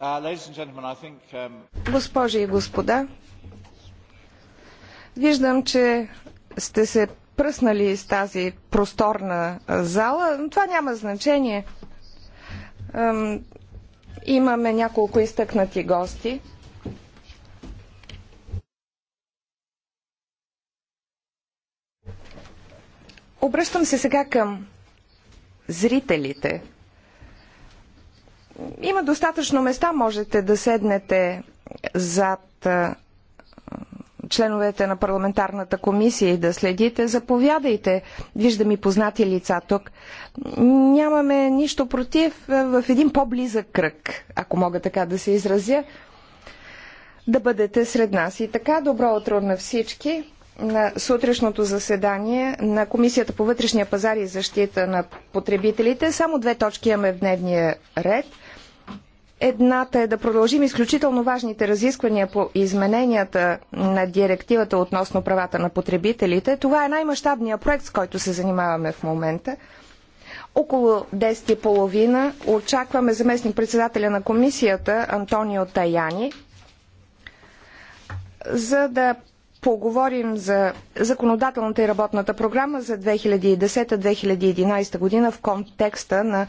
Uh, um, Госпожи и господа, виждам, че сте се пръснали с тази просторна зала, но това няма значение. Имаме няколко изтъкнати гости. Обръщам се сега към зрителите – има достатъчно места, можете да седнете зад членовете на парламентарната комисия и да следите, заповядайте. Виждам и познати лица тук. Нямаме нищо против в един по-близък кръг, ако мога така да се изразя, да бъдете сред нас. И така, добро утро на всички на сутрешното заседание на Комисията по вътрешния пазар и защита на потребителите. Само две точки имаме в дневния ред – Едната е да продължим изключително важните разисквания по измененията на директивата относно правата на потребителите. Това е най-мащабният проект, с който се занимаваме в момента. Около 10.30 очакваме заместник председателя на комисията Антонио Таяни, за да поговорим за законодателната и работната програма за 2010-2011 година в контекста на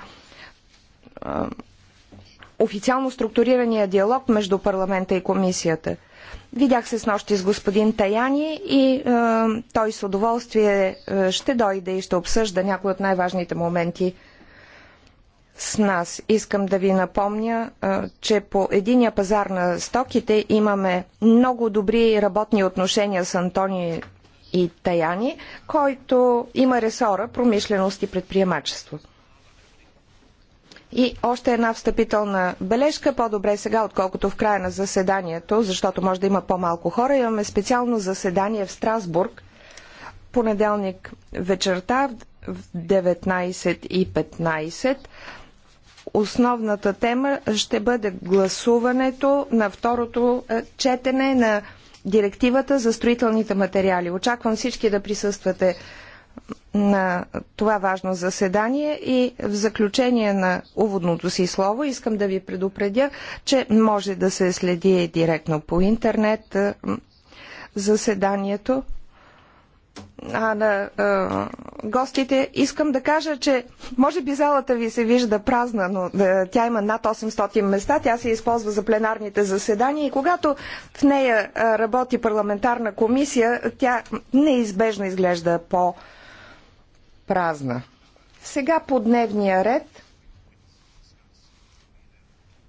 официално структурирания диалог между парламента и комисията. Видях се с нощи с господин Таяни и е, той с удоволствие е, ще дойде и ще обсъжда някои от най-важните моменти с нас. Искам да ви напомня, е, че по единия пазар на стоките имаме много добри работни отношения с Антони и Таяни, който има ресора промишленост и предприемачество. И още една встъпителна бележка. По-добре сега, отколкото в края на заседанието, защото може да има по-малко хора. Имаме специално заседание в Страсбург, понеделник вечерта в 19.15. Основната тема ще бъде гласуването на второто е, четене на директивата за строителните материали. Очаквам всички да присъствате на това важно заседание и в заключение на уводното си слово искам да ви предупредя, че може да се следи директно по интернет заседанието. А на е, гостите искам да кажа, че може би залата ви се вижда празна, но е, тя има над 800 места, тя се използва за пленарните заседания и когато в нея е, работи парламентарна комисия, тя неизбежно изглежда по- празна. Сега по дневния ред,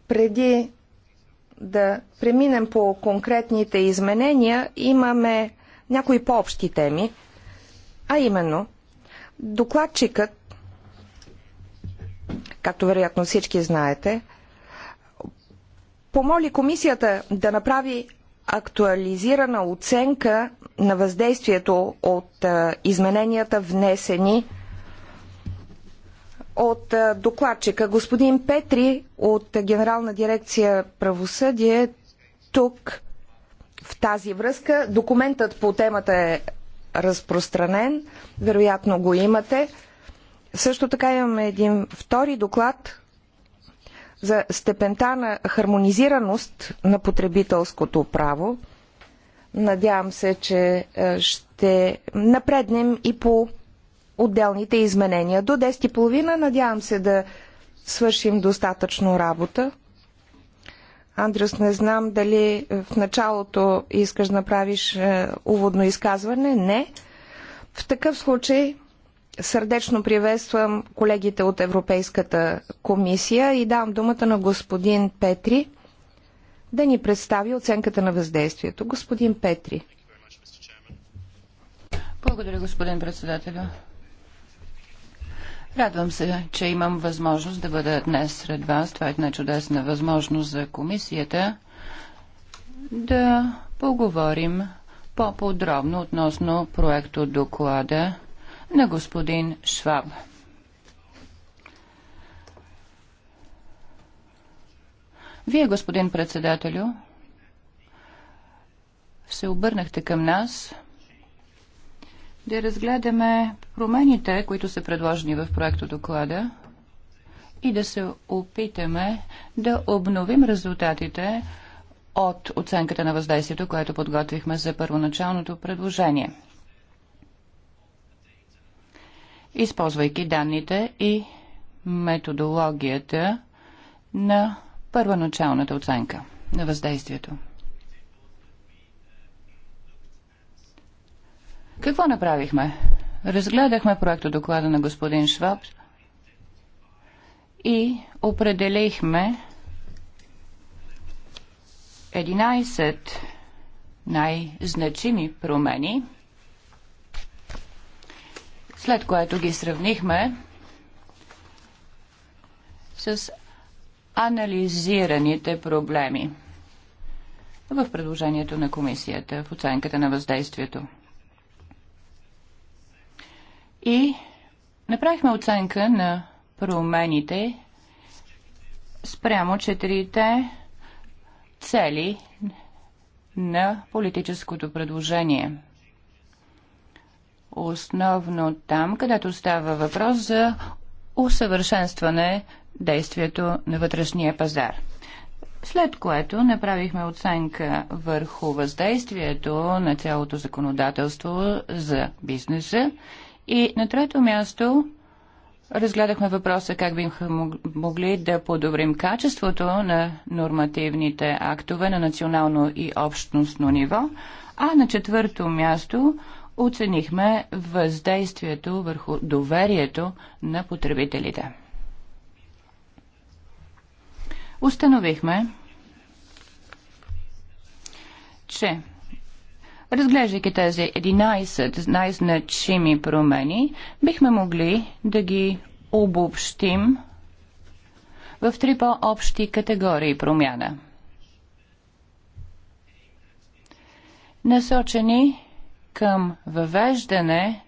преди да преминем по конкретните изменения, имаме някои по-общи теми, а именно докладчикът, както вероятно всички знаете, помоли комисията да направи актуализирана оценка на въздействието от измененията внесени от докладчика. Господин Петри от Генерална дирекция правосъдие тук в тази връзка. Документът по темата е разпространен, вероятно го имате. Също така имаме един втори доклад, за степента на хармонизираност на потребителското право. Надявам се, че е, ще напреднем и по отделните изменения. До 10.30 надявам се да свършим достатъчно работа. Андрюс, не знам дали в началото искаш да направиш е, уводно изказване. Не. В такъв случай сърдечно приветствам колегите от Европейската комисия и давам думата на господин Петри да ни представи оценката на въздействието. Господин Петри. Благодаря, господин председател. Радвам се, че имам възможност да бъда днес сред вас. Това е една чудесна възможност за комисията да поговорим по-подробно относно проекто доклада на господин Шваб. Вие, господин председателю, се обърнахте към нас да разгледаме промените, които са предложени в проекто доклада и да се опитаме да обновим резултатите от оценката на въздействието, което подготвихме за първоначалното предложение – използвайки данните и методологията на първоначалната оценка на въздействието. Какво направихме? Разгледахме проекта доклада на господин Шваб и определихме 11 най-значими промени – след което ги сравнихме с анализираните проблеми в предложението на комисията в оценката на въздействието. И направихме оценка на промените спрямо четирите цели на политическото предложение – основно там, където става въпрос за усъвършенстване действието на вътрешния пазар. След което направихме оценка върху въздействието на цялото законодателство за бизнеса и на трето място разгледахме въпроса как бихме могли да подобрим качеството на нормативните актове на национално и общностно ниво, а на четвърто място оценихме въздействието върху доверието на потребителите. Установихме, че разглеждайки тези 11 най-значими промени, бихме могли да ги обобщим в три по-общи категории промяна. Насочени към въвеждане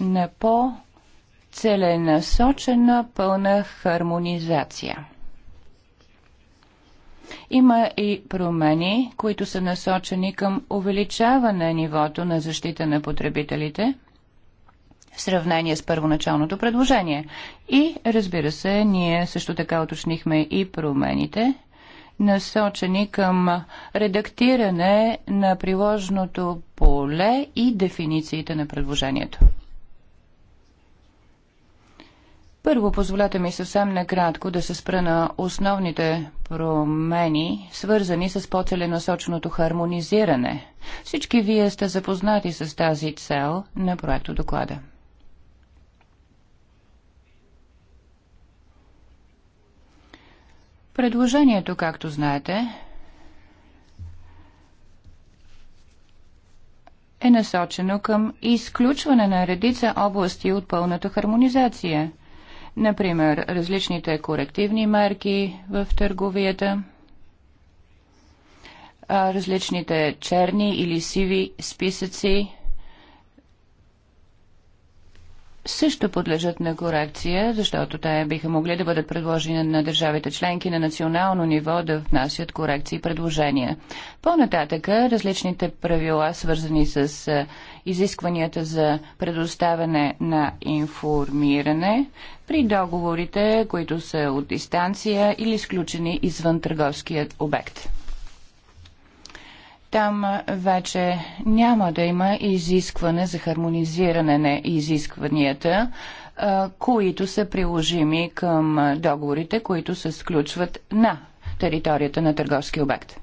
на по-целенасочена пълна хармонизация. Има и промени, които са насочени към увеличаване на нивото на защита на потребителите в сравнение с първоначалното предложение. И, разбира се, ние също така уточнихме и промените – насочени към редактиране на приложното поле и дефинициите на предложението. Първо, позволете ми съвсем накратко да се спра на основните промени, свързани с по-целенасоченото хармонизиране. Всички вие сте запознати с тази цел на проекто доклада. Предложението, както знаете, е насочено към изключване на редица области от пълната хармонизация. Например, различните корективни мерки в търговията, различните черни или сиви списъци също подлежат на корекция, защото те биха могли да бъдат предложени на държавите членки на национално ниво да внасят корекции и предложения. По-нататъка различните правила, свързани с изискванията за предоставяне на информиране при договорите, които са от дистанция или сключени извън търговският обект. Там вече няма да има изискване за хармонизиране на изискванията, които са приложими към договорите, които се сключват на територията на търговски обект.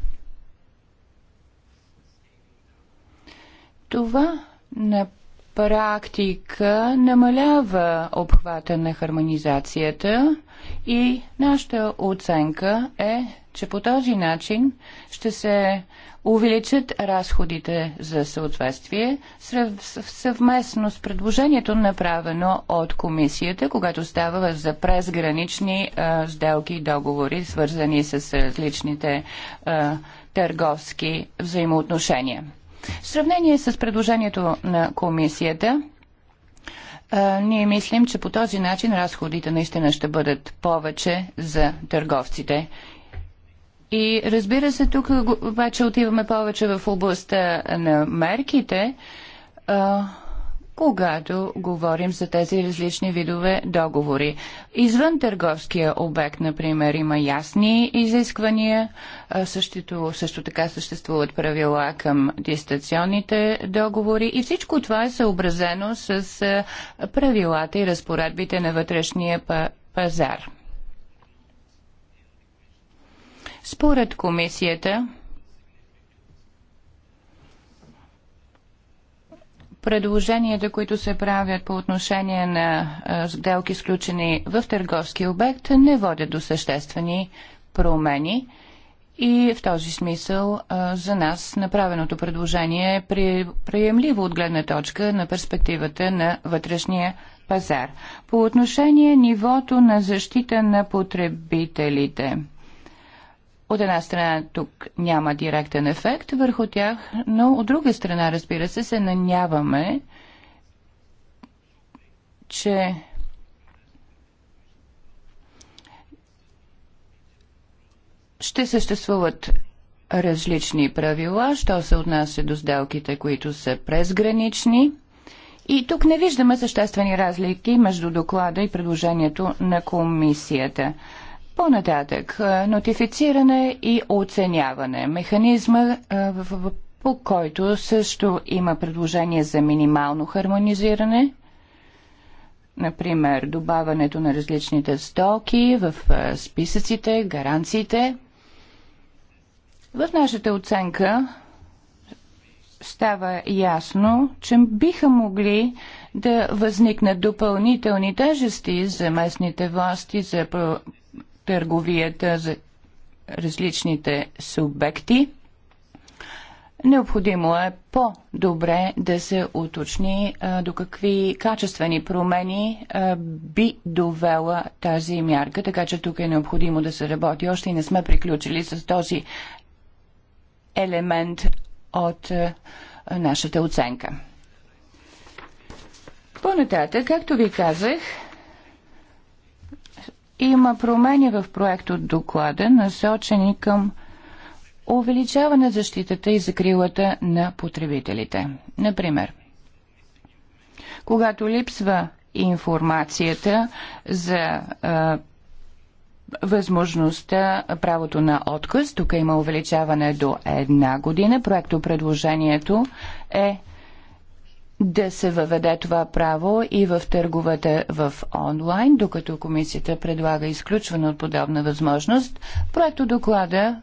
Това на практика намалява обхвата на хармонизацията и нашата оценка е, че по този начин ще се увеличат разходите за съответствие съвместно с предложението направено от комисията, когато става за презгранични а, сделки и договори, свързани с различните а, търговски взаимоотношения. В сравнение с предложението на комисията, ние мислим, че по този начин разходите наистина ще бъдат повече за търговците. И разбира се, тук обаче отиваме повече в областта на мерките когато говорим за тези различни видове договори. Извън търговския обект, например, има ясни изисквания, също, също така съществуват правила към дистанционните договори и всичко това е съобразено с правилата и разпоредбите на вътрешния пазар. Според комисията, предложенията, които се правят по отношение на сделки, сключени в търговски обект, не водят до съществени промени. И в този смисъл за нас направеното предложение е приемливо от гледна точка на перспективата на вътрешния пазар. По отношение нивото на защита на потребителите – от една страна тук няма директен ефект върху тях, но от друга страна, разбира се, се наняваме, че ще съществуват различни правила, що се отнася до сделките, които са презгранични. И тук не виждаме съществени разлики между доклада и предложението на комисията. По-нататък, нотифициране и оценяване. Механизма по който също има предложение за минимално хармонизиране например, добавянето на различните стоки в списъците, гаранциите. В нашата оценка става ясно, че биха могли да възникнат допълнителни тежести за местните власти, за търговията за различните субекти. Необходимо е по-добре да се уточни а, до какви качествени промени а, би довела тази мярка, така че тук е необходимо да се работи. Още и не сме приключили с този елемент от а, нашата оценка. По-нататък, както ви казах, има промени в проект от доклада, насочени към увеличаване защитата и закрилата на потребителите. Например, когато липсва информацията за възможността, правото на отказ, тук има увеличаване до една година, проекто предложението е да се въведе това право и в търговете в онлайн, докато комисията предлага изключване от подобна възможност. Проекто доклада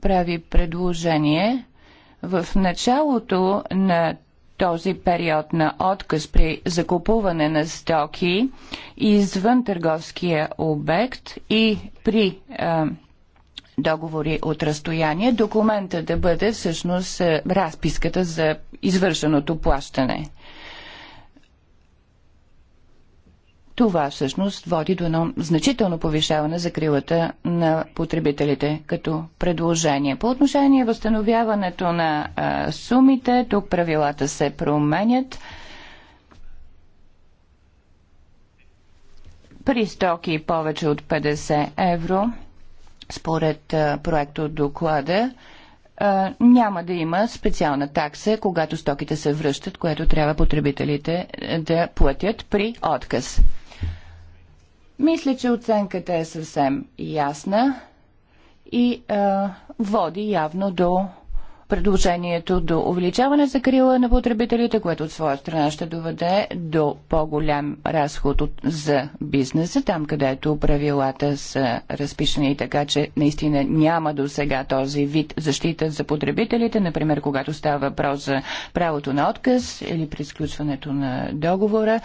прави предложение в началото на този период на отказ при закупуване на стоки извън търговския обект и при а, договори от разстояние, документа да бъде всъщност е, разписката за извършеното плащане. Това всъщност води до едно значително повишаване за крилата на потребителите като предложение. По отношение възстановяването на а, сумите, тук правилата се променят. При стоки повече от 50 евро – според проекто доклада няма да има специална такса, когато стоките се връщат, което трябва потребителите да платят при отказ. Мисля, че оценката е съвсем ясна и а, води явно до предложението до увеличаване за крила на потребителите, което от своя страна ще доведе до по-голям разход от, за бизнеса, там където правилата са разписани така, че наистина няма до сега този вид защита за потребителите, например, когато става въпрос за правото на отказ или при сключването на договора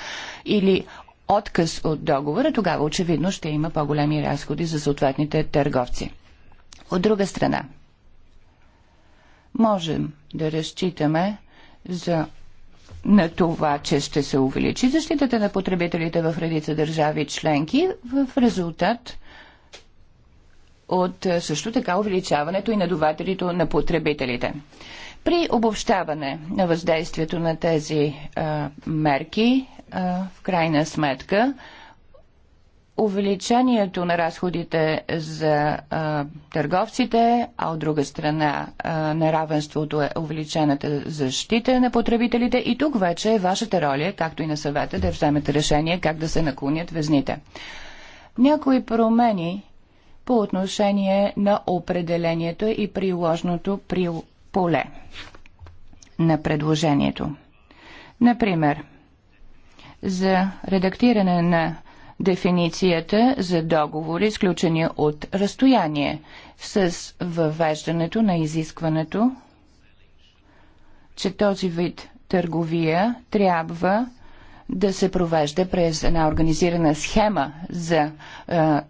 или отказ от договора, тогава очевидно ще има по-големи разходи за съответните търговци. От друга страна, можем да разчитаме за на това, че ще се увеличи защитата на потребителите в редица държави членки в резултат от също така увеличаването и надувателите на потребителите. При обобщаване на въздействието на тези а, мерки, а, в крайна сметка, увеличението на разходите за а, търговците, а от друга страна а, неравенството е увеличената защита на потребителите. И тук вече е вашата роля, както и на съвета, да вземете решение как да се наклонят везните. Някои промени по отношение на определението и приложното при поле на предложението. Например, за редактиране на дефиницията за договори, сключени от разстояние, с въвеждането на изискването, че този вид търговия трябва да се провежда през една организирана схема за е,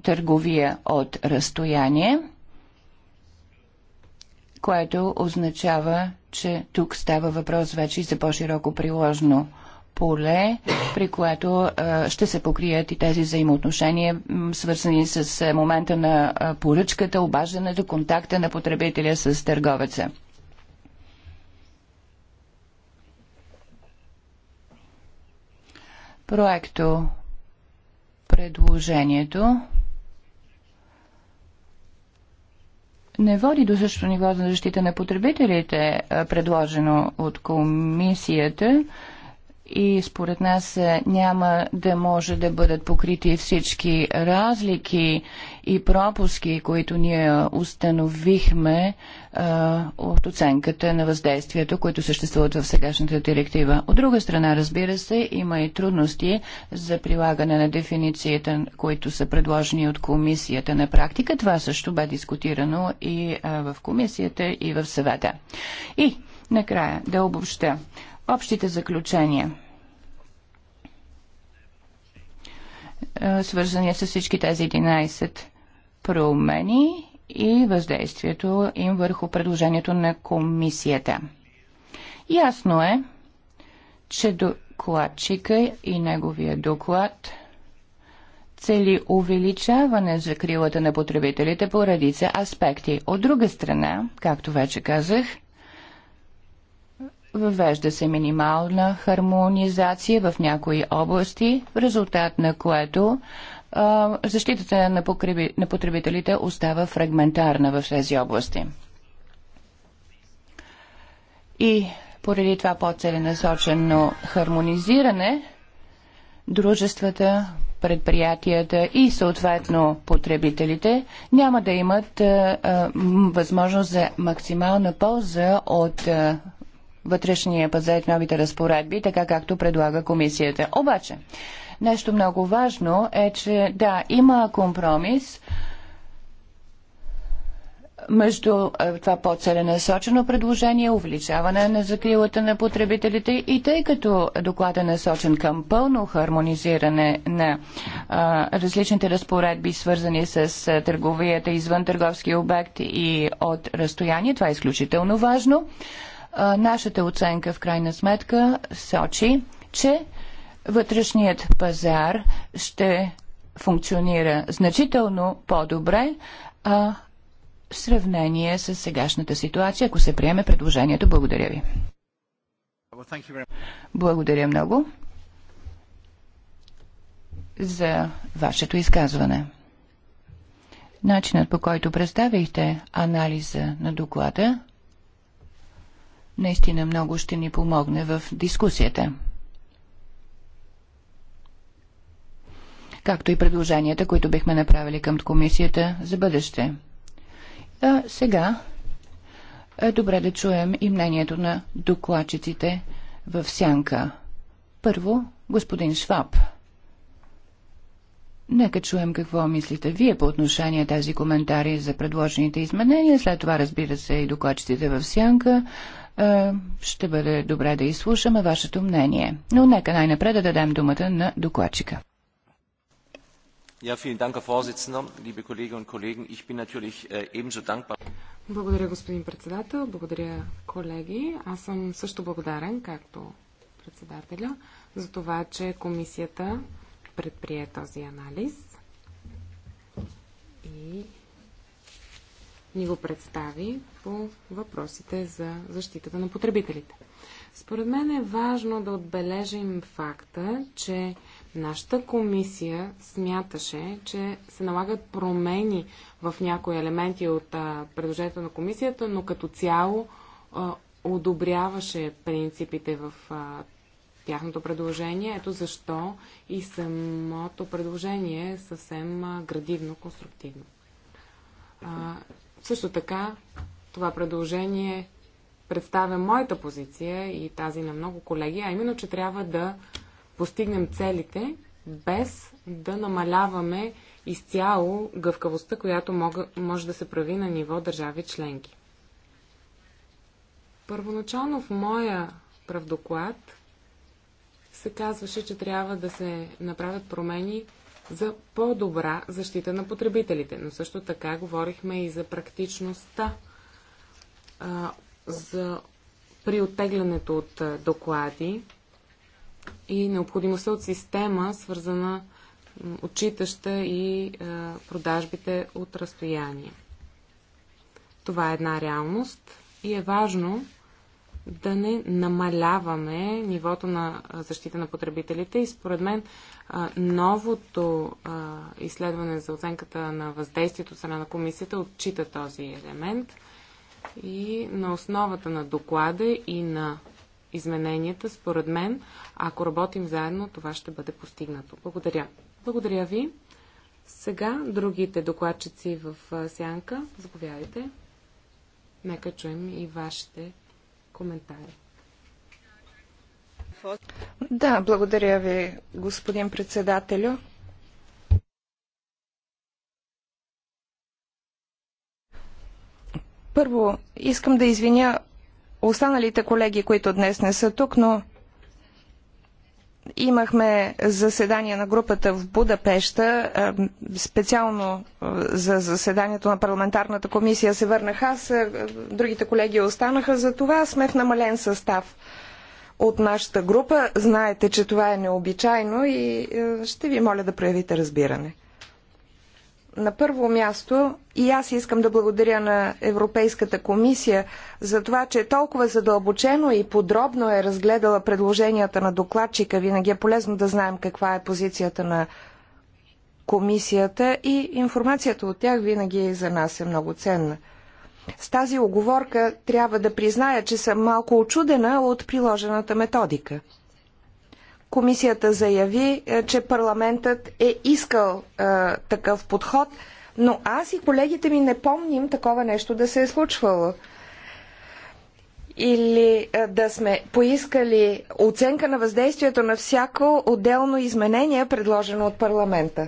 търговия от разстояние, което означава, че тук става въпрос вече и за по-широко приложно поле, при което ще се покрият и тези взаимоотношения, свързани с момента на поръчката, обаждането, контакта на потребителя с търговеца. Проекто предложението не води до същото ниво за защита на потребителите, предложено от комисията, и според нас е, няма да може да бъдат покрити всички разлики и пропуски, които ние установихме а, е, от оценката на въздействието, които съществуват в сегашната директива. От друга страна, разбира се, има и трудности за прилагане на дефиницията, които са предложени от комисията на практика. Това също бе дискутирано и а, е, в комисията, и в съвета. И накрая да обобща. Общите заключения, е, свързани с всички тези 11 промени и въздействието им върху предложението на комисията. Ясно е, че докладчика и неговия доклад цели увеличаване за крилата на потребителите по редица аспекти. От друга страна, както вече казах, Въвежда се минимална хармонизация в някои области, в резултат на което а, защитата на, покреби, на потребителите остава фрагментарна в тези области. И поради това по-целенасочено хармонизиране, дружествата, предприятията и съответно потребителите няма да имат а, а, възможност за максимална полза от а, вътрешния пазар в новите разпоредби, така както предлага комисията. Обаче, нещо много важно е, че да, има компромис между е, това по-целенасочено предложение, увеличаване на закрилата на потребителите и тъй като доклад е насочен към пълно хармонизиране на а, различните разпоредби, свързани с е, търговията извън търговски обект и от разстояние, това е изключително важно. Нашата оценка в крайна сметка сочи, че вътрешният пазар ще функционира значително по-добре в сравнение с сегашната ситуация, ако се приеме предложението. Благодаря ви. Благодаря много за вашето изказване. Начинът по който представихте анализа на доклада наистина много ще ни помогне в дискусията. Както и предложенията, които бихме направили към комисията за бъдеще. А сега е добре да чуем и мнението на докладчиците в сянка. Първо, господин Шваб. Нека чуем какво мислите вие по отношение тази коментари за предложените изменения. След това, разбира се, и докладчиците в сянка. Е, ще бъде добре да изслушаме вашето мнение. Но нека най-напред да дадем думата на докладчика. Äh, Благодаря, господин председател. Благодаря, колеги. Аз съм също благодарен, както председателя, за това, че комисията предприе този анализ и ни го представи по въпросите за защитата на потребителите. Според мен е важно да отбележим факта, че нашата комисия смяташе, че се налагат промени в някои елементи от предложението на комисията, но като цяло одобряваше принципите в тяхното предложение. Ето защо и самото предложение е съвсем градивно, конструктивно. също така това предложение представя моята позиция и тази на много колеги, а именно, че трябва да постигнем целите без да намаляваме изцяло гъвкавостта, която може да се прави на ниво държави членки. Първоначално в моя правдоклад се казваше, че трябва да се направят промени за по-добра защита на потребителите, но също така говорихме и за практичността за, при оттеглянето от доклади и необходимостта от система, свързана отчитаща и продажбите от разстояние. Това е една реалност и е важно да не намаляваме нивото на защита на потребителите. И според мен новото изследване за оценката на въздействието страна на комисията отчита този елемент. И на основата на доклада и на измененията, според мен, ако работим заедно, това ще бъде постигнато. Благодаря. Благодаря ви. Сега другите докладчици в сянка, заповядайте. Нека чуем и вашите коментари. Да, благодаря ви, господин председателю. Първо, искам да извиня останалите колеги, които днес не са тук, но имахме заседание на групата в Будапеща. Е, специално е, за заседанието на парламентарната комисия се върнах аз, е, другите колеги останаха, за това сме в намален състав от нашата група. Знаете, че това е необичайно и ще ви моля да проявите разбиране. На първо място и аз искам да благодаря на Европейската комисия за това, че толкова задълбочено и подробно е разгледала предложенията на докладчика. Винаги е полезно да знаем каква е позицията на комисията и информацията от тях винаги за нас е много ценна. С тази оговорка трябва да призная, че съм малко очудена от приложената методика – Комисията заяви, е, че парламентът е искал е, такъв подход, но аз и колегите ми не помним такова нещо да се е случвало. Или е, да сме поискали оценка на въздействието на всяко отделно изменение, предложено от парламента.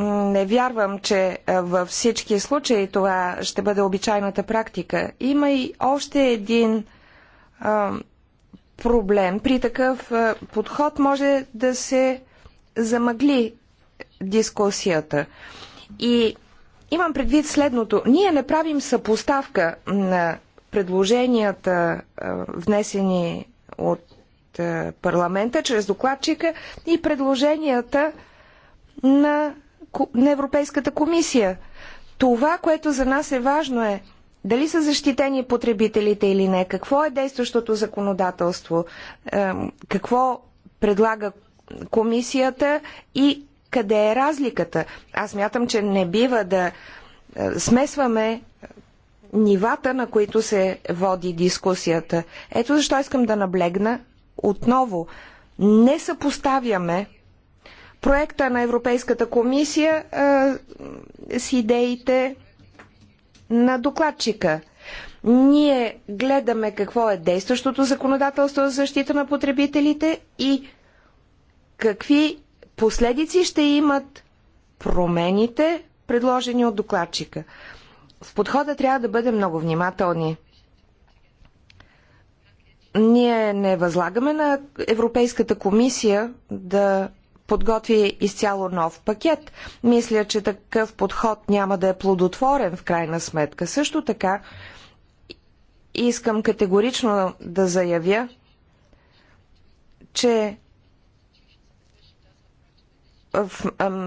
Не вярвам, че е, във всички случаи това ще бъде обичайната практика. Има и още един проблем. При такъв подход може да се замъгли дискусията. И имам предвид следното. Ние не правим съпоставка на предложенията, внесени от парламента чрез докладчика и предложенията на, на Европейската комисия. Това, което за нас е важно е дали са защитени потребителите или не? Какво е действащото законодателство? Какво предлага комисията и къде е разликата? Аз мятам, че не бива да е, смесваме нивата, на които се води дискусията. Ето защо искам да наблегна отново. Не съпоставяме проекта на Европейската комисия а, е, с идеите на докладчика. Ние гледаме какво е действащото законодателство за защита на потребителите и какви последици ще имат промените, предложени от докладчика. В подхода трябва да бъдем много внимателни. Ние не възлагаме на Европейската комисия да подготви изцяло нов пакет. Мисля, че такъв подход няма да е плодотворен в крайна сметка. Също така искам категорично да заявя, че в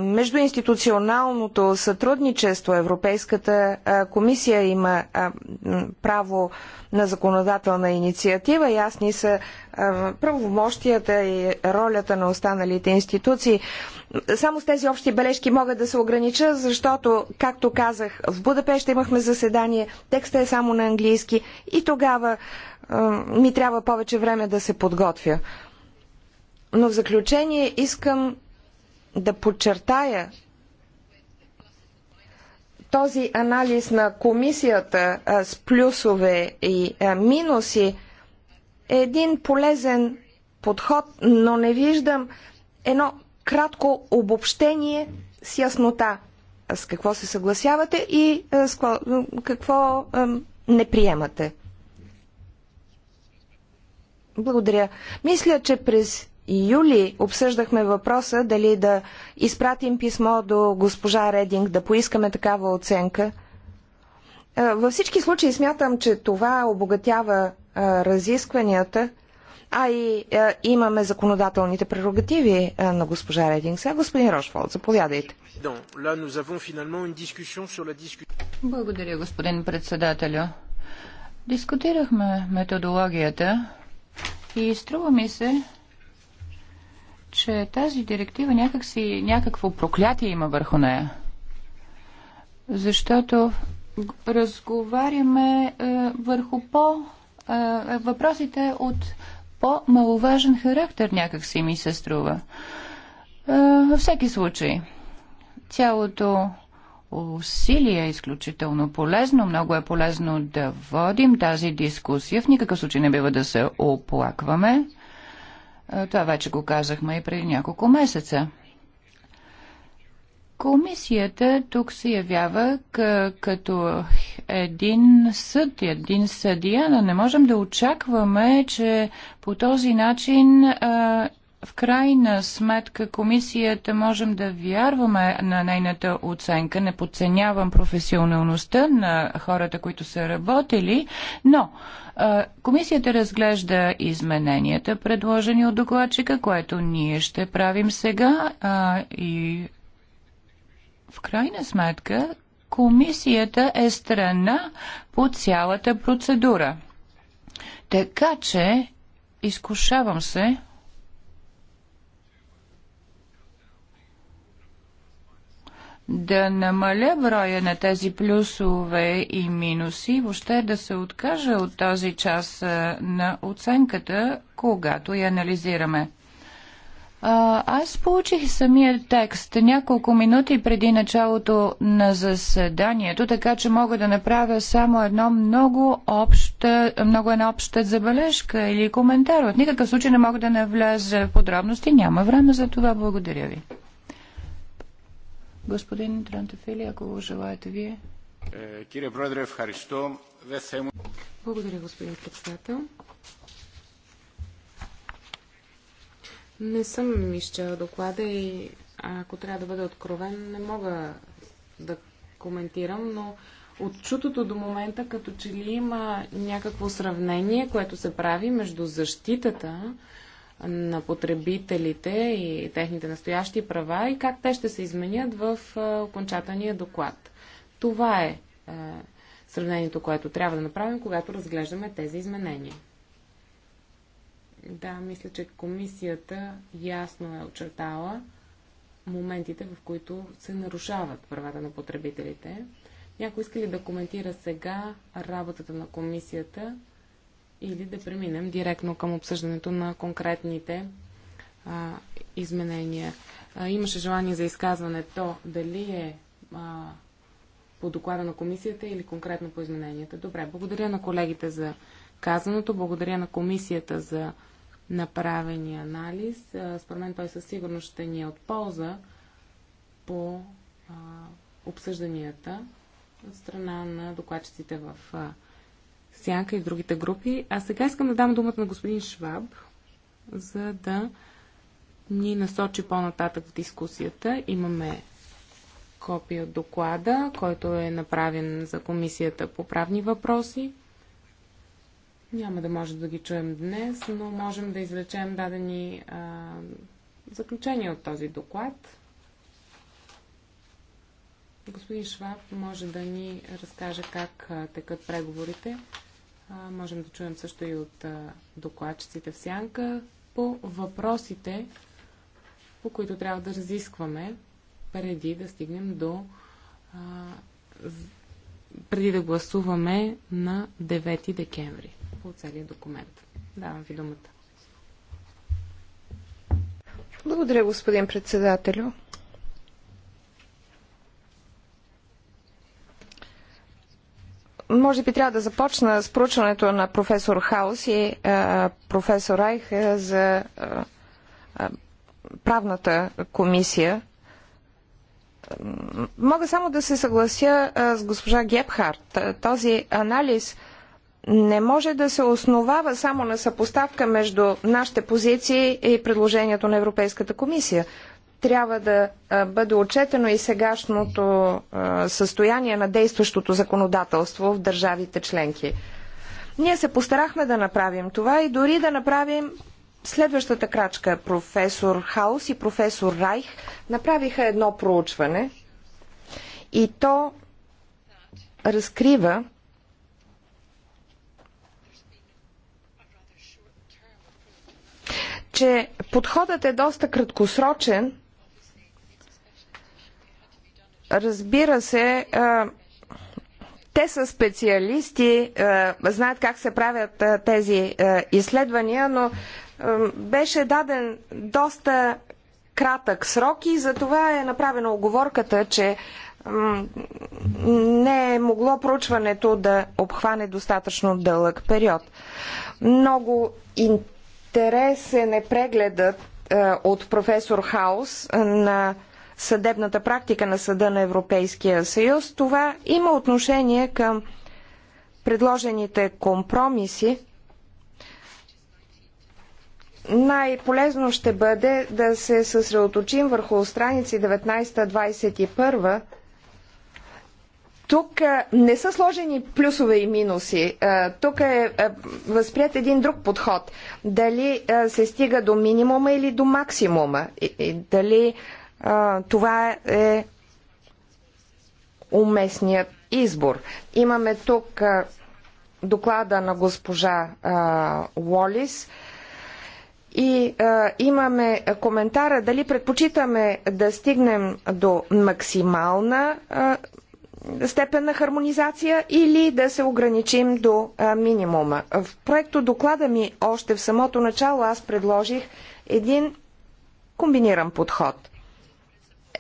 междуинституционалното сътрудничество Европейската комисия има право на законодателна инициатива. Ясни са правомощията и ролята на останалите институции. Само с тези общи бележки могат да се огранича, защото, както казах, в Будапеща имахме заседание, текста е само на английски и тогава ми трябва повече време да се подготвя. Но в заключение искам да подчертая този анализ на комисията с плюсове и минуси е един полезен подход, но не виждам едно кратко обобщение с яснота. С какво се съгласявате и с какво не приемате? Благодаря. Мисля, че през юли обсъждахме въпроса дали да изпратим писмо до госпожа Рединг, да поискаме такава оценка. Е, във всички случаи смятам, че това обогатява е, разискванията, а и е, имаме законодателните прерогативи на госпожа Рединг. Сега господин Рошфолд, заповядайте. Благодаря, господин председателю. Дискутирахме методологията и струва ми се, че тази директива някакси, някакво проклятие има върху нея. Защото разговаряме е, върху по е, въпросите от по-маловажен характер някакси ми се струва. Е, във всеки случай, цялото усилие е изключително полезно. Много е полезно да водим тази дискусия. В никакъв случай не бива да се оплакваме. Това вече го казахме и преди няколко месеца. Комисията тук се явява като един съд, един съдия, но не можем да очакваме, че по този начин в крайна сметка комисията можем да вярваме на нейната оценка. Не подценявам професионалността на хората, които са работили, но а, комисията разглежда измененията, предложени от докладчика, което ние ще правим сега а, и в крайна сметка комисията е страна по цялата процедура. Така че изкушавам се да намаля броя на тези плюсове и минуси, въобще да се откажа от този час на оценката, когато я анализираме. А, аз получих самия текст няколко минути преди началото на заседанието, така че мога да направя само едно много обща, много една обща забележка или коментар. От никакъв случай не мога да навляза в подробности. Няма време за това. Благодаря ви. Господин Трантофили, ако го желаете вие. Кире Бродре, Благодаря, господин председател. Не съм изчела доклада и ако трябва да бъда откровен, не мога да коментирам, но от чутото до момента, като че ли има някакво сравнение, което се прави между защитата на потребителите и техните настоящи права и как те ще се изменят в окончателния доклад. Това е сравнението, което трябва да направим, когато разглеждаме тези изменения. Да, мисля, че комисията ясно е очертала моментите, в които се нарушават правата на потребителите. Някой иска ли да коментира сега работата на комисията или да преминем директно към обсъждането на конкретните а, изменения. А, имаше желание за изказване то дали е а, по доклада на комисията или конкретно по измененията. Добре, благодаря на колегите за казаното, благодаря на комисията за направения анализ. Според мен той със сигурност ще ни е от полза по а, обсъжданията от страна на докладчиците в а, сянка и другите групи. А сега искам да дам думата на господин Шваб, за да ни насочи по-нататък в дискусията. Имаме копия от доклада, който е направен за Комисията по правни въпроси. Няма да може да ги чуем днес, но можем да извлечем дадени а, заключения от този доклад. Господин Шваб може да ни разкаже как текат преговорите. Можем да чуем също и от докладчиците в сянка по въпросите, по които трябва да разискваме преди да стигнем до преди да гласуваме на 9 декември по целия документ. Давам ви думата. Благодаря, господин председателю. може би трябва да започна с проучването на професор Хаус и а, професор Райх за а, а, правната комисия. Мога само да се съглася а, с госпожа Гепхарт. Този анализ не може да се основава само на съпоставка между нашите позиции и предложението на Европейската комисия трябва да бъде отчетено и сегашното състояние на действащото законодателство в държавите членки. Ние се постарахме да направим това и дори да направим следващата крачка. Професор Хаус и професор Райх направиха едно проучване и то разкрива че подходът е доста краткосрочен – Разбира се, те са специалисти, знаят как се правят тези изследвания, но беше даден доста кратък срок и за това е направена оговорката, че не е могло проучването да обхване достатъчно дълъг период. Много интересен е прегледът от професор Хаус на съдебната практика на Съда на Европейския съюз. Това има отношение към предложените компромиси. Най-полезно ще бъде да се съсредоточим върху страници 19-21. Тук не са сложени плюсове и минуси. Тук е възприят един друг подход. Дали се стига до минимума или до максимума. И дали това е уместният избор. Имаме тук доклада на госпожа Уолис и а, имаме коментара дали предпочитаме да стигнем до максимална а, степен на хармонизация или да се ограничим до а, минимума. В проекто доклада ми още в самото начало аз предложих един комбиниран подход.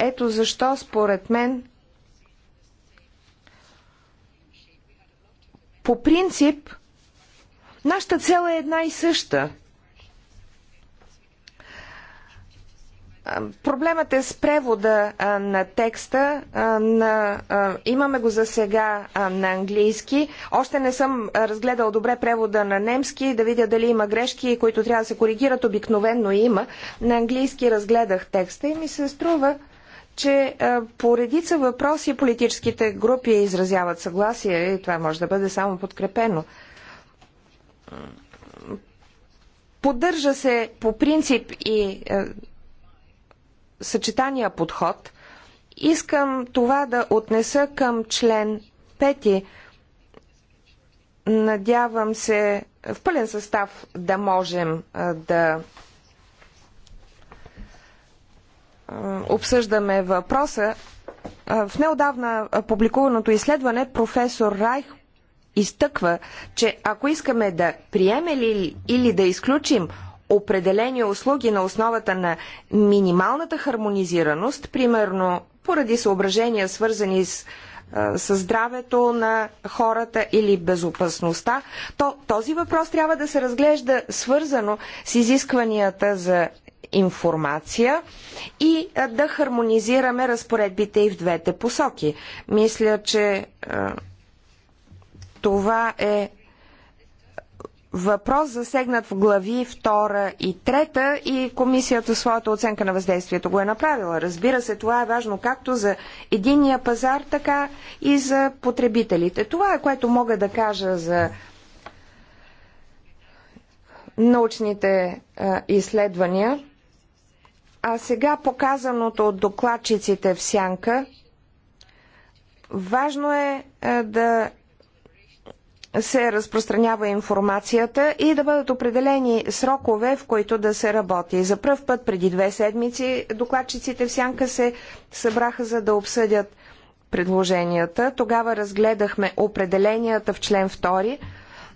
Ето защо, според мен, по принцип, нашата цел е една и съща. Проблемът е с превода на текста. на, имаме го за сега на английски. Още не съм разгледал добре превода на немски, да видя дали има грешки, които трябва да се коригират. Обикновенно има. На английски разгледах текста и ми се струва, че е, по редица въпроси политическите групи изразяват съгласие и това може да бъде само подкрепено. Поддържа се по принцип и е, съчетания подход. Искам това да отнеса към член 5. Надявам се в пълен състав да можем е, да обсъждаме въпроса, в неодавна публикуваното изследване професор Райх изтъква, че ако искаме да приемем ли, или да изключим определени услуги на основата на минималната хармонизираност, примерно поради съображения свързани с със здравето на хората или безопасността, то този въпрос трябва да се разглежда свързано с изискванията за информация и да хармонизираме разпоредбите и в двете посоки. Мисля, че това е въпрос засегнат в глави 2 и 3 и комисията своята оценка на въздействието го е направила. Разбира се, това е важно както за единия пазар, така и за потребителите. Това е което мога да кажа за научните изследвания. А сега показаното от докладчиците в сянка, важно е, е да се разпространява информацията и да бъдат определени срокове, в които да се работи. За пръв път преди две седмици докладчиците в Сянка се събраха за да обсъдят предложенията. Тогава разгледахме определенията в член 2,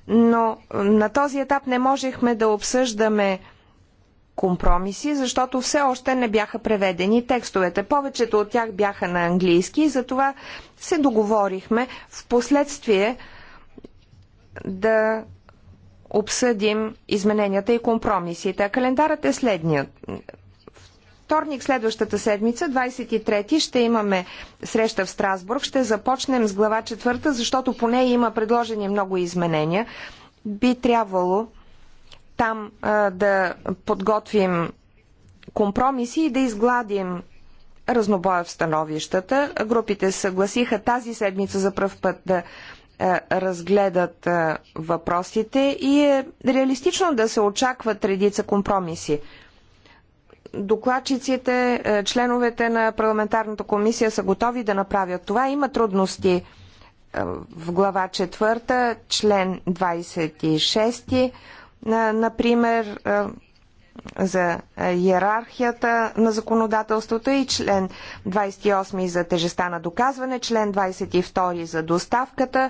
но на този етап не можехме да обсъждаме компромиси, защото все още не бяха преведени текстовете. Повечето от тях бяха на английски и затова се договорихме в последствие да обсъдим измененията и компромисите. Календарът е следният. Вторник следващата седмица, 23-ти, ще имаме среща в Страсбург. Ще започнем с глава четвърта, защото по нея има предложени много изменения. Би трябвало там а, да подготвим компромиси и да изгладим разнобоя в становищата. Групите съгласиха тази седмица за пръв път да а, разгледат а, въпросите и е реалистично да се очакват редица компромиси. Докладчиците, членовете на парламентарната комисия са готови да направят това. Има трудности в глава 4, член 26 например, за иерархията на законодателството и член 28 за тежеста на доказване, член 22 за доставката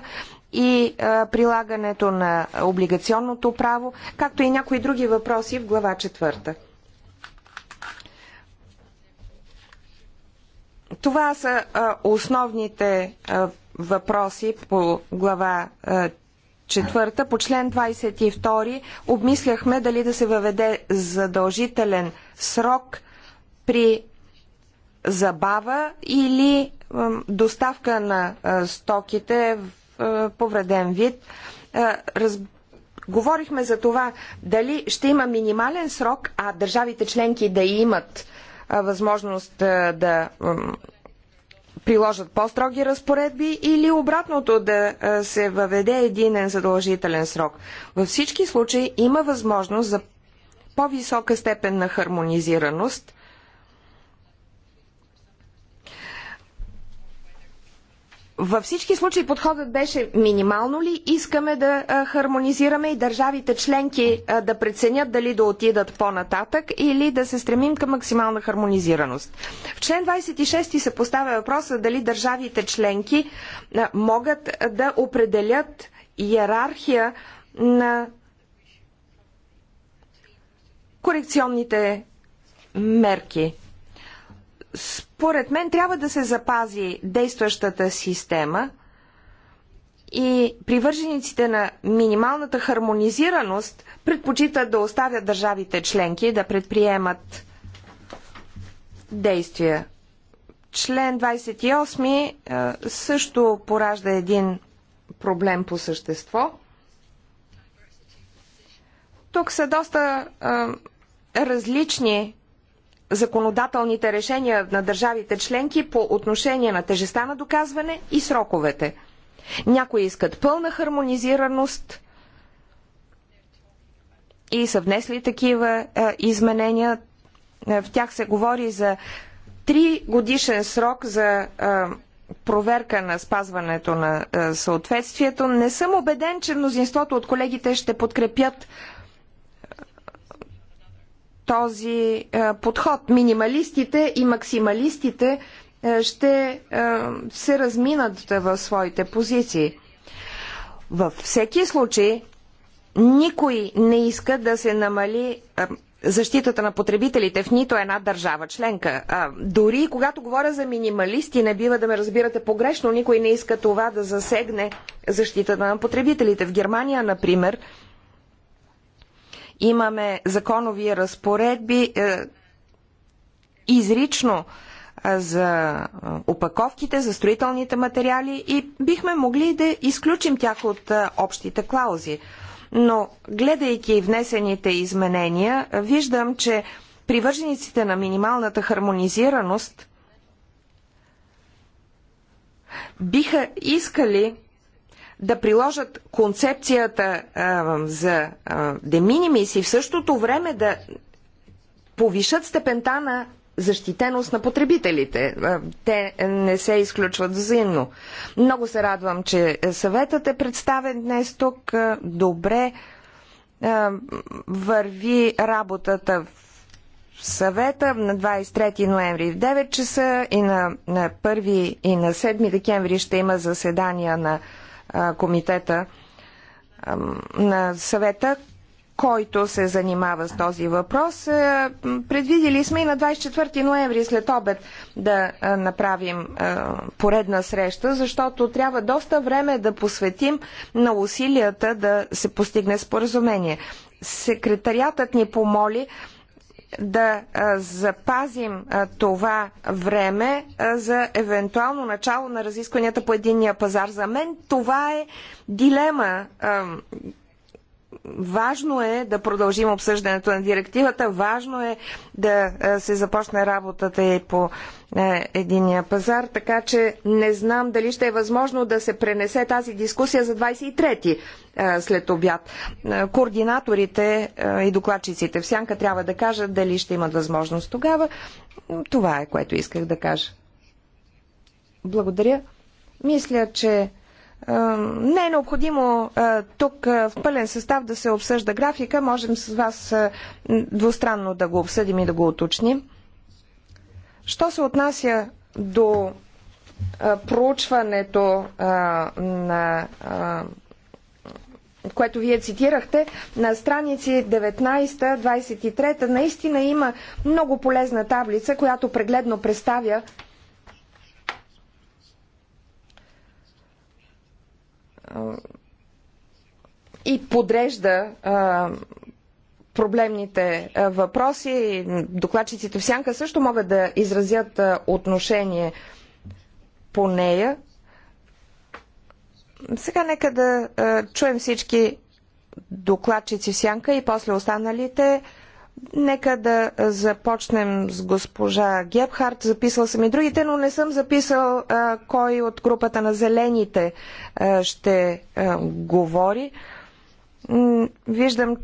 и прилагането на облигационното право, както и някои други въпроси в глава 4. Това са основните въпроси по глава четвърта по член 22 обмисляхме дали да се въведе задължителен срок при забава или доставка на стоките в повреден вид. Раз... Говорихме за това дали ще има минимален срок, а държавите членки да имат възможност да приложат по-строги разпоредби или обратното да се въведе един задължителен срок. Във всички случаи има възможност за по-висока степен на хармонизираност Във всички случаи подходът беше минимално ли искаме да хармонизираме и държавите членки да преценят дали да отидат по-нататък или да се стремим към максимална хармонизираност. В член 26 се поставя въпроса дали държавите членки могат да определят иерархия на корекционните мерки. Според мен трябва да се запази действащата система и привържениците на минималната хармонизираност предпочитат да оставят държавите членки да предприемат действия. Член 28 също поражда един проблем по същество. Тук са доста различни законодателните решения на държавите членки по отношение на тежестта на доказване и сроковете. Някои искат пълна хармонизираност и са внесли такива е, изменения. Е, в тях се говори за три годишен срок за е, проверка на спазването на е, съответствието. Не съм убеден, че мнозинството от колегите ще подкрепят е, този е, подход. Минималистите и максималистите е, ще е, се разминат в своите позиции. Във всеки случай, никой не иска да се намали защитата на потребителите в нито една държава членка. А, дори когато говоря за минималисти, не бива да ме разбирате погрешно, никой не иска това да засегне защитата на потребителите. В Германия, например, Имаме законови разпоредби е, изрично е, за опаковките, е, за строителните материали и бихме могли да изключим тях от общите клаузи. Но гледайки внесените изменения, виждам, че привържениците на минималната хармонизираност биха искали да приложат концепцията а, за деминимис и в същото време да повишат степента на защитеност на потребителите. Те не се изключват взаимно. Много се радвам, че съветът е представен днес тук. Добре върви работата в съвета на 23 ноември в 9 часа и на, на 1 и на 7 декември ще има заседания на комитета на съвета, който се занимава с този въпрос. Е, Предвидели сме и на 24 ноември след обед да направим поредна среща, защото трябва доста време да посветим на усилията да се постигне споразумение. Секретариатът ни помоли да запазим това време за евентуално начало на разискванията по единния пазар. За мен това е дилема важно е да продължим обсъждането на директивата, важно е да е, се започне работата и по е, единия пазар, така че не знам дали ще е възможно да се пренесе тази дискусия за 23-ти е, след обяд. Координаторите и докладчиците в сянка трябва да кажат дали ще имат възможност тогава. Това е което исках да кажа. Благодаря. Мисля, че не е необходимо тук в пълен състав да се обсъжда графика. Можем с вас двустранно да го обсъдим и да го уточним. Що се отнася до проучването на което вие цитирахте, на страници 19-23, наистина има много полезна таблица, която прегледно представя и подрежда проблемните въпроси. Докладчиците в Сянка също могат да изразят отношение по нея. Сега нека да чуем всички докладчици в Сянка и после останалите. Нека да започнем с госпожа Гебхарт. Записал съм и другите, но не съм записал а, кой от групата на зелените а, ще а, говори. Виждам.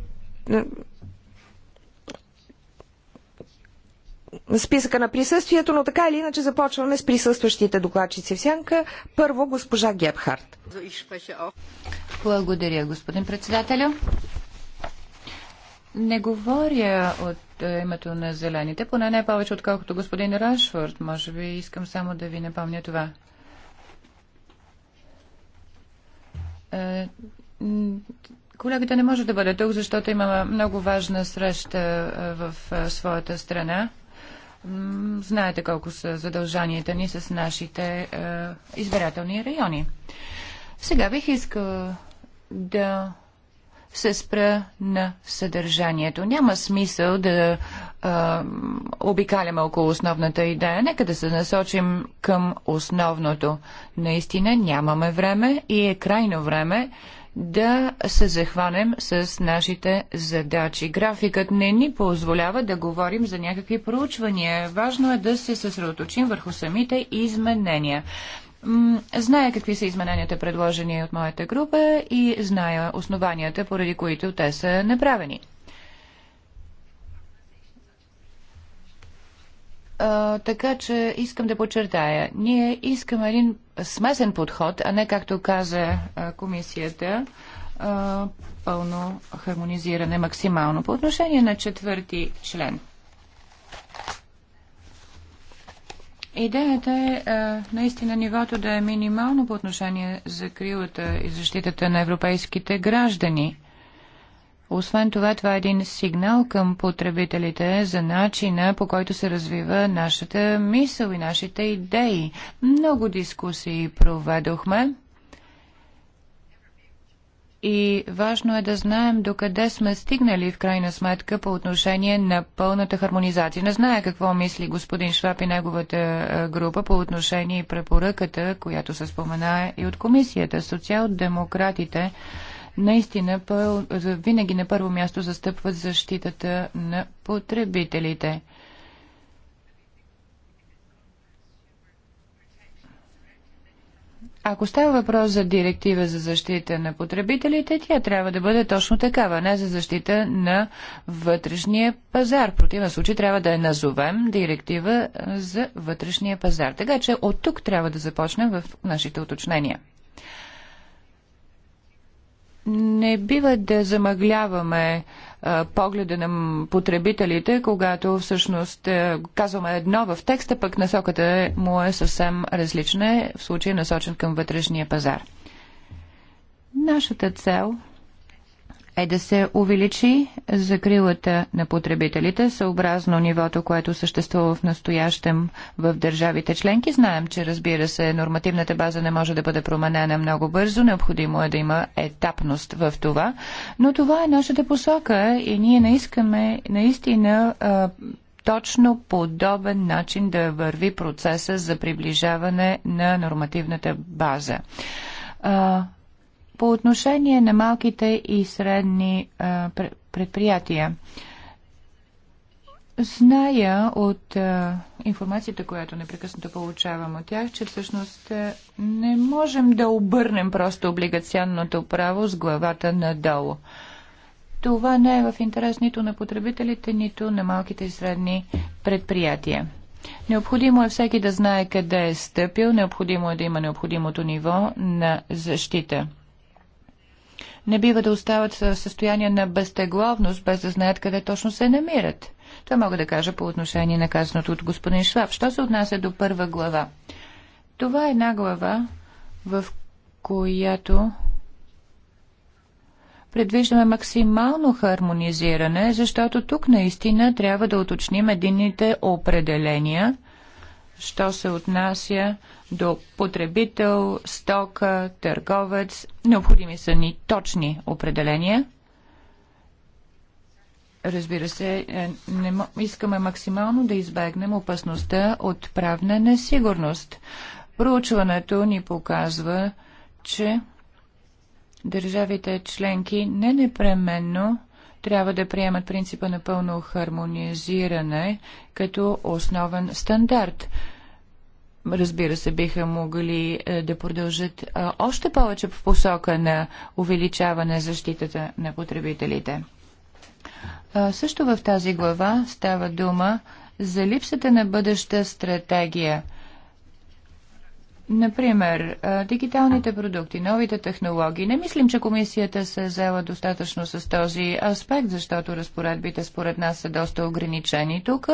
Списъка на присъствието, но така или иначе започваме с присъстващите докладчици в сянка. Първо госпожа Гебхарт. Благодаря, господин председателю. Не говоря от е, името на зелените, поне не повече, отколкото господин Рашфорд. Може би искам само да ви напомня това. Е, колегата не може да бъде тук, защото има много важна среща е, в своята страна. Знаете колко са задължанията ни с нашите избирателни райони. Сега бих искал да се спра на съдържанието. Няма смисъл да а, обикаляме около основната идея. Нека да се насочим към основното. Наистина нямаме време и е крайно време да се захванем с нашите задачи. Графикът не ни позволява да говорим за някакви проучвания. Важно е да се съсредоточим върху самите изменения. Зная какви са измененията предложени от моята група и зная основанията, поради които те са направени. така че искам да подчертая. Ние искаме един смесен подход, а не както каза комисията, пълно хармонизиране максимално. По отношение на четвърти член. Идеята е, е наистина нивото да е минимално по отношение за крилата и защитата на европейските граждани. Освен това, това е един сигнал към потребителите за начина по който се развива нашата мисъл и нашите идеи. Много дискусии проведохме и важно е да знаем докъде сме стигнали в крайна сметка по отношение на пълната хармонизация. Не зная какво мисли господин Шваб и неговата е, група по отношение и препоръката, която се спомена и от комисията. Социал-демократите наистина пъл... винаги на първо място застъпват защитата на потребителите. Ако става въпрос за директива за защита на потребителите, тя трябва да бъде точно такава, не за защита на вътрешния пазар. В противен случай трябва да я назовем директива за вътрешния пазар. Така че от тук трябва да започнем в нашите уточнения. Не бива да замъгляваме погледа на потребителите, когато всъщност казваме едно в текста, пък насоката е, му е съвсем различна, е в случай насочен към вътрешния пазар. Нашата цел – е да се увеличи закрилата на потребителите съобразно нивото, което съществува в настоящем в държавите членки. Знаем, че разбира се, нормативната база не може да бъде променена много бързо, необходимо е да има етапност в това, но това е нашата посока и ние не искаме наистина точно подобен начин да върви процеса за приближаване на нормативната база. По отношение на малките и средни предприятия, зная от а, информацията, която непрекъснато получавам от тях, че всъщност не можем да обърнем просто облигационното право с главата надолу. Това не е в интерес нито на потребителите, нито на малките и средни предприятия. Необходимо е всеки да знае къде е стъпил, необходимо е да има необходимото ниво на защита не бива да остават в състояние на безтегловност, без да знаят къде точно се намират. Това мога да кажа по отношение на казаното от господин Шваб. Що се отнася до първа глава? Това е една глава, в която предвиждаме максимално хармонизиране, защото тук наистина трябва да уточним единните определения – що се отнася до потребител, стока, търговец. Необходими са ни точни определения. Разбира се, е, не искаме максимално да избегнем опасността от правна несигурност. Проучването ни показва, че държавите членки не непременно трябва да приемат принципа на пълно хармонизиране като основен стандарт. Разбира се, биха могли е, да продължат е, още повече в посока на увеличаване защитата на потребителите. Е, също в тази глава става дума за липсата на бъдеща стратегия – Например, дигиталните продукти, новите технологии. Не мислим, че комисията се е взела достатъчно с този аспект, защото разпоредбите според нас са доста ограничени тук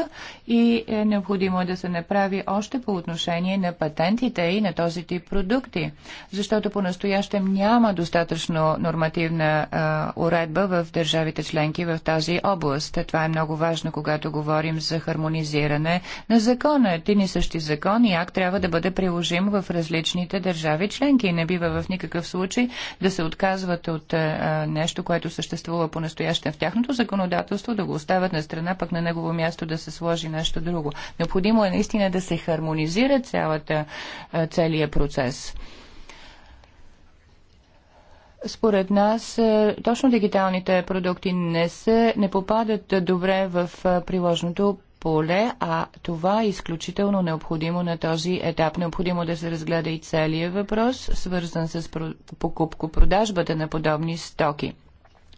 и е необходимо да се направи още по отношение на патентите и на този тип продукти, защото по-настоящем няма достатъчно нормативна а, уредба в държавите членки в тази област. Това е много важно, когато говорим за хармонизиране на закона. Ти ни същи закон и акт трябва да бъде приложим в в различните държави членки. И не бива в никакъв случай да се отказват от а, нещо, което съществува по-настоящен в тяхното законодателство, да го оставят на страна, пък на негово място да се сложи нещо друго. Необходимо е наистина да се хармонизира цялата, а, целият процес. Според нас, точно дигиталните продукти не, се, не попадат добре в приложното поле, а това е изключително необходимо на този етап. Необходимо да се разгледа и целият въпрос, свързан с покупко-продажбата на подобни стоки.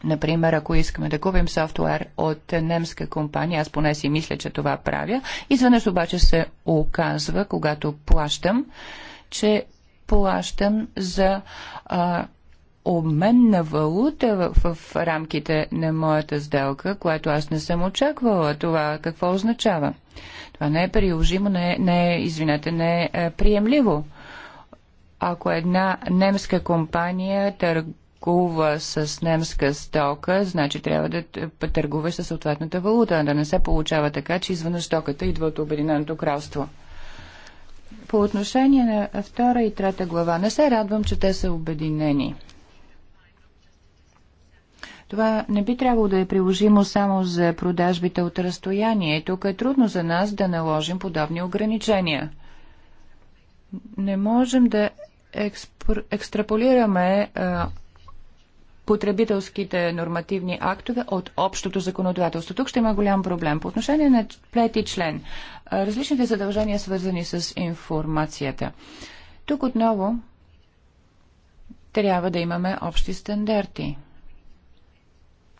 Например, ако искаме да купим софтуер от немска компания, аз поне си мисля, че това правя, изведнъж обаче се оказва, когато плащам, че плащам за а, обмен на валута в, в рамките на моята сделка, което аз не съм очаквала. Това какво означава? Това не е приложимо, не, е, не е, извинете, не е, е приемливо. Ако една немска компания търгува с немска стока, значи трябва да търгува със съответната валута, да не се получава така, че извън стоката идва от Обединеното кралство. По отношение на втора и трета глава, не се радвам, че те са обединени. Това не би трябвало да е приложимо само за продажбите от разстояние. Тук е трудно за нас да наложим подобни ограничения. Не можем да експр... екстраполираме а, потребителските нормативни актове от общото законодателство. Тук ще има голям проблем. По отношение на трети член, различните задължения свързани с информацията. Тук отново трябва да имаме общи стандарти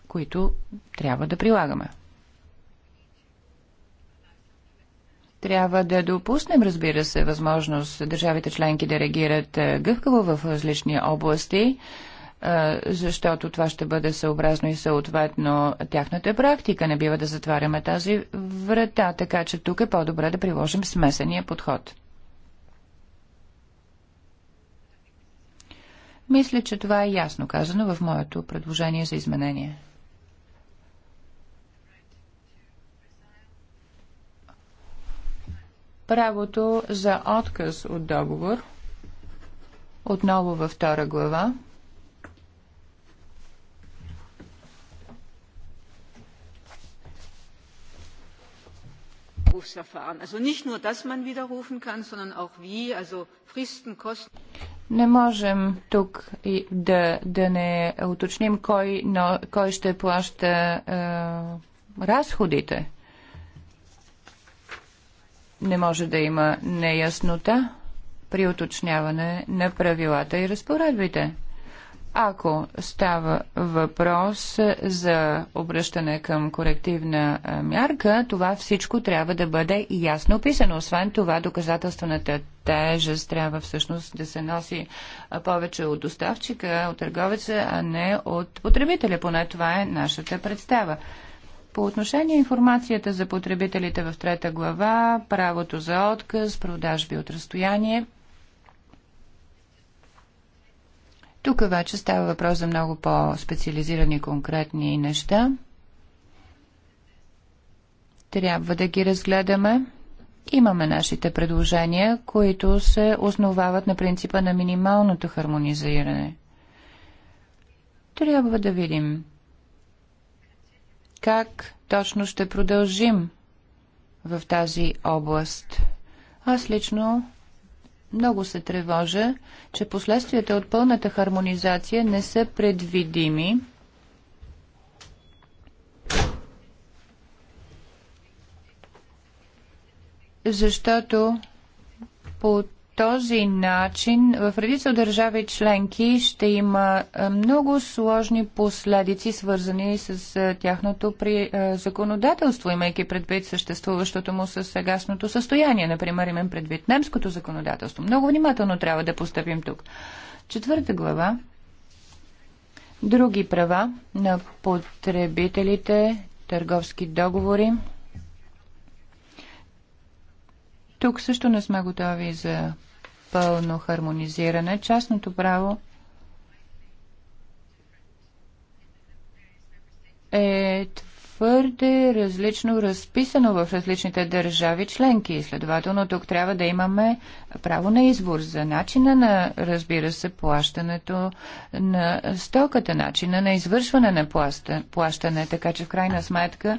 които трябва да прилагаме. Трябва да допуснем, разбира се, възможност държавите членки да реагират е, гъвкаво в различни области, е, защото това ще бъде съобразно и съответно тяхната практика. Не бива да затваряме тази врата, така че тук е по-добре да приложим смесения подход. Мисля, че това е ясно казано в моето предложение за изменение. правото за отказ от договор, отново във втора глава. Не можем тук и да, да не уточним кой, но, кой ще плаща е, разходите не може да има неяснота при уточняване на правилата и разпоредбите. Ако става въпрос за обръщане към корективна мярка, това всичко трябва да бъде ясно описано. Освен това, доказателствената тежест трябва всъщност да се носи повече от доставчика, от търговеца, а не от потребителя. Поне това е нашата представа. По отношение информацията за потребителите в трета глава, правото за отказ, продажби от разстояние, тук обаче става въпрос за много по-специализирани конкретни неща. Трябва да ги разгледаме. Имаме нашите предложения, които се основават на принципа на минималното хармонизиране. Трябва да видим как точно ще продължим в тази област. Аз лично много се тревожа, че последствията от пълната хармонизация не са предвидими. Защото под този начин в редица държави членки ще има е, много сложни последици, свързани с е, тяхното при е, законодателство, имайки предвид съществуващото му с сегашното състояние. Например, имам предвид немското законодателство. Много внимателно трябва да поступим тук. Четвърта глава. Други права на потребителите, търговски договори. Тук също не сме готови за пълно хармонизиране. Частното право е твърде различно разписано в различните държави членки. Следователно, тук трябва да имаме право на избор за начина на, разбира се, плащането на стоката, начина на извършване на плащане, така че в крайна сметка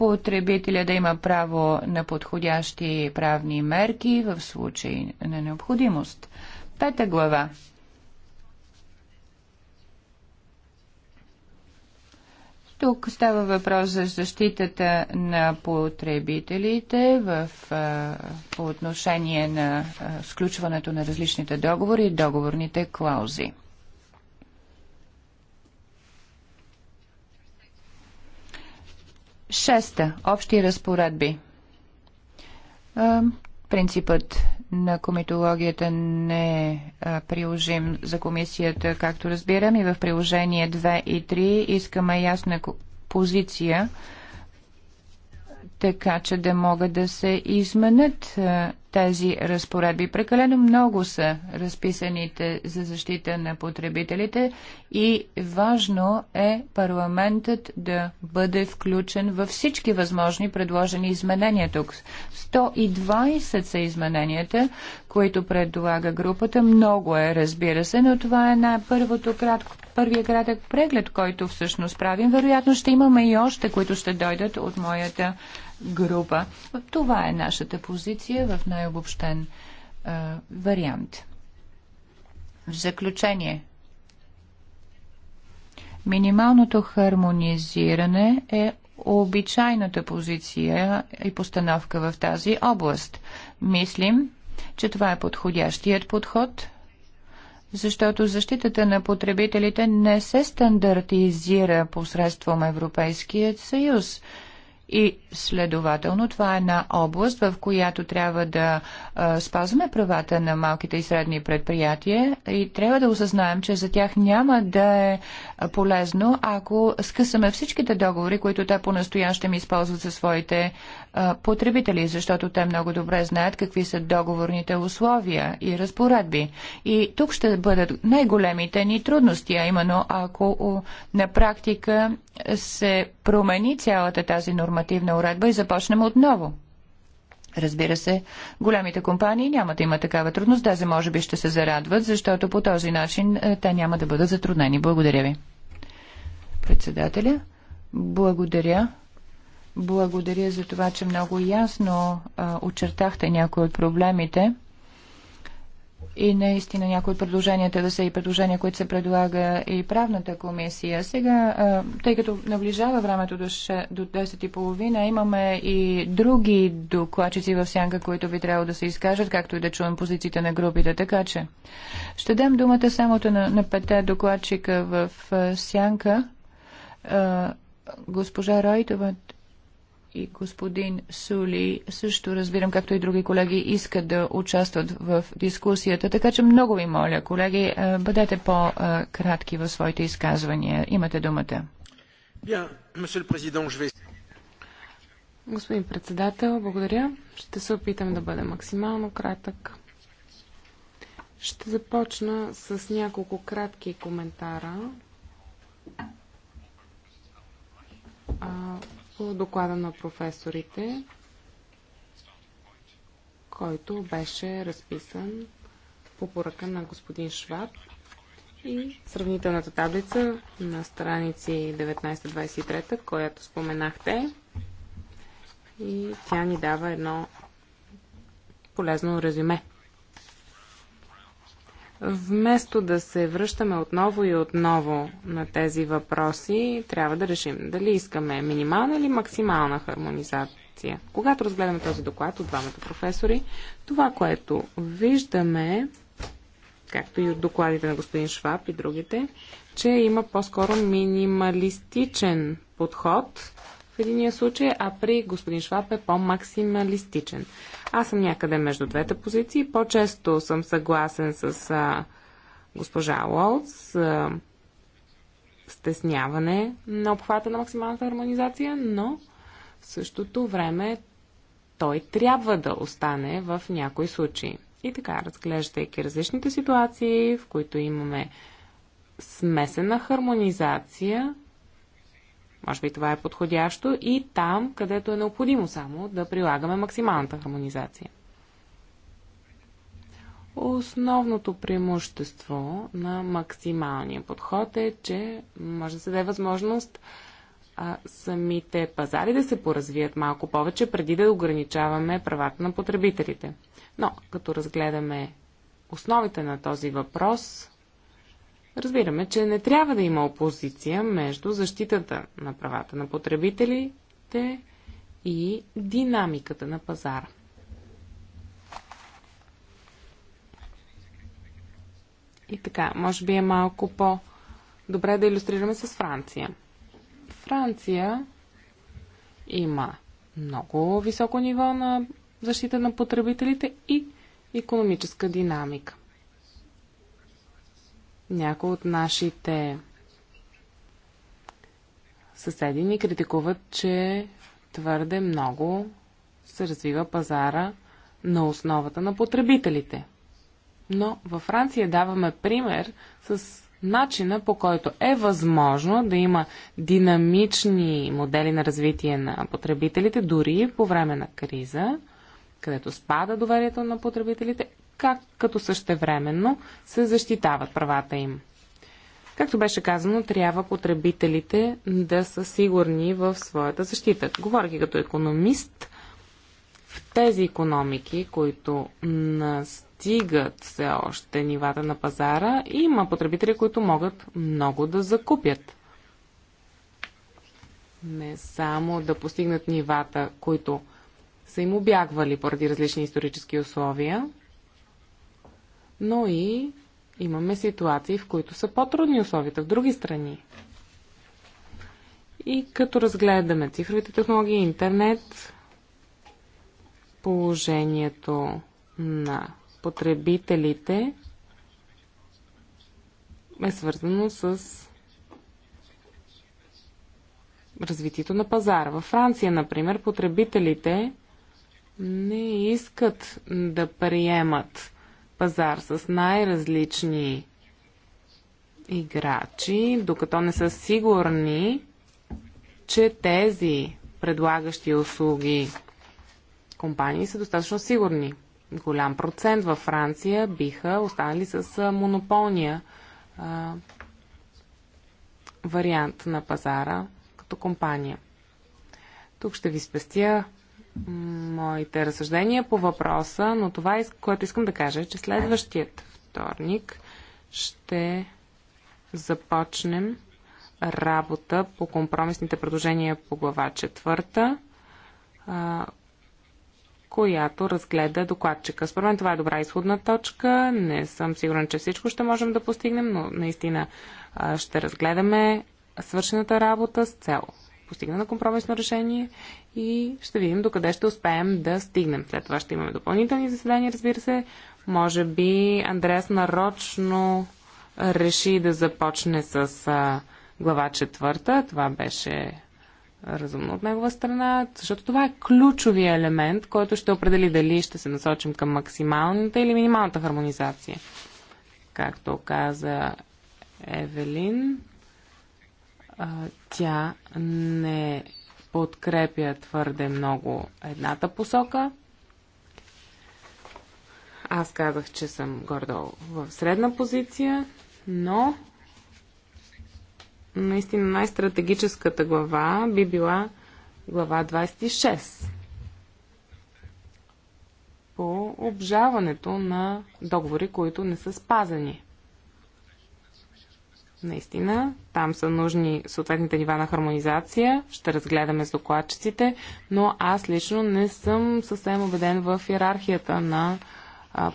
потребителя да има право на подходящи правни мерки в случай на необходимост. Пета глава. Тук става въпрос за защитата на потребителите в, по отношение на сключването на различните договори и договорните клаузи. Шеста. Общи разпоредби. Принципът на комитологията не е приложим за комисията, както разбирам, и в приложение 2 и 3 искаме ясна позиция, така че да могат да се изменят тези разпоредби. Прекалено много са разписаните за защита на потребителите и важно е парламентът да бъде включен във всички възможни предложени изменения тук. 120 са измененията, които предлага групата. Много е, разбира се, но това е на първото кратко, първия кратък преглед, който всъщност правим. Вероятно ще имаме и още, които ще дойдат от моята група. Това е нашата позиция в най-обобщен е, вариант. В заключение, минималното хармонизиране е обичайната позиция и постановка в тази област. Мислим, че това е подходящият подход, защото защитата на потребителите не се стандартизира посредством Европейският съюз. И Следователно, това е една област, в която трябва да а, спазваме правата на малките и средни предприятия и трябва да осъзнаем, че за тях няма да е полезно, ако скъсаме всичките договори, които те по-настоящем използват за своите а, потребители, защото те много добре знаят какви са договорните условия и разпоредби. И тук ще бъдат най-големите ни трудности, а именно ако на практика се промени цялата тази нормативна уредба и започнем отново. Разбира се, големите компании няма да има такава трудност. Даже може би ще се зарадват, защото по този начин е, те няма да бъдат затруднени. Благодаря ви. Председателя, благодаря. Благодаря за това, че много ясно а, очертахте някои от проблемите и наистина някои от предложенията да са и предложения, които се предлага и правната комисия. Сега, тъй като наближава времето до 10.30, имаме и други докладчици в сянка, които би трябвало да се изкажат, както и да чуем позициите на групите. Така че ще дам думата само на, на пете докладчика в сянка. Госпожа Райтова, и господин Сули, също разбирам, както и други колеги, искат да участват в дискусията. Така че много ви моля, колеги, бъдете по-кратки в своите изказвания. Имате думата. Господин председател, благодаря. Ще се опитам да бъда максимално кратък. Ще започна с няколко кратки коментара по доклада на професорите, който беше разписан по поръка на господин Шваб и сравнителната таблица на страници 19-23, която споменахте. И тя ни дава едно полезно резюме. Вместо да се връщаме отново и отново на тези въпроси, трябва да решим дали искаме минимална или максимална хармонизация. Когато разгледаме този доклад от двамата професори, това, което виждаме, както и от докладите на господин Шваб и другите, че има по-скоро минималистичен подход единия случай, а при господин Шваб е по-максималистичен. Аз съм някъде между двете позиции. По-често съм съгласен с а, госпожа Уолтс. А, стесняване на обхвата на максималната хармонизация, но в същото време той трябва да остане в някои случаи. И така, разглеждайки различните ситуации, в които имаме смесена хармонизация, може би това е подходящо и там, където е необходимо само да прилагаме максималната хармонизация. Основното преимущество на максималния подход е, че може да се даде възможност а, самите пазари да се поразвият малко повече, преди да ограничаваме правата на потребителите. Но, като разгледаме основите на този въпрос, Разбираме, че не трябва да има опозиция между защитата на правата на потребителите и динамиката на пазара. И така, може би е малко по-добре да иллюстрираме с Франция. Франция има много високо ниво на защита на потребителите и економическа динамика някои от нашите съседи ни критикуват, че твърде много се развива пазара на основата на потребителите. Но във Франция даваме пример с начина по който е възможно да има динамични модели на развитие на потребителите, дори по време на криза, където спада доверието на потребителите как, като същевременно се защитават правата им. Както беше казано, трябва потребителите да са сигурни в своята защита. Говоряки като економист, в тези економики, които настигат все още нивата на пазара, има потребители, които могат много да закупят. Не само да постигнат нивата, които са им обягвали поради различни исторически условия, но и имаме ситуации, в които са по-трудни условията в други страни. И като разгледаме цифровите технологии, и интернет, положението на потребителите е свързано с развитието на пазара. Във Франция, например, потребителите не искат да приемат пазар с най-различни играчи, докато не са сигурни, че тези предлагащи услуги компании са достатъчно сигурни. Голям процент във Франция биха останали с монополния а, вариант на пазара като компания. Тук ще ви спестя моите разсъждения по въпроса, но това, което искам да кажа, е, че следващият вторник ще започнем работа по компромисните предложения по глава четвърта, която разгледа докладчика. Според мен това е добра изходна точка. Не съм сигурен, че всичко ще можем да постигнем, но наистина ще разгледаме свършената работа с цел Постигна на компромисно решение и ще видим докъде ще успеем да стигнем. След това ще имаме допълнителни заседания, разбира се. Може би Андреас нарочно реши да започне с а, глава четвърта. Това беше разумно от негова страна, защото това е ключовия елемент, който ще определи дали ще се насочим към максималната или минималната хармонизация. Както каза Евелин, тя не подкрепя твърде много едната посока. Аз казах, че съм гордо в средна позиция, но наистина най-стратегическата глава би била глава 26 по обжаването на договори, които не са спазени. Наистина, там са нужни съответните нива на хармонизация. Ще разгледаме с докладчиците, но аз лично не съм съвсем убеден в иерархията на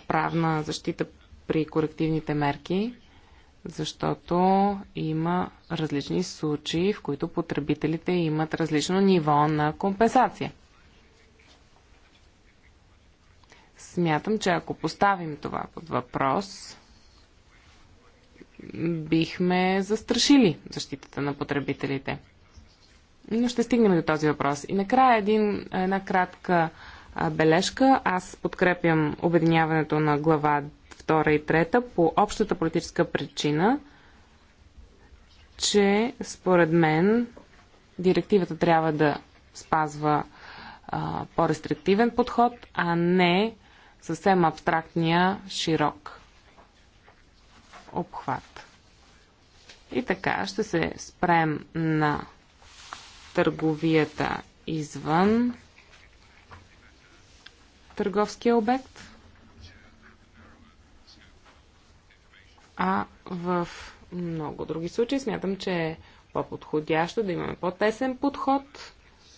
правна защита при корективните мерки, защото има различни случаи, в които потребителите имат различно ниво на компенсация. Смятам, че ако поставим това под въпрос, бихме застрашили защитата на потребителите. Но ще стигнем до този въпрос. И накрая един, една кратка бележка. Аз подкрепям обединяването на глава 2 и 3 по общата политическа причина, че според мен директивата трябва да спазва по-рестриктивен подход, а не съвсем абстрактния, широк обхват. И така ще се спрем на търговията извън търговския обект, а в много други случаи смятам, че е по-подходящо да имаме по-тесен подход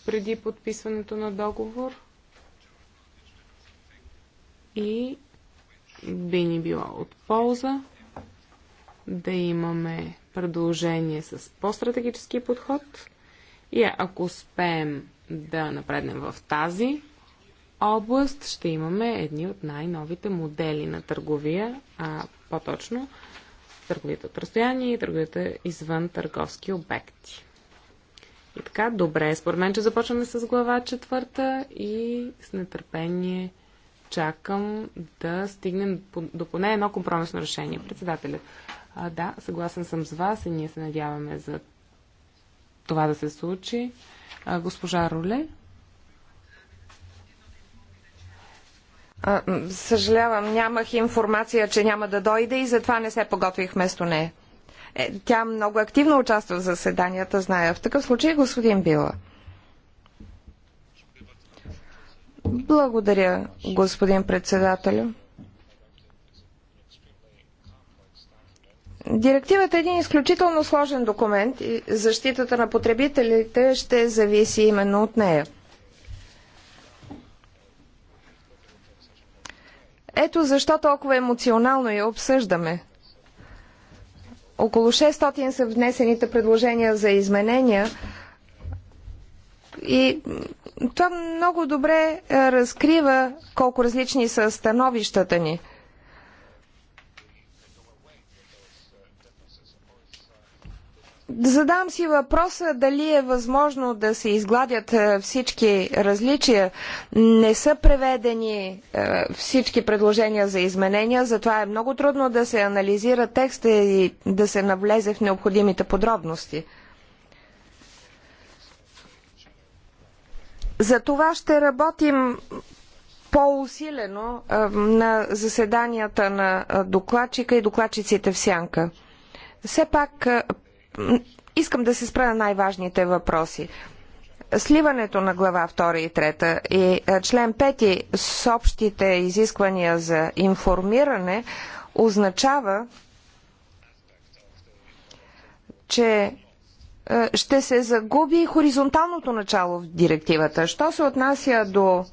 преди подписването на договор и би ни било от полза да имаме предложение с по-стратегически подход и ако успеем да напреднем в тази област, ще имаме едни от най-новите модели на търговия, а по-точно търговията от разстояние и търговията извън търговски обекти. И така, добре, според мен, че започваме с глава четвърта и с нетърпение чакам да стигнем до поне едно компромисно решение. Председателят, а, да, съгласен съм с вас и ние се надяваме за това да се случи. А, госпожа Руле. А, съжалявам, нямах информация, че няма да дойде и затова не се поготвих вместо нея. Е, тя много активно участва в заседанията, зная. В такъв случай, господин Била. Благодаря, господин председателю. Директивата е един изключително сложен документ и защитата на потребителите ще зависи именно от нея. Ето защо толкова емоционално я обсъждаме. Около 600 са внесените предложения за изменения и това много добре е, разкрива колко различни са становищата ни – Задам си въпроса дали е възможно да се изгладят е, всички различия. Не са преведени е, всички предложения за изменения, затова е много трудно да се анализира текста и да се навлезе в необходимите подробности. За това ще работим по-усилено е, на заседанията на докладчика и докладчиците в сянка. Все пак искам да се спра на най-важните въпроси. Сливането на глава 2 и 3 и е, член 5 с общите изисквания за информиране означава, че е, ще се загуби хоризонталното начало в директивата. Що се отнася до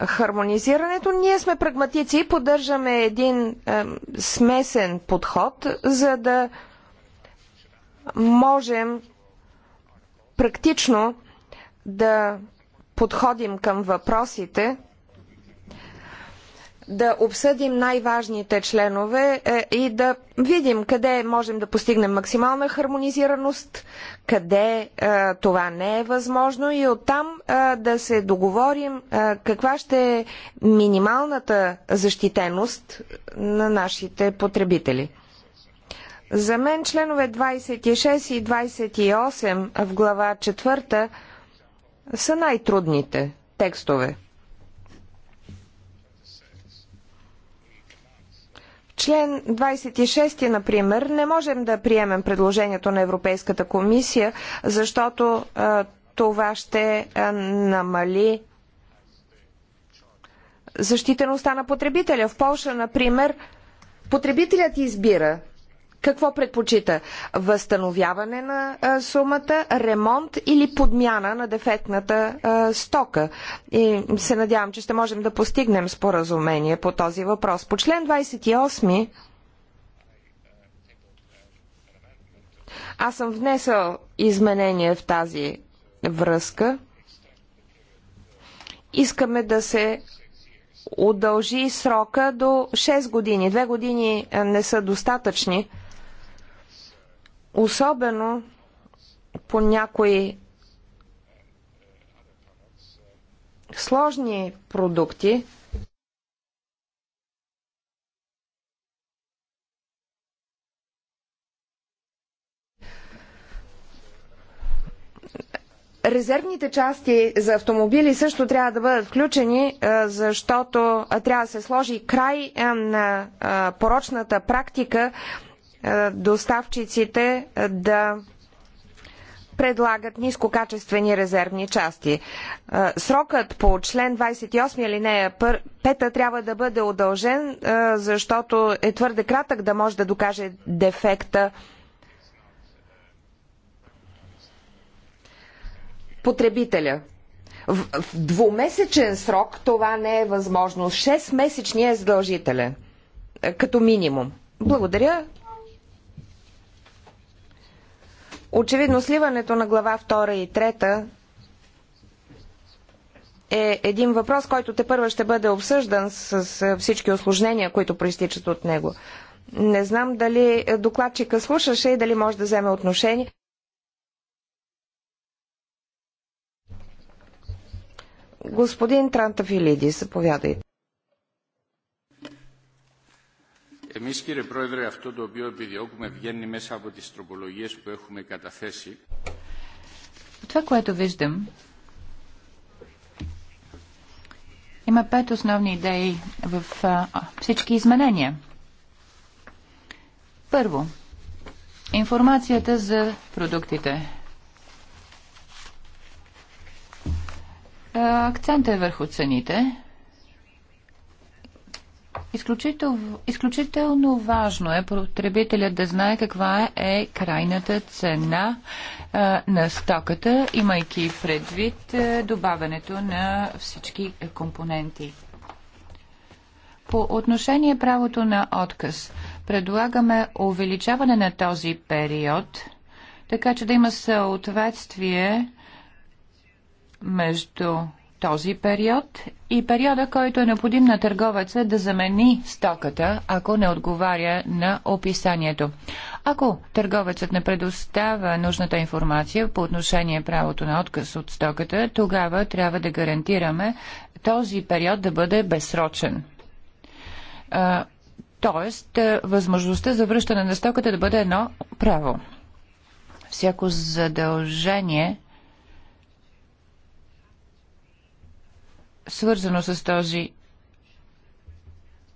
хармонизирането. Ние сме прагматици и поддържаме един е, смесен подход, за да можем практично да подходим към въпросите, да обсъдим най-важните членове е, и да видим къде можем да постигнем максимална хармонизираност, къде е, това не е възможно и оттам е, да се договорим каква ще е минималната защитеност на нашите потребители. За мен членове 26 и 28 в глава 4 са най-трудните текстове. член 26, например, не можем да приемем предложението на Европейската комисия, защото а, това ще а, намали защитеността на потребителя. В Польша, например, потребителят избира какво предпочита? Възстановяване на сумата, ремонт или подмяна на дефектната стока? И се надявам, че ще можем да постигнем споразумение по този въпрос. По член 28 аз съм внесъл изменение в тази връзка. Искаме да се удължи срока до 6 години. Две години не са достатъчни особено по някои сложни продукти, Резервните части за автомобили също трябва да бъдат включени, е, защото е, трябва да се сложи край е, на порочната практика е, доставчиците е, да предлагат нискокачествени резервни части. Е, срокът по член 28 алинея 5 трябва да бъде удължен, защото е твърде кратък да може да докаже дефекта потребителя. В, двумесечен срок това не е възможно. Шестмесечният е задължителен. Като минимум. Благодаря. Очевидно сливането на глава 2 и 3 е един въпрос, който те първа ще бъде обсъждан с всички осложнения, които проистичат от него. Не знам дали докладчика слушаше и дали може да вземе отношение. Господин Трантафилиди, заповядайте. Εμείς κύριε Πρόεδρε αυτό το οποίο επιδιώκουμε βγαίνει μέσα από τις τροπολογίες που έχουμε καταθέσει. Това, което виждам, има пет основни идеи в а, всички изменения. Първо, информацията за продуктите. Акцентът е върху цените. Изключител, изключително важно е потребителят да знае каква е крайната цена а, на стоката, имайки предвид а, добавянето на всички компоненти. По отношение правото на отказ, предлагаме увеличаване на този период, така че да има съответствие между този период и периода, който е необходим на търговеца да замени стоката, ако не отговаря на описанието. Ако търговецът не предоставя нужната информация по отношение правото на отказ от стоката, тогава трябва да гарантираме този период да бъде безсрочен. Тоест, възможността за връщане на стоката да бъде едно право. Всяко задължение – свързано с този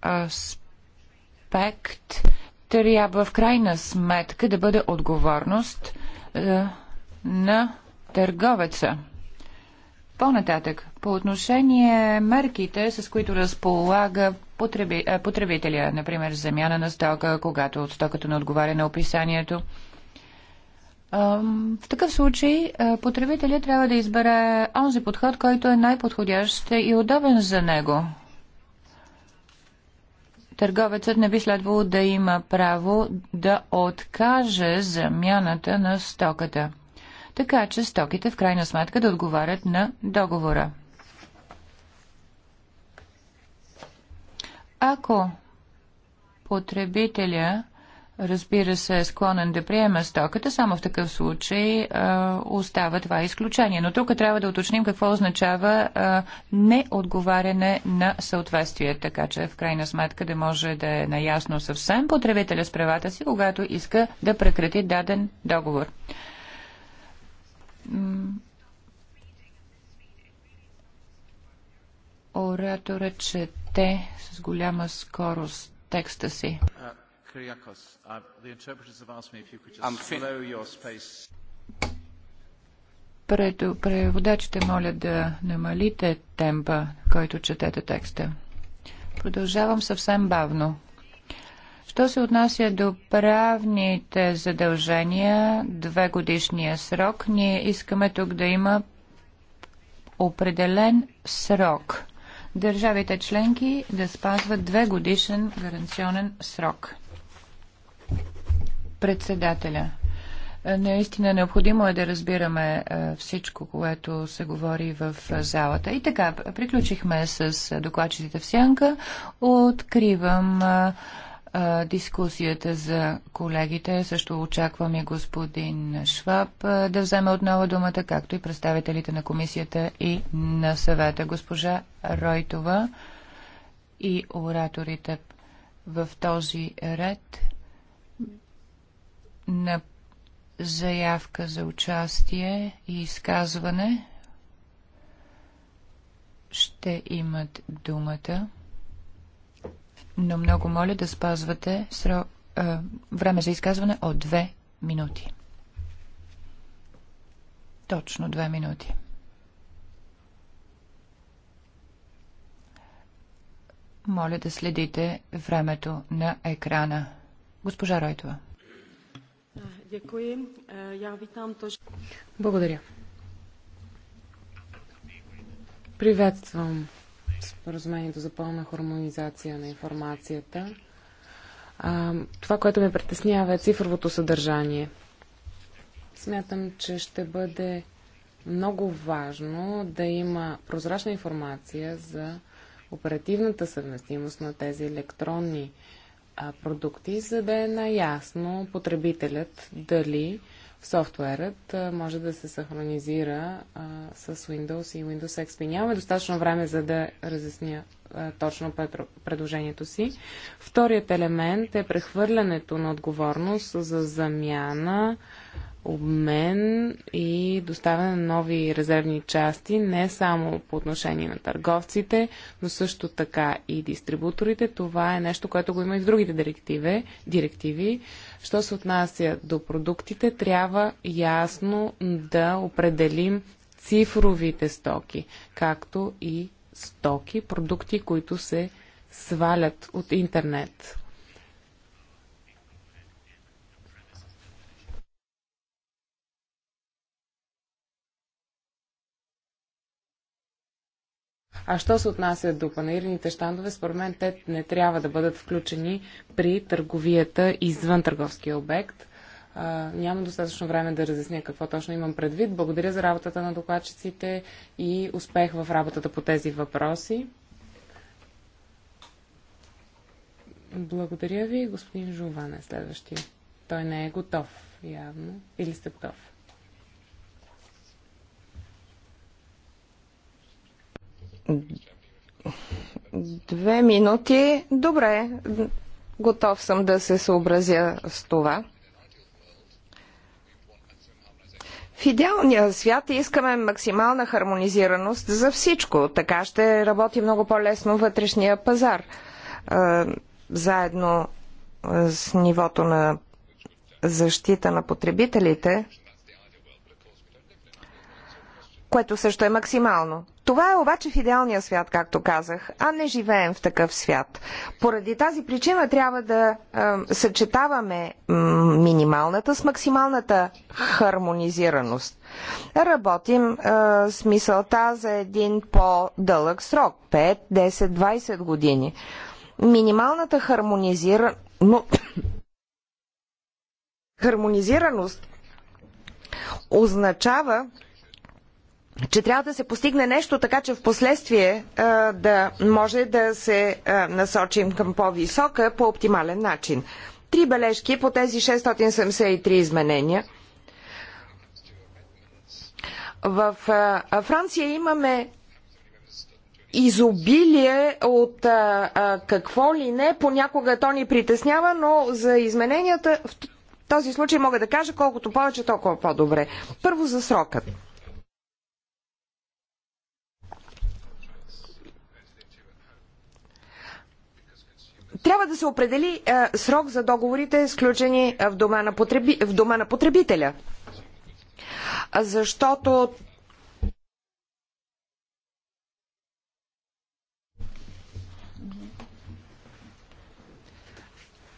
аспект, трябва в крайна сметка да бъде отговорност е, на търговеца. По-нататък, по отношение мерките, с които разполага потреби, е, потребителя, например замяна на стока, когато стоката не отговаря на описанието – в такъв случай потребителя трябва да избере онзи подход, който е най-подходящ и удобен за него. Търговецът не би следвало да има право да откаже замяната на стоката, така че стоките в крайна сметка да отговарят на договора. Ако потребителя разбира се, е склонен да приема стоката, само в такъв случай е, остава това изключение. Но тук трябва да уточним какво означава е, неотговаряне на съответствие, така че в крайна сметка да може да е наясно съвсем потребителя с правата си, когато иска да прекрати даден договор. Оратора чете с голяма скорост текста си. Kyriakos, uh, the interpreters have asked me if you could just slow your space. преводачите моля да намалите темпа, който четете текста. Продължавам съвсем бавно. Що се отнася до правните задължения, две годишния срок, ние искаме тук да има определен срок. Държавите членки да спазват две годишен гаранционен срок. Председателя. Е, наистина необходимо е да разбираме е, всичко, което се говори в залата. И така, приключихме с докладчиците в сянка. Откривам е, дискусията за колегите. Също очаквам и господин Шваб да вземе отново думата, както и представителите на комисията и на съвета. Госпожа Ройтова и ораторите в този ред на заявка за участие и изказване ще имат думата, но много моля да спазвате срок, а, време за изказване от две минути. Точно две минути. Моля да следите времето на екрана. Госпожа Ройтова. Благодаря. Приветствам споразумението за пълна хармонизация на информацията. А, това, което ме притеснява е цифровото съдържание. Смятам, че ще бъде много важно да има прозрачна информация за оперативната съвместимост на тези електронни продукти, за да е наясно потребителят дали софтуерът може да се синхронизира с Windows и Windows XP. Нямаме достатъчно време, за да разясня а, точно предложението си. Вторият елемент е прехвърлянето на отговорност за замяна обмен и доставяне на нови резервни части, не само по отношение на търговците, но също така и дистрибуторите. Това е нещо, което го има и в другите директиви. директиви. Що се отнася до продуктите, трябва ясно да определим цифровите стоки, както и стоки, продукти, които се свалят от интернет. А що се отнася до панаирните щандове, според мен те не трябва да бъдат включени при търговията извън търговския обект. А, няма достатъчно време да разясня какво точно имам предвид. Благодаря за работата на докладчиците и успех в работата по тези въпроси. Благодаря ви, господин Жуван, е следващия. Той не е готов, явно. Или сте готов? Две минути. Добре, готов съм да се съобразя с това. В идеалния свят искаме максимална хармонизираност за всичко. Така ще работи много по-лесно вътрешния пазар. Заедно с нивото на защита на потребителите, което също е максимално. Това е обаче в идеалния свят, както казах, а не живеем в такъв свят. Поради тази причина трябва да е, съчетаваме минималната с максималната хармонизираност. Работим е, с мисълта за един по-дълъг срок 5, 10, 20 години. Минималната хармонизира... Но... хармонизираност означава че трябва да се постигне нещо така, че в последствие да може да се насочим към по-висока, по-оптимален начин. Три бележки по тези 673 изменения. В Франция имаме изобилие от а, а, какво ли не. Понякога то ни притеснява, но за измененията в този случай мога да кажа колкото повече, толкова по-добре. Първо за срокът. трябва да се определи е, срок за договорите, сключени е, в дома на, потреби, в дома на потребителя. Защото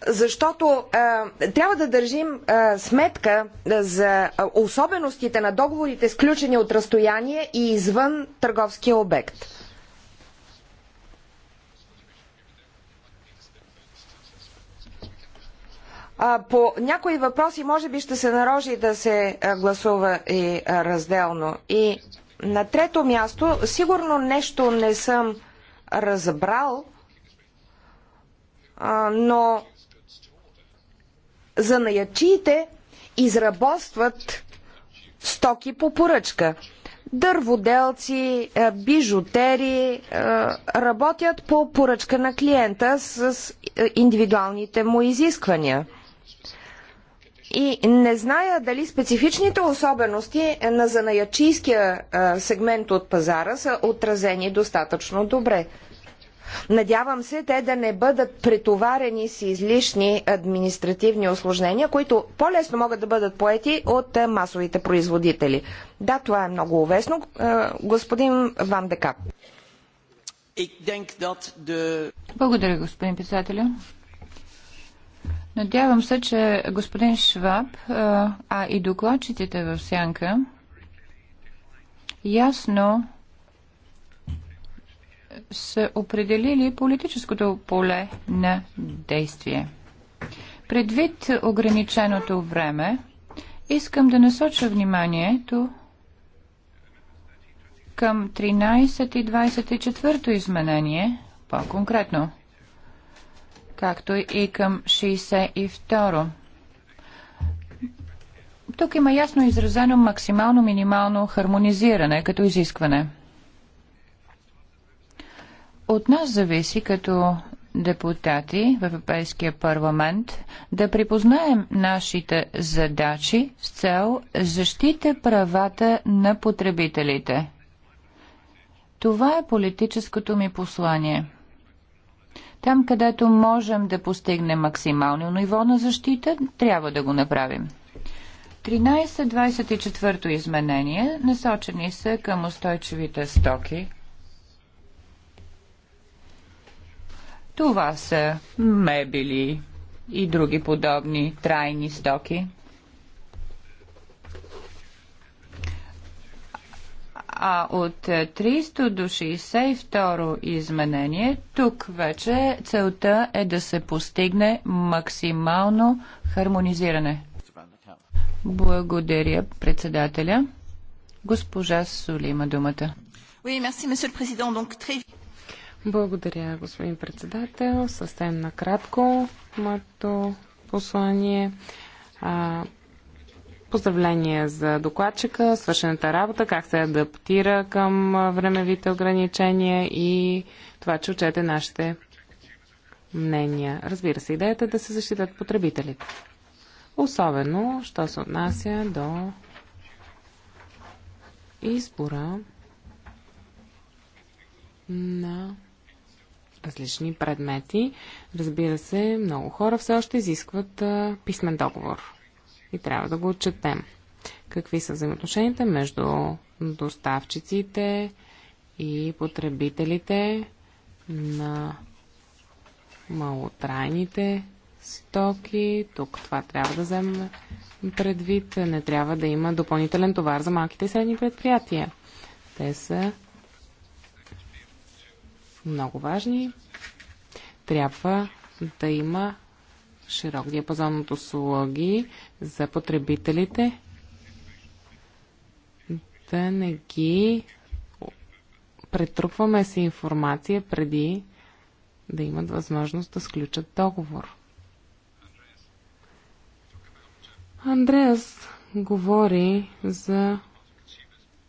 защото е, трябва да държим е, сметка е, за особеностите на договорите, сключени от разстояние и извън търговския обект. По някои въпроси може би ще се нарожи да се гласува и разделно. И на трето място, сигурно нещо не съм разбрал, но занаячиите изработват стоки по поръчка. Дърводелци, бижутери работят по поръчка на клиента с индивидуалните му изисквания. И не зная дали специфичните особености на занаячийския сегмент от пазара са отразени достатъчно добре. Надявам се те да не бъдат претоварени с излишни административни осложнения, които по-лесно могат да бъдат поети от масовите производители. Да, това е много увесно. Господин Ван Декап. Благодаря, господин председателя. Надявам се, че господин Шваб, а и докладчиците в Сянка, ясно са определили политическото поле на действие. Предвид ограниченото време, искам да насоча вниманието към 13 и 24 изменение, по-конкретно както и към 62. Тук има ясно изразено максимално минимално хармонизиране като изискване. От нас зависи като депутати в Европейския парламент да припознаем нашите задачи с цел защита правата на потребителите. Това е политическото ми послание – там, където можем да постигнем максимално ниво на защита, трябва да го направим. 13.24 изменение насочени са към устойчивите стоки. Това са мебели и други подобни трайни стоки. А от 300 до 62 изменение, тук вече целта е да се постигне максимално хармонизиране. Благодаря, председателя. Госпожа Сули има думата. Благодаря, господин председател. Съвсем накратко моето послание. А, Поздравления за докладчика, свършената работа, как се адаптира към времевите ограничения и това, че учете нашите мнения. Разбира се, идеята е да се защитят потребителите. Особено, що се отнася до избора на различни предмети. Разбира се, много хора все още изискват писмен договор и трябва да го отчетем. Какви са взаимоотношенията между доставчиците и потребителите на малотрайните стоки. Тук това трябва да вземем предвид. Не трябва да има допълнителен товар за малките и средни предприятия. Те са много важни. Трябва да има широк диапазон от услуги за потребителите, да не ги претрупваме с информация преди да имат възможност да сключат договор. Андреас говори за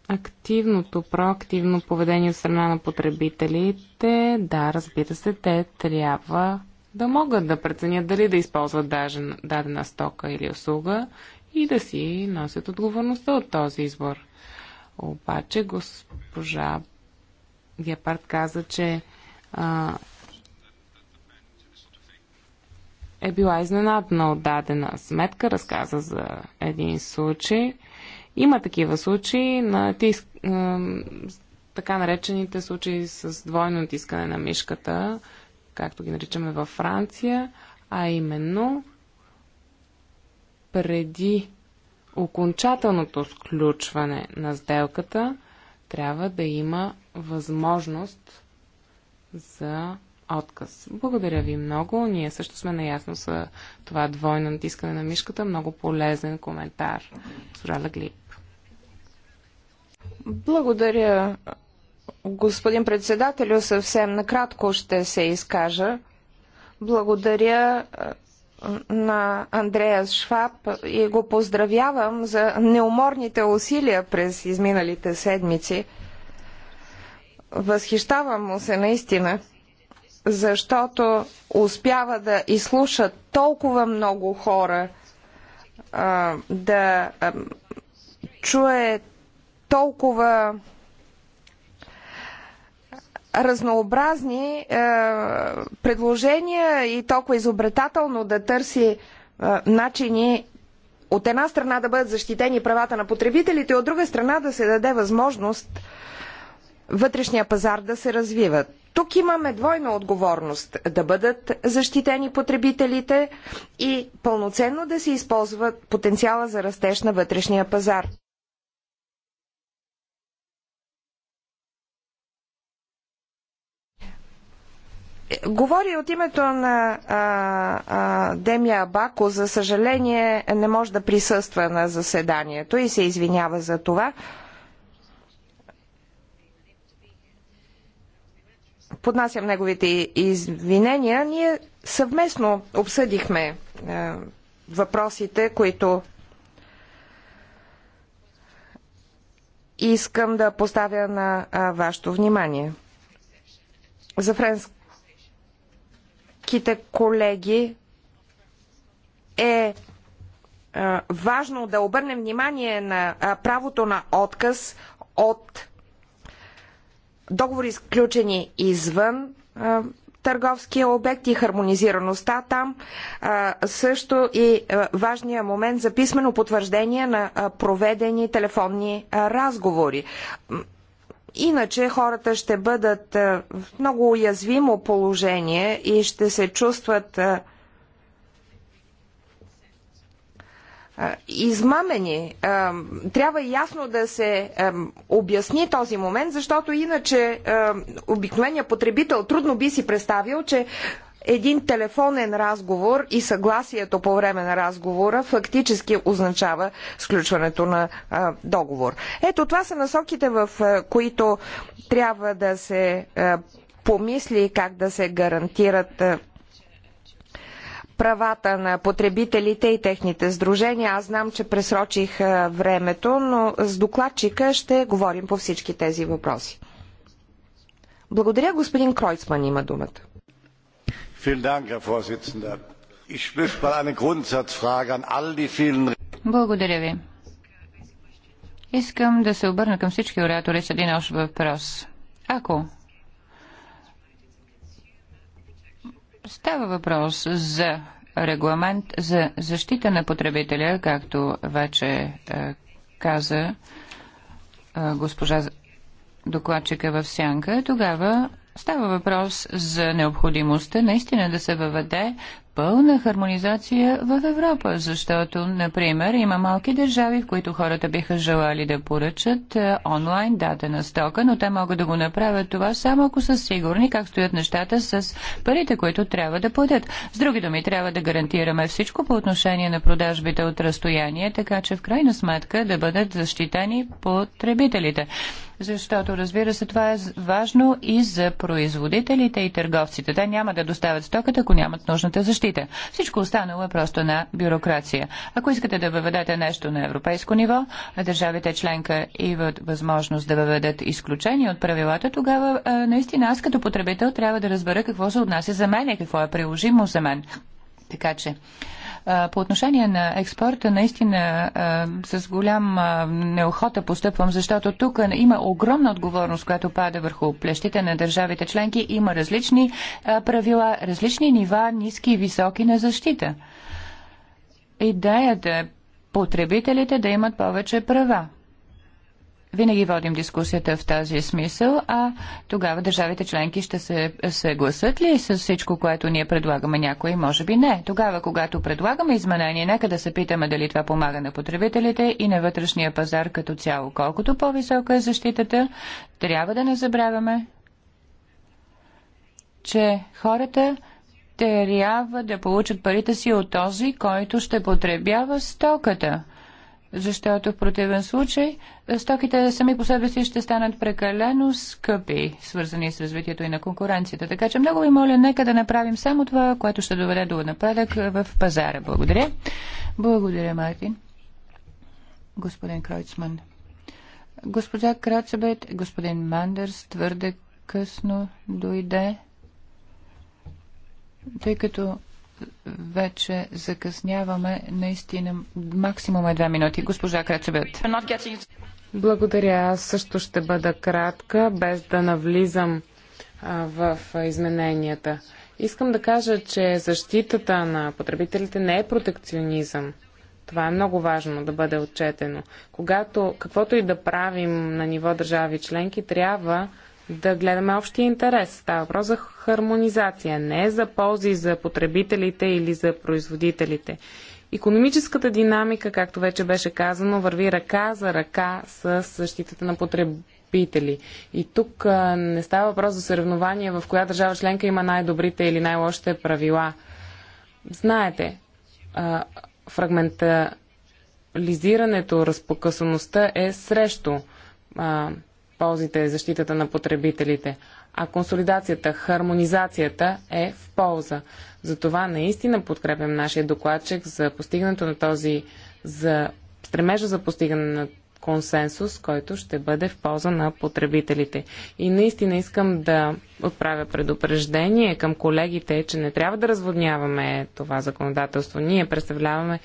активното, проактивно поведение от страна на потребителите. Да, разбира се, те трябва да могат да преценят дали да използват даже дадена стока или услуга и да си носят отговорността от този избор. Обаче госпожа Гепард каза, че а, е била изненадна от дадена сметка, разказа за един случай. Има такива случаи на тиск, а, така наречените случаи с двойно тискане на мишката. А, както ги наричаме във Франция, а именно преди окончателното сключване на сделката трябва да има възможност за отказ. Благодаря ви много. Ние също сме наясно с това двойно натискане на мишката. Много полезен коментар. Госпожа Лаглип. Благодаря, Господин председателю, съвсем накратко ще се изкажа. Благодаря е, на Андрея Шваб и го поздравявам за неуморните усилия през изминалите седмици. Възхищавам му се наистина, защото успява да изслуша толкова много хора, е, да е, чуе толкова разнообразни е, предложения и толкова изобретателно да търси е, начини от една страна да бъдат защитени правата на потребителите, от друга страна да се даде възможност вътрешния пазар да се развива. Тук имаме двойна отговорност да бъдат защитени потребителите и пълноценно да се използват потенциала за растеж на вътрешния пазар. Говори от името на а, а, Демия Абако, за съжаление не може да присъства на заседанието и се извинява за това. Поднасям неговите извинения. Ние съвместно обсъдихме а, въпросите, които искам да поставя на а, вашето внимание. За френск гръцките колеги е, е важно да обърнем внимание на правото на отказ от договори, сключени извън търговския обект и хармонизираността там, също и важния момент за писмено потвърждение на проведени телефонни разговори. Иначе хората ще бъдат е, в много уязвимо положение и ще се чувстват е, е, измамени. Трябва ясно да се обясни този момент, защото иначе обикновения потребител трудно би си представил, че един телефонен разговор и съгласието по време на разговора фактически означава сключването на а, договор. Ето това са насоките, в а, които трябва да се а, помисли как да се гарантират правата на потребителите и техните сдружения. Аз знам, че пресрочих времето, но с докладчика ще говорим по всички тези въпроси. Благодаря, господин Кройцман има думата herr präsident! ich möchte mal eine grundsatzfrage an all die vielen. Благодаря ви. Искам да се обърна към всички оратори с един общ въпрос. Ако става въпрос за регламент за защита на потребителя, както вече е, каза е, госпожа докладчика в Сянка, тогава Става въпрос за необходимостта наистина да се въведе пълна хармонизация в Европа, защото, например, има малки държави, в които хората биха желали да поръчат е, онлайн дадена стока, но те могат да го направят това само ако са сигурни как стоят нещата с парите, които трябва да платят. С други думи, трябва да гарантираме всичко по отношение на продажбите от разстояние, така че в крайна сметка да бъдат защитени потребителите защото разбира се това е важно и за производителите и търговците. Те няма да доставят стоката, ако нямат нужната защита. Всичко останало е просто на бюрокрация. Ако искате да въведете нещо на европейско ниво, а държавите членка имат възможност да въведат изключение от правилата, тогава наистина аз като потребител трябва да разбера какво се отнася за мен и какво е приложимо за мен. Така че по отношение на експорта, наистина с голям неохота постъпвам, защото тук има огромна отговорност, която пада върху плещите на държавите членки. Има различни правила, различни нива, ниски и високи на защита. Идеята е потребителите да имат повече права винаги водим дискусията в тази смисъл, а тогава държавите членки ще се съгласат ли с всичко, което ние предлагаме някои, може би не. Тогава, когато предлагаме изменения, нека да се питаме дали това помага на потребителите и на вътрешния пазар като цяло. Колкото по-висока е защитата, трябва да не забравяме, че хората трябва да получат парите си от този, който ще потребява стоката – защото в противен случай е, стоките сами по себе си ще станат прекалено скъпи, свързани с развитието и на конкуренцията. Така че много ви моля, нека да направим само това, което ще доведе до напредък в пазара. Благодаря. Благодаря, Мартин. Господин Кройцман. Госпожа Крацебет, господин Мандърс твърде късно дойде, тъй като вече закъсняваме наистина максимум е две минути. Госпожа Крецебет. Благодаря. Аз също ще бъда кратка, без да навлизам а, в измененията. Искам да кажа, че защитата на потребителите не е протекционизъм. Това е много важно да бъде отчетено. Когато каквото и да правим на ниво държави членки, трябва да гледаме общия интерес. Става въпрос за хармонизация, не за ползи за потребителите или за производителите. Економическата динамика, както вече беше казано, върви ръка за ръка с защитата на потребители. И тук не става въпрос за съревнование в коя държава членка има най-добрите или най-лошите правила. Знаете, фрагментализирането, разпокъсаността е срещу ползите е защитата на потребителите, а консолидацията, хармонизацията е в полза. Затова наистина подкрепям нашия докладчик за постигането на този, за стремежа за постигане на консенсус, който ще бъде в полза на потребителите. И наистина искам да отправя предупреждение към колегите, че не трябва да разводняваме това законодателство. Ние представляваме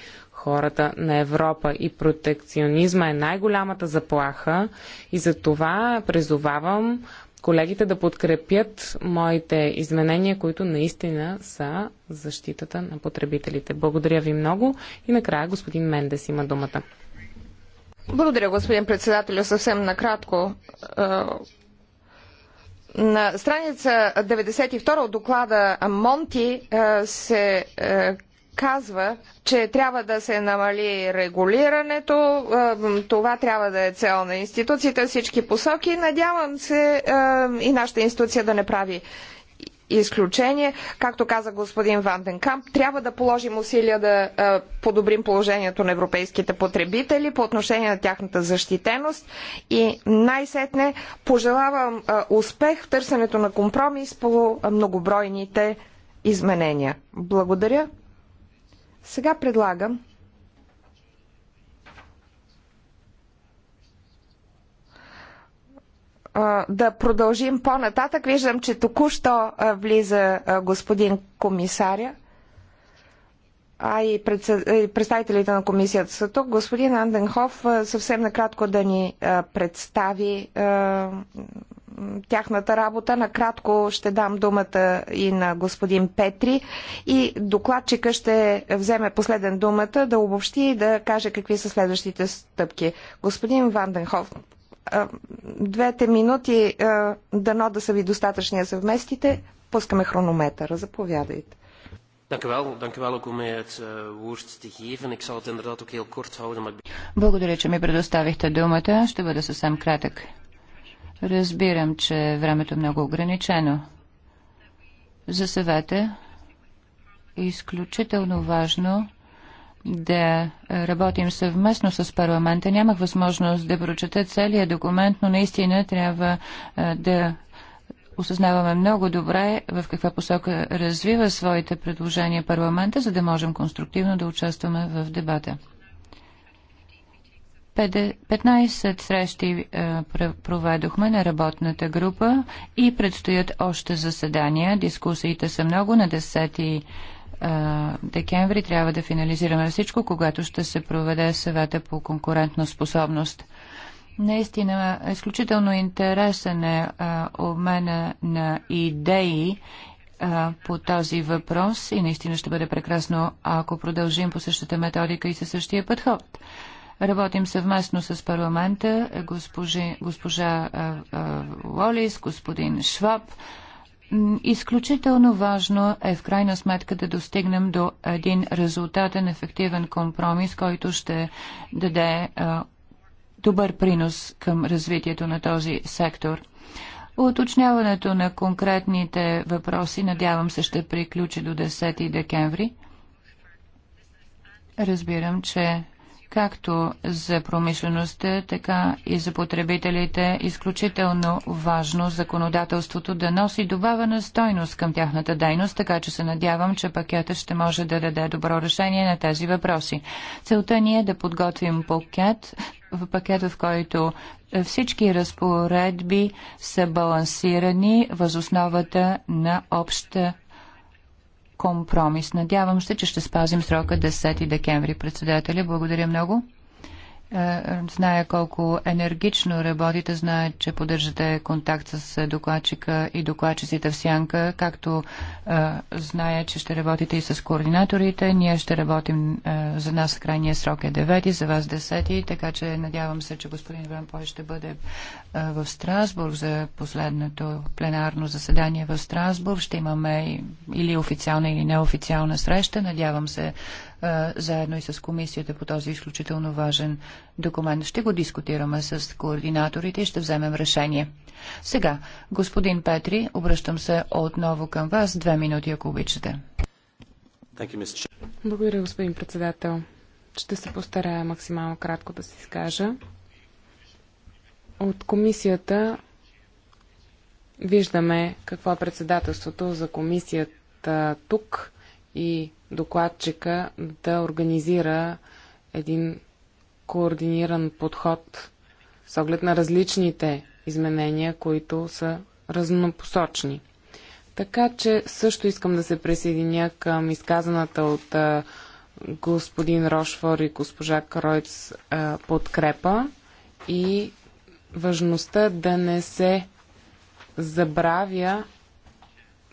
хората на Европа. И протекционизма е най-голямата заплаха и за това призовавам колегите да подкрепят моите изменения, които наистина са защитата на потребителите. Благодаря ви много и накрая господин Мендес има думата. Благодаря, господин председател, Съвсем накратко. Е, на страница 92 от доклада Монти е, се е, казва, че трябва да се намали регулирането, това трябва да е цел на институцията, всички посоки. Надявам се и нашата институция да не прави изключение. Както каза господин Ванденкамп, трябва да положим усилия да подобрим положението на европейските потребители по отношение на тяхната защитеност и най-сетне пожелавам успех в търсенето на компромис по многобройните изменения. Благодаря. Сега предлагам да продължим по-нататък. Виждам, че току-що влиза господин комисаря, а и представителите на комисията са тук. Господин Анденхов съвсем накратко да ни представи тяхната работа. Накратко ще дам думата и на господин Петри и докладчика ще вземе последен думата да обобщи и да каже какви са следващите стъпки. Господин Ванденхов, двете минути дано да са ви достатъчни да се вместите. Пускаме хронометъра. Заповядайте. Eh, Благодаря, че ми предоставихте думата. Ще бъда съвсем кратък. Разбирам, че времето е много ограничено. За съвета е изключително важно да работим съвместно с парламента. Нямах възможност да прочета целият документ, но наистина трябва да осъзнаваме много добре в каква посока развива своите предложения парламента, за да можем конструктивно да участваме в дебата. 15 срещи е, проведохме на работната група и предстоят още заседания. Дискусиите са много. На 10 е, декември трябва да финализираме всичко, когато ще се проведе съвета по конкурентна способност. Наистина, изключително интересен е, е обмена на идеи по този въпрос и наистина ще бъде прекрасно, ако продължим по същата методика и със същия подход. Работим съвместно с парламента, госпожи, госпожа Лолис, господин Шваб. Изключително важно е в крайна сметка да достигнем до един резултатен, ефективен компромис, който ще даде а, добър принос към развитието на този сектор. Уточняването на конкретните въпроси, надявам се, ще приключи до 10 декември. Разбирам, че както за промишлеността, така и за потребителите е изключително важно законодателството да носи добавена стойност към тяхната дейност, така че се надявам, че пакета ще може да даде добро решение на тези въпроси. Целта ни е да подготвим пакет, в пакет, в който всички разпоредби са балансирани възосновата на обща компромис. Надявам се, че ще спазим срока 10 декември. Председателя, благодаря много. Е, зная колко енергично работите, зная, че поддържате контакт с докладчика и докладчиците в Сянка, както е, зная, че ще работите и с координаторите. Ние ще работим е, за нас крайния срок е 9, за вас 10, така че надявам се, че господин Ванпой ще бъде в Страсбург за последното пленарно заседание в Страсбург. Ще имаме или официална, или неофициална среща. Надявам се заедно и с комисията по този изключително важен документ. Ще го дискутираме с координаторите и ще вземем решение. Сега, господин Петри, обръщам се отново към вас. Две минути, ако обичате. Благодаря, господин председател. Ще се постарая максимално кратко да си изкажа. От комисията виждаме какво е председателството за комисията тук и докладчика да организира един координиран подход с оглед на различните изменения, които са разнопосочни. Така че също искам да се присъединя към изказаната от господин Рошфор и госпожа Кройц подкрепа и важността да не се забравя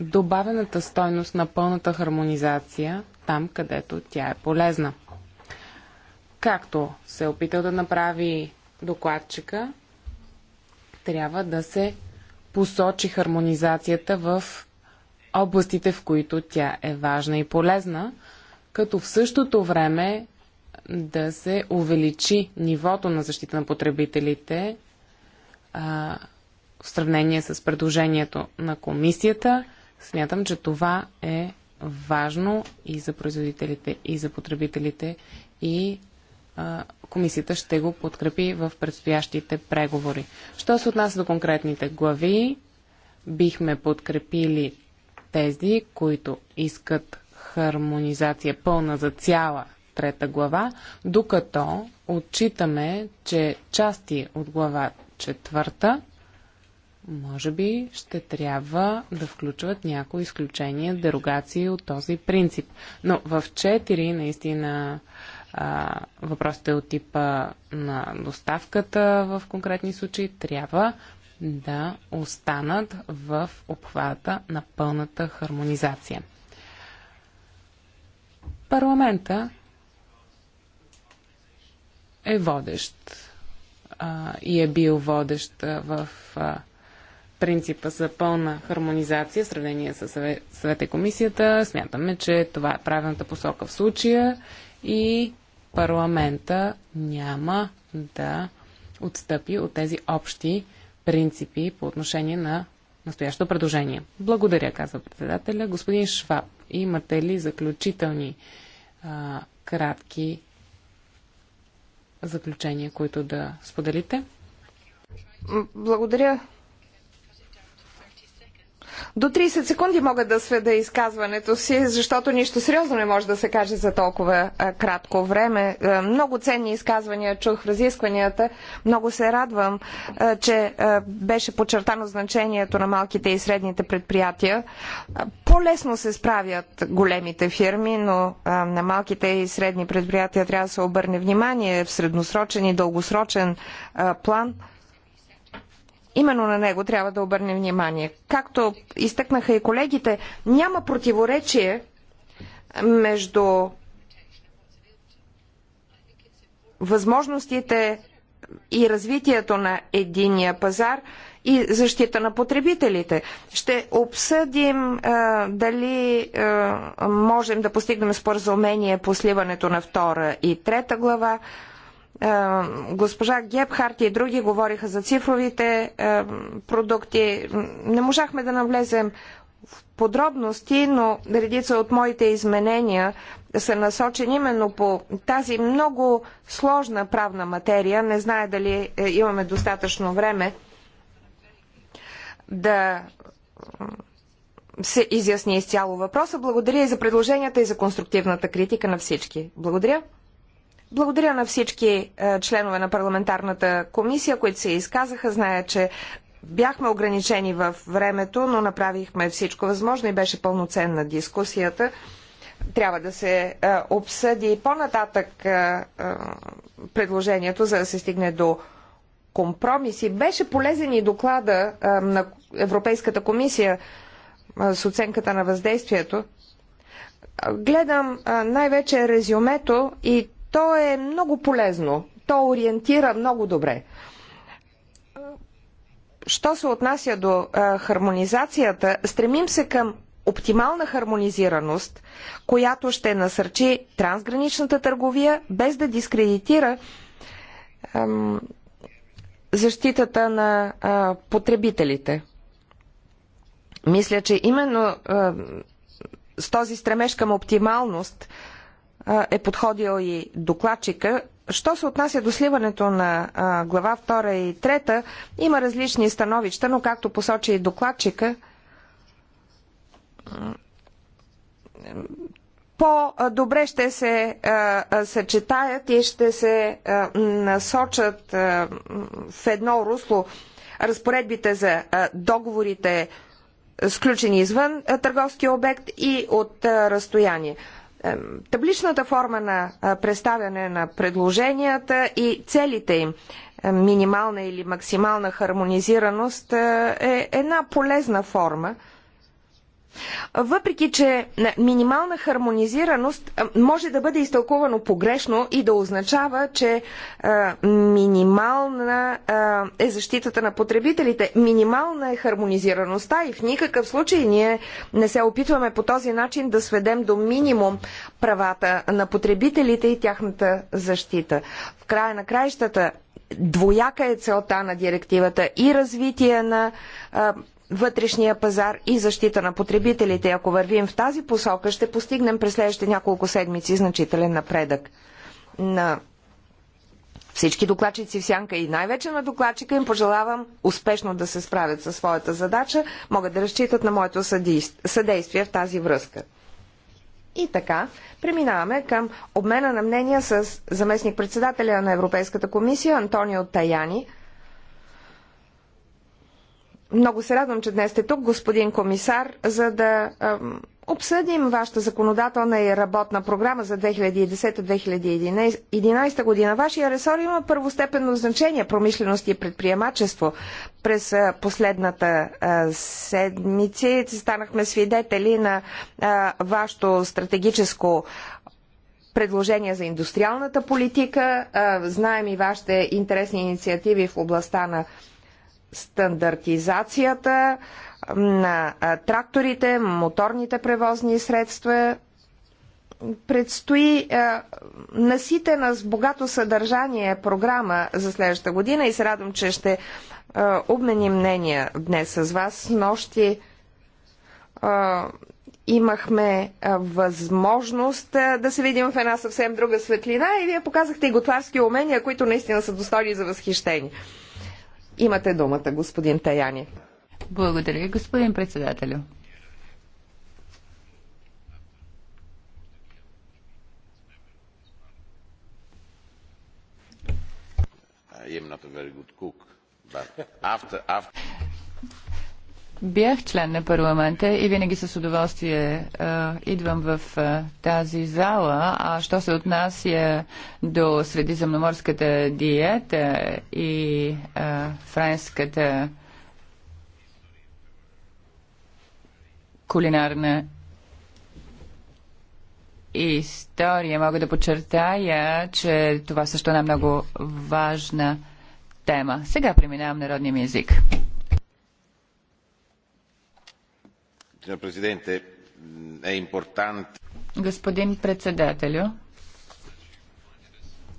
добавената стойност на пълната хармонизация там, където тя е полезна. Както се е опитал да направи докладчика, трябва да се посочи хармонизацията в областите, в които тя е важна и полезна, като в същото време да се увеличи нивото на защита на потребителите а, в сравнение с предложението на комисията. Смятам, че това е важно и за производителите, и за потребителите, и а, комисията ще го подкрепи в предстоящите преговори. Що се отнася до конкретните глави, бихме подкрепили тези, които искат хармонизация пълна за цяла трета глава, докато отчитаме, че части от глава четвърта може би ще трябва да включват някои изключения, дерогации от този принцип. Но в 4 наистина а, въпросите от типа на доставката в конкретни случаи трябва да останат в обхвата на пълната хармонизация. Парламента е водещ а, и е бил водещ в а, принципа за пълна хармонизация в сравнение с съвета и комисията. Смятаме, че това е правилната посока в случая и парламента няма да отстъпи от тези общи принципи по отношение на настоящото предложение. Благодаря, казва председателя. Господин Шваб, имате ли заключителни а, кратки заключения, които да споделите? Благодаря, до 30 секунди мога да сведа изказването си, защото нищо сериозно не може да се каже за толкова кратко време. Много ценни изказвания чух в разискванията. Много се радвам, че беше подчертано значението на малките и средните предприятия. По-лесно се справят големите фирми, но на малките и средни предприятия трябва да се обърне внимание в средносрочен и дългосрочен план – Именно на него трябва да обърнем внимание. Както изтъкнаха и колегите, няма противоречие между възможностите и развитието на единия пазар и защита на потребителите. Ще обсъдим а, дали а, можем да постигнем споразумение по сливането на втора и трета глава. Е, госпожа Гебхарт и други говориха за цифровите е, продукти. Не можахме да навлезем в подробности, но редица от моите изменения са насочени именно по тази много сложна правна материя. Не знае дали е, имаме достатъчно време да се изясни изцяло въпроса. Благодаря и за предложенията и за конструктивната критика на всички. Благодаря. Благодаря на всички е, членове на парламентарната комисия, които се изказаха. Зная, че бяхме ограничени в времето, но направихме всичко възможно и беше пълноценна дискусията. Трябва да се е, обсъди по-нататък е, предложението, за да се стигне до компромиси. Беше полезен и доклада на Европейската комисия с оценката на въздействието. Гледам най-вече резюмето и то е много полезно. То ориентира много добре. Що се отнася до а, хармонизацията, стремим се към оптимална хармонизираност, която ще насърчи трансграничната търговия, без да дискредитира ам, защитата на а, потребителите. Мисля, че именно а, с този стремеж към оптималност е подходил и докладчика. Що се отнася до сливането на глава 2 и 3, има различни становища, но както посочи и докладчика, по-добре ще се съчетаят и ще се насочат в едно русло разпоредбите за договорите, сключени извън търговския обект и от разстояние табличната форма на представяне на предложенията и целите им, минимална или максимална хармонизираност, е, е една полезна форма – въпреки, че минимална хармонизираност може да бъде изтълкувано погрешно и да означава, че минимална е защитата на потребителите. Минимална е хармонизираността и в никакъв случай ние не се опитваме по този начин да сведем до минимум правата на потребителите и тяхната защита. В края на краищата двояка е целта на директивата и развитие на вътрешния пазар и защита на потребителите. Ако вървим в тази посока, ще постигнем през следващите няколко седмици значителен напредък. На всички докладчици в сянка и най-вече на докладчика им пожелавам успешно да се справят със своята задача. Могат да разчитат на моето съдействие в тази връзка. И така, преминаваме към обмена на мнения с заместник-председателя на Европейската комисия Антонио Таяни – много се радвам, че днес сте тук, господин комисар, за да обсъдим вашата законодателна и работна програма за 2010-2011 година. Вашия ресор има първостепенно значение промишленост и предприемачество. През последната седмица станахме свидетели на вашето стратегическо предложения за индустриалната политика. Знаем и вашите интересни инициативи в областта на стандартизацията на тракторите, моторните превозни средства. Предстои е, наситена с богато съдържание програма за следващата година и се радвам, че ще е, обменим мнения днес с вас. Нощи е, имахме възможност да се видим в една съвсем друга светлина и вие показахте и готварски умения, които наистина са достойни за възхищение. Имате думата, господин Таяни. Благодаря, господин председателю. I am not a very good cook, but after, after... Бях член на парламента и винаги с удоволствие а, идвам в а, тази зала. А що се отнася до средиземноморската диета и а, френската кулинарна история, мога да подчертая, че това също е една много важна тема. Сега преминавам народния ми език. Господин председателю,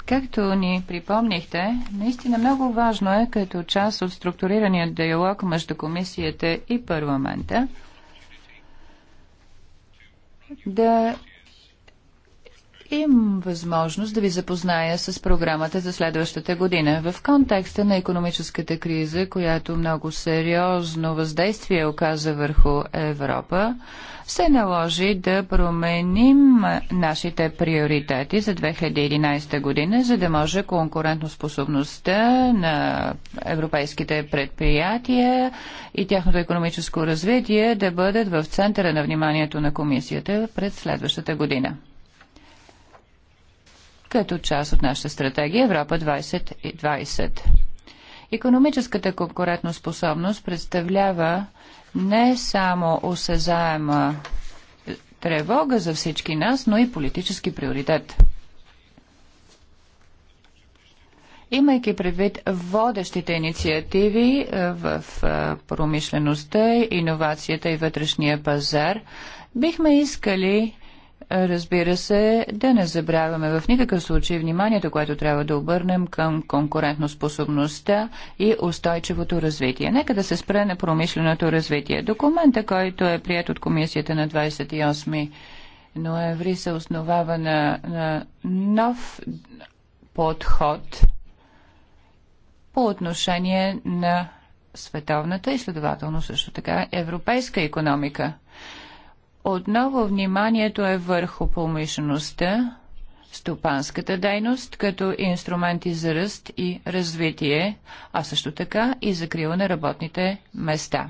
както ни припомнихте, наистина много важно е като част от структурирания диалог между комисията и парламента да имам възможност да ви запозная с програмата за следващата година. В контекста на економическата криза, която много сериозно въздействие оказа върху Европа, се наложи да променим нашите приоритети за 2011 година, за да може конкурентоспособността на европейските предприятия и тяхното економическо развитие да бъдат в центъра на вниманието на комисията пред следващата година като част от нашата стратегия Европа 2020. Економическата конкурентоспособност представлява не само осезаема тревога за всички нас, но и политически приоритет. Имайки предвид водещите инициативи е, в е, промишлеността, иновацията и вътрешния пазар, бихме искали Разбира се, да не забравяме в никакъв случай вниманието, което трябва да обърнем към конкурентноспособността и устойчивото развитие. Нека да се спре на промишленото развитие. Документа, който е прият от комисията на 28 ноември, се основава на, на нов подход по отношение на световната и следователно също така европейска економика. Отново вниманието е върху промишлеността, стопанската дейност като инструменти за ръст и развитие, а също така и закрила на работните места.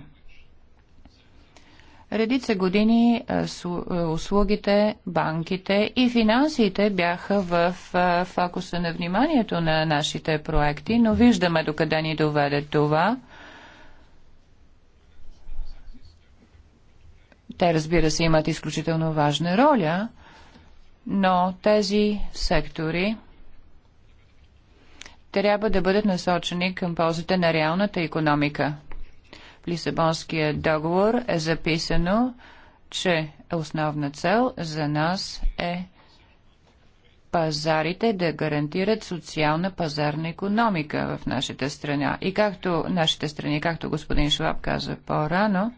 Редица години услугите, банките и финансите бяха в фокуса на вниманието на нашите проекти, но виждаме докъде ни доведе това – Те, разбира се, имат изключително важна роля, но тези сектори трябва да бъдат насочени към ползата на реалната економика. В Лисабонския договор е записано, че основна цел за нас е пазарите да гарантират социална пазарна економика в нашата страна. И както нашите страни, както господин Шваб каза по-рано,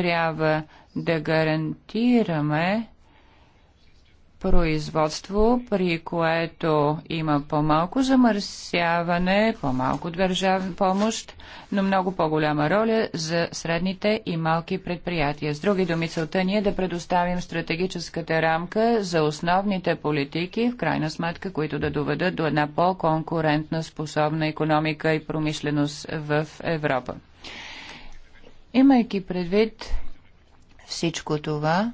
трябва да гарантираме производство, при което има по-малко замърсяване, по-малко държавна помощ, но много по-голяма роля за средните и малки предприятия. С други думи, целта ни е да предоставим стратегическата рамка за основните политики, в крайна сметка, които да доведат до една по-конкурентна способна економика и промишленост в Европа. Имайки предвид всичко това,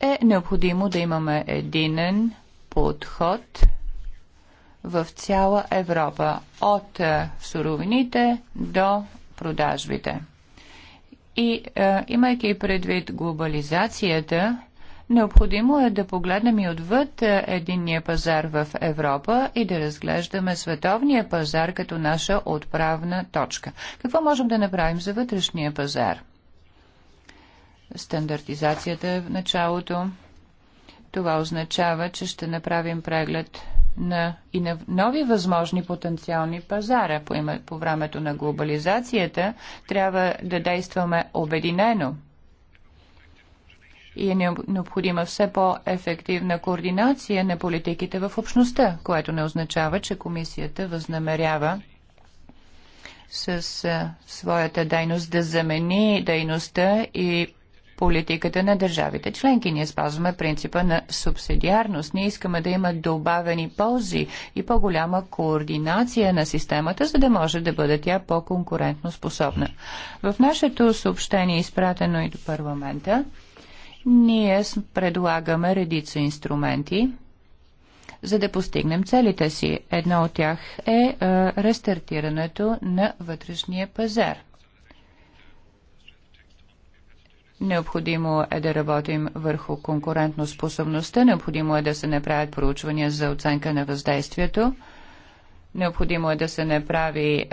е необходимо да имаме единен подход в цяла Европа, от е, суровините до продажбите. И е, имайки предвид глобализацията, Необходимо е да погледнем и отвъд е, единния пазар в Европа и да разглеждаме световния пазар като наша отправна точка. Какво можем да направим за вътрешния пазар? Стандартизацията е в началото. Това означава, че ще направим преглед на, и на нови възможни потенциални пазара. По, по времето на глобализацията трябва да действаме обединено, и е необходима все по-ефективна координация на политиките в общността, което не означава, че комисията възнамерява с своята дейност да замени дейността и политиката на държавите членки. Ние спазваме принципа на субсидиарност. Ние искаме да има добавени ползи и по-голяма координация на системата, за да може да бъде тя по-конкурентно способна. В нашето съобщение, изпратено и до парламента, ние предлагаме редица инструменти, за да постигнем целите си. Едно от тях е, е рестартирането на вътрешния пазар. Необходимо е да работим върху конкурентно способността, необходимо е да се направят проучвания за оценка на въздействието Необходимо е да се направи е,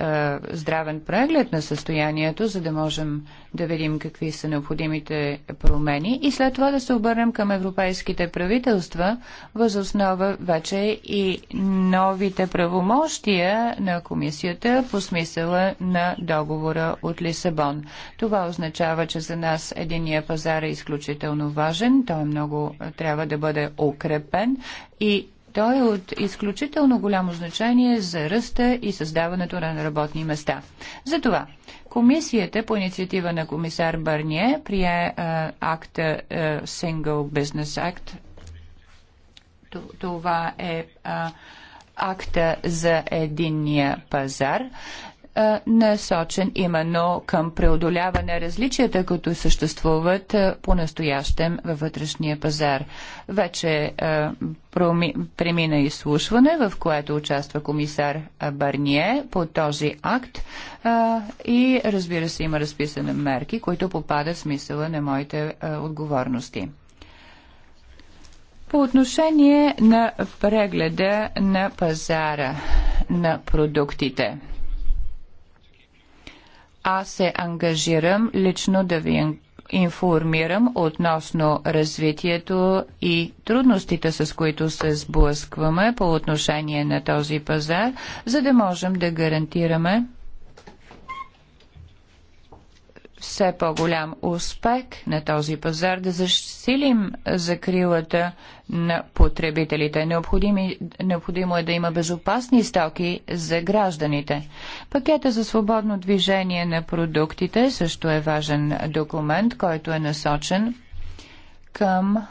здравен преглед на състоянието, за да можем да видим какви са необходимите промени и след това да се обърнем към европейските правителства, възоснова вече и новите правомощия на комисията по смисъла на договора от Лисабон. Това означава, че за нас единия пазар е изключително важен, той много трябва да бъде укрепен и той е от изключително голямо значение за ръста и създаването на работни места. Затова комисията по инициатива на комисар Барние прие акта Single Business Act. Това е акта за единния пазар насочен именно към преодоляване на различията, които съществуват по-настоящем във вътрешния пазар. Вече премина изслушване, в което участва комисар Барние по този акт и разбира се има разписани мерки, които попадат в смисъла на моите отговорности. По отношение на прегледа на пазара на продуктите – аз се ангажирам лично да ви информирам относно развитието и трудностите, с които се сблъскваме по отношение на този пазар, за да можем да гарантираме все по-голям успех на този пазар, да засилим закрилата на потребителите. Необходими, необходимо е да има безопасни стоки за гражданите. Пакета за свободно движение на продуктите също е важен документ, който е насочен към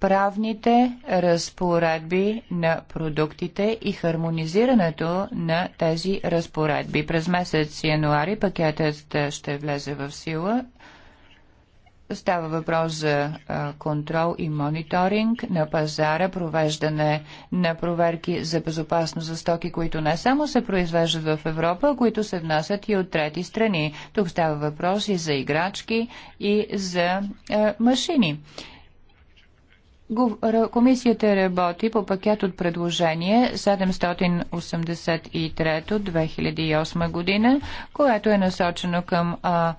правните разпоредби на продуктите и хармонизирането на тези разпоредби. През месец януари пакетът ще влезе в сила. Става въпрос за контрол и мониторинг на пазара, провеждане на проверки за безопасност за стоки, които не само се произвеждат в Европа, а които се внасят и от трети страни. Тук става въпрос и за играчки, и за машини. Комисията работи по пакет от предложение 783 2008 година, което е насочено към а,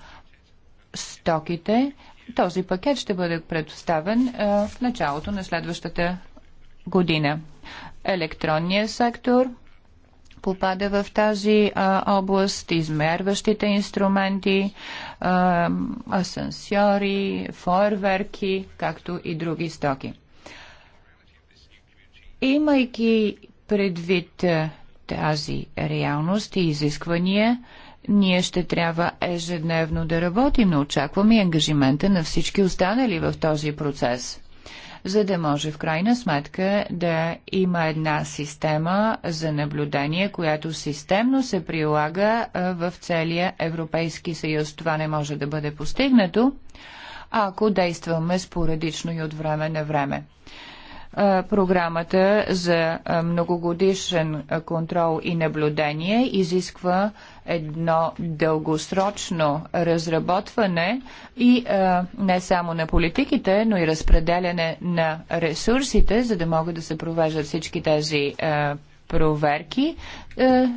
стоките. Този пакет ще бъде представен а, в началото на следващата година. Електронния сектор – попада в тази а, област, измерващите инструменти, а, асансьори, фойерверки, както и други стоки. Имайки предвид тази реалност и изисквания, ние ще трябва ежедневно да работим, но очакваме и ангажимента на всички останали в този процес за да може в крайна сметка да има една система за наблюдение, която системно се прилага в целия Европейски съюз. Това не може да бъде постигнато, ако действаме споредично и от време на време програмата за многогодишен контрол и наблюдение изисква едно дългосрочно разработване и а, не само на политиките, но и разпределяне на ресурсите, за да могат да се провеждат всички тези а, проверки а,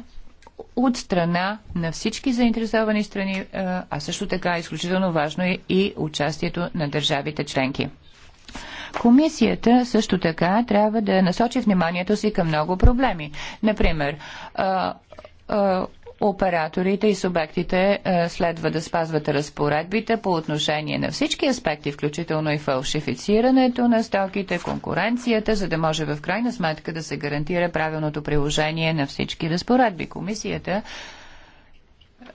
от страна на всички заинтересовани страни, а, а също така изключително важно е и участието на държавите членки. Комисията също така трябва да насочи вниманието си към много проблеми. Например, а, а, операторите и субектите е, следва да спазват разпоредбите по отношение на всички аспекти, включително и фалшифицирането на стоките, конкуренцията, за да може в крайна сметка да се гарантира правилното приложение на всички разпоредби. Комисията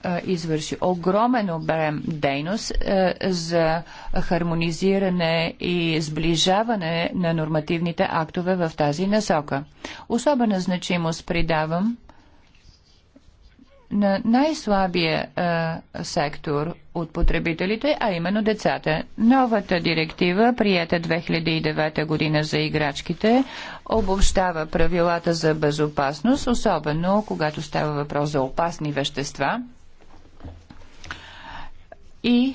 е, извърши огромен обрем дейност е, за хармонизиране и сближаване на нормативните актове в тази насока. Особена значимост придавам на най-слабия сектор от потребителите, а именно децата. Новата директива, приета 2009 година за играчките, обобщава правилата за безопасност, особено когато става въпрос за опасни вещества и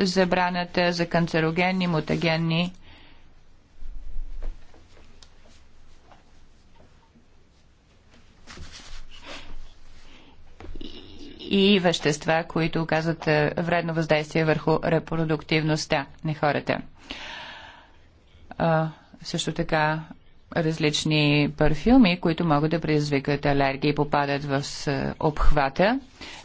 забраната за канцерогенни, мутагенни и вещества, които оказват е, вредно въздействие върху репродуктивността на хората. А, също така различни парфюми, които могат да предизвикат алергии, попадат в е, обхвата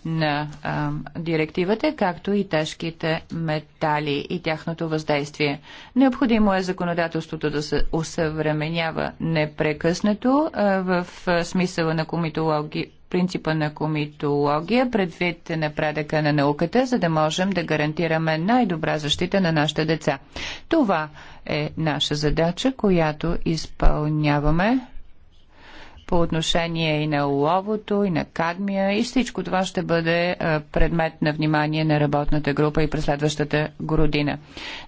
на а, директивата, както и тежките метали и тяхното въздействие. Необходимо е законодателството да се усъвременява непрекъснато а, в е, смисъла на комитологи, принципа на комитология, предвид напредъка на науката, за да можем да гарантираме най-добра защита на нашите деца. Това е наша задача, която изпълняваме по отношение и на уловото, и на кадмия, и всичко това ще бъде е, предмет на внимание на работната група и през следващата година.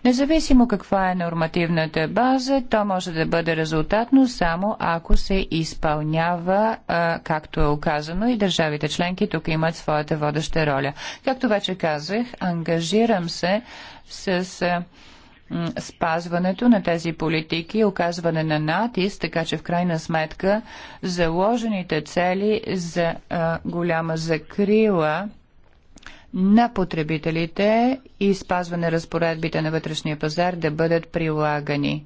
Независимо каква е нормативната база, то може да бъде резултатно само ако се изпълнява, е, както е оказано, и държавите членки тук имат своята водеща роля. Както вече казах, ангажирам се с е, спазването на тези политики, оказване на натис, така че в крайна сметка заложените цели за а, голяма закрила на потребителите и спазване разпоредбите на вътрешния пазар да бъдат прилагани.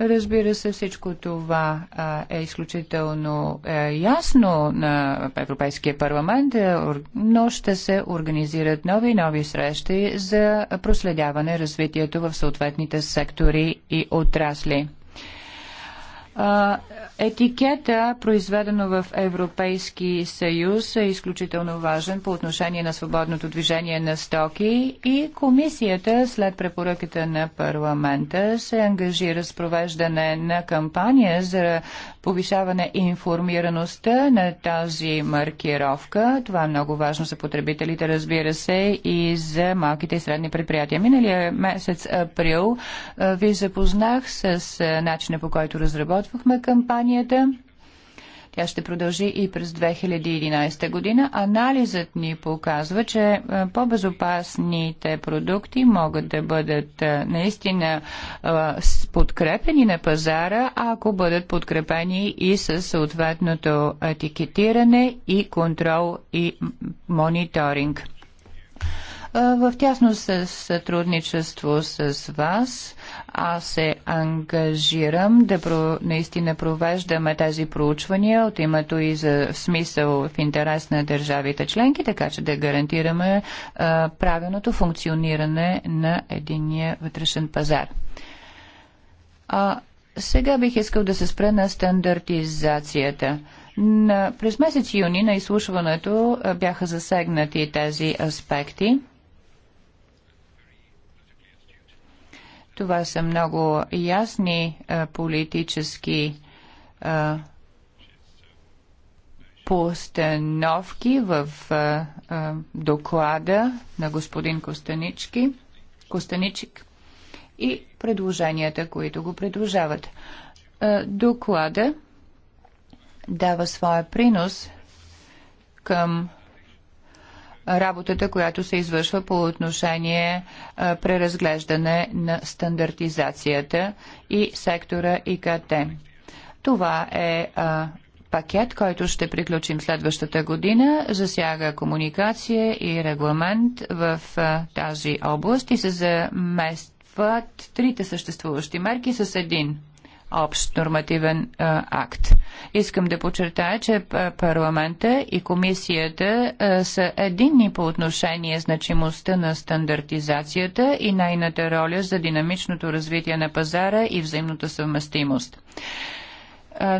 Разбира се, всичко това а, е изключително е, ясно на Европейския парламент, е, но ще се организират нови и нови срещи за проследяване развитието в съответните сектори и отрасли. А, Етикета, произведено в Европейски съюз, е изключително важен по отношение на свободното движение на стоки и комисията, след препоръката на парламента, се ангажира с провеждане на кампания за повишаване информираността на тази маркировка. Това е много важно за потребителите, разбира се, и за малките и средни предприятия. Миналия месец април ви запознах с начина по който разработвахме кампания изследванията. Тя ще продължи и през 2011 година. Анализът ни показва, че е, по-безопасните продукти могат да бъдат е, наистина е, подкрепени на пазара, ако бъдат подкрепени и с съответното етикетиране и контрол и мониторинг. В тясно сътрудничество с вас аз се ангажирам да про, наистина провеждаме тези проучвания от името и за смисъл в интерес на държавите членки, така че да гарантираме а, правилното функциониране на единия вътрешен пазар. А, сега бих искал да се спра на стандартизацията. На, през месец юни на изслушването бяха засегнати тези аспекти. Това са много ясни а, политически а, постановки в а, а, доклада на господин Костанички, Костаничик и предложенията, които го придружават. А, доклада дава своя принос към работата, която се извършва по отношение а, преразглеждане на стандартизацията и сектора ИКТ. Това е а, пакет, който ще приключим следващата година, засяга комуникация и регламент в а, тази област и се заместват трите съществуващи мерки с един общ нормативен а, акт. Искам да подчертая, че парламента и комисията а, са единни по отношение значимостта на стандартизацията и нейната роля за динамичното развитие на пазара и взаимната съвместимост.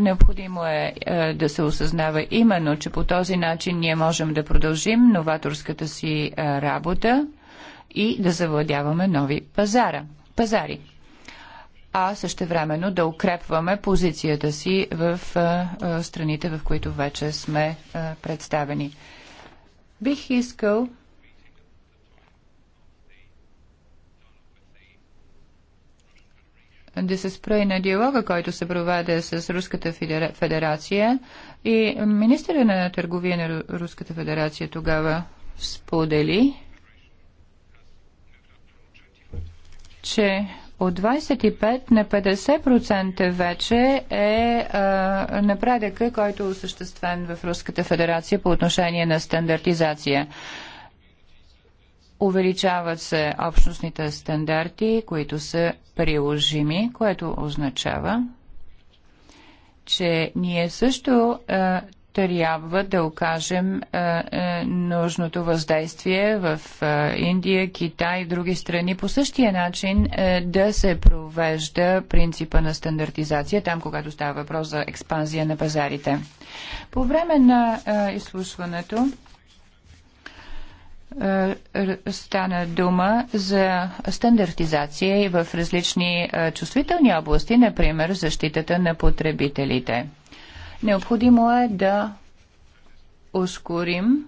Необходимо е да се осъзнава именно, че по този начин ние можем да продължим новаторската си работа и да завладяваме нови пазара, пазари а също времено да укрепваме позицията си в страните, в които вече сме представени. Бих искал да се спра и на диалога, който се проведе с Руската федерация и министъра на търговия на Руската федерация тогава сподели, че от 25 на 50% вече е а, е, напредъка, който е осъществен в Руската федерация по отношение на стандартизация. Увеличават се общностните стандарти, които са приложими, което означава, че ние също а, е, трябва да окажем е, е, нужното въздействие в е, Индия, Китай и други страни по същия начин да се провежда принципа на стандартизация там, когато става въпрос за експанзия на пазарите. По време на изслушването стана дума за стандартизация и в различни чувствителни области, например защитата на потребителите – Необходимо е да ускорим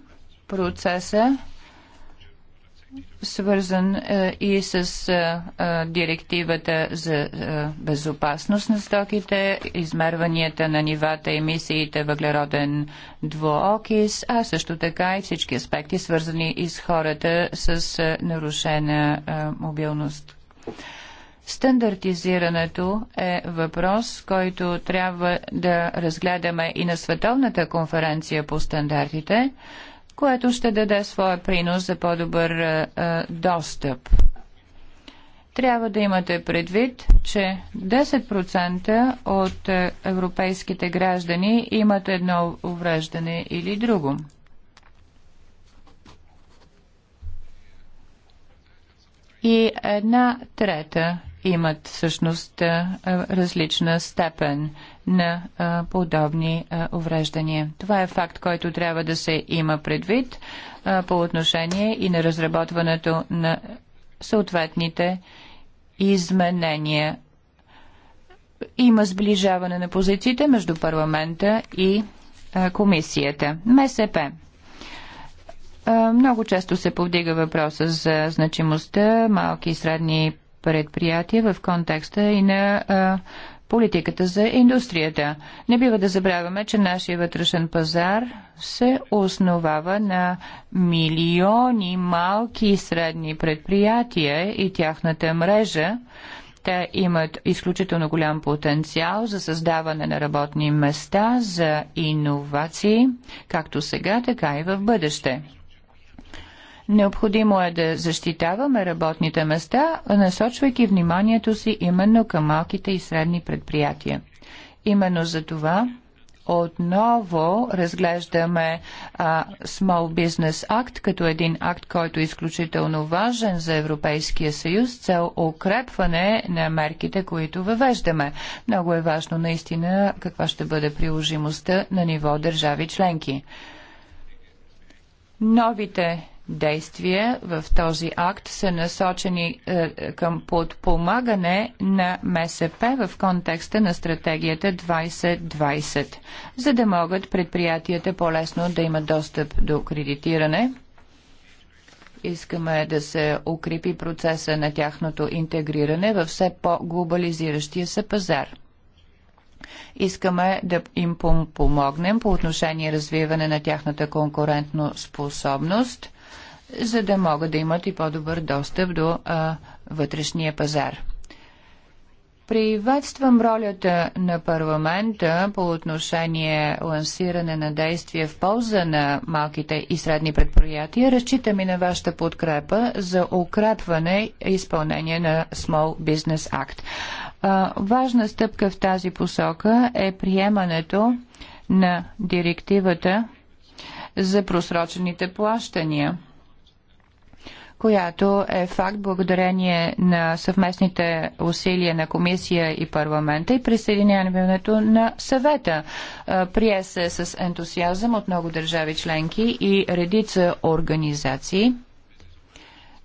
процеса, свързан е, и с е, е, директивата за е, безопасност на стоките, измерванията на нивата емисиите въглероден двуокис, а също така и всички аспекти, свързани и с хората с е, нарушена е, мобилност. Стандартизирането е въпрос, който трябва да разгледаме и на Световната конференция по стандартите, което ще даде своя принос за по-добър достъп. Трябва да имате предвид, че 10% от европейските граждани имат едно увреждане или друго. И една трета имат всъщност различна степен на подобни увреждания. Това е факт, който трябва да се има предвид по отношение и на разработването на съответните изменения. Има сближаване на позициите между парламента и комисията. МСП. Много често се повдига въпроса за значимостта малки и средни предприятия в контекста и на а, политиката за индустрията. Не бива да забравяме, че нашия вътрешен пазар се основава на милиони малки и средни предприятия и тяхната мрежа. Те имат изключително голям потенциал за създаване на работни места, за иновации, както сега, така и в бъдеще. Необходимо е да защитаваме работните места, насочвайки вниманието си именно към малките и средни предприятия. Именно за това отново разглеждаме а, Small Business Act като един акт, който е изключително важен за Европейския съюз, цел укрепване на мерките, които въвеждаме. Много е важно наистина каква ще бъде приложимостта на ниво държави членки. Новите действия в този акт са насочени е, към подпомагане на МСП в контекста на стратегията 2020, за да могат предприятията по-лесно да имат достъп до кредитиране. Искаме да се укрепи процеса на тяхното интегриране във все по-глобализиращия се пазар. Искаме да им помогнем по отношение развиване на тяхната конкурентно способност – за да могат да имат и по-добър достъп до а, вътрешния пазар. Приветствам ролята на парламента по отношение лансиране на действия в полза на малките и средни предприятия. Разчитам и на вашата подкрепа за укрепване и изпълнение на Small Business Act. А, важна стъпка в тази посока е приемането на директивата за просрочените плащания – която е факт благодарение на съвместните усилия на комисия и парламента и присъединяването на съвета. Прие се с ентусиазъм от много държави членки и редица организации,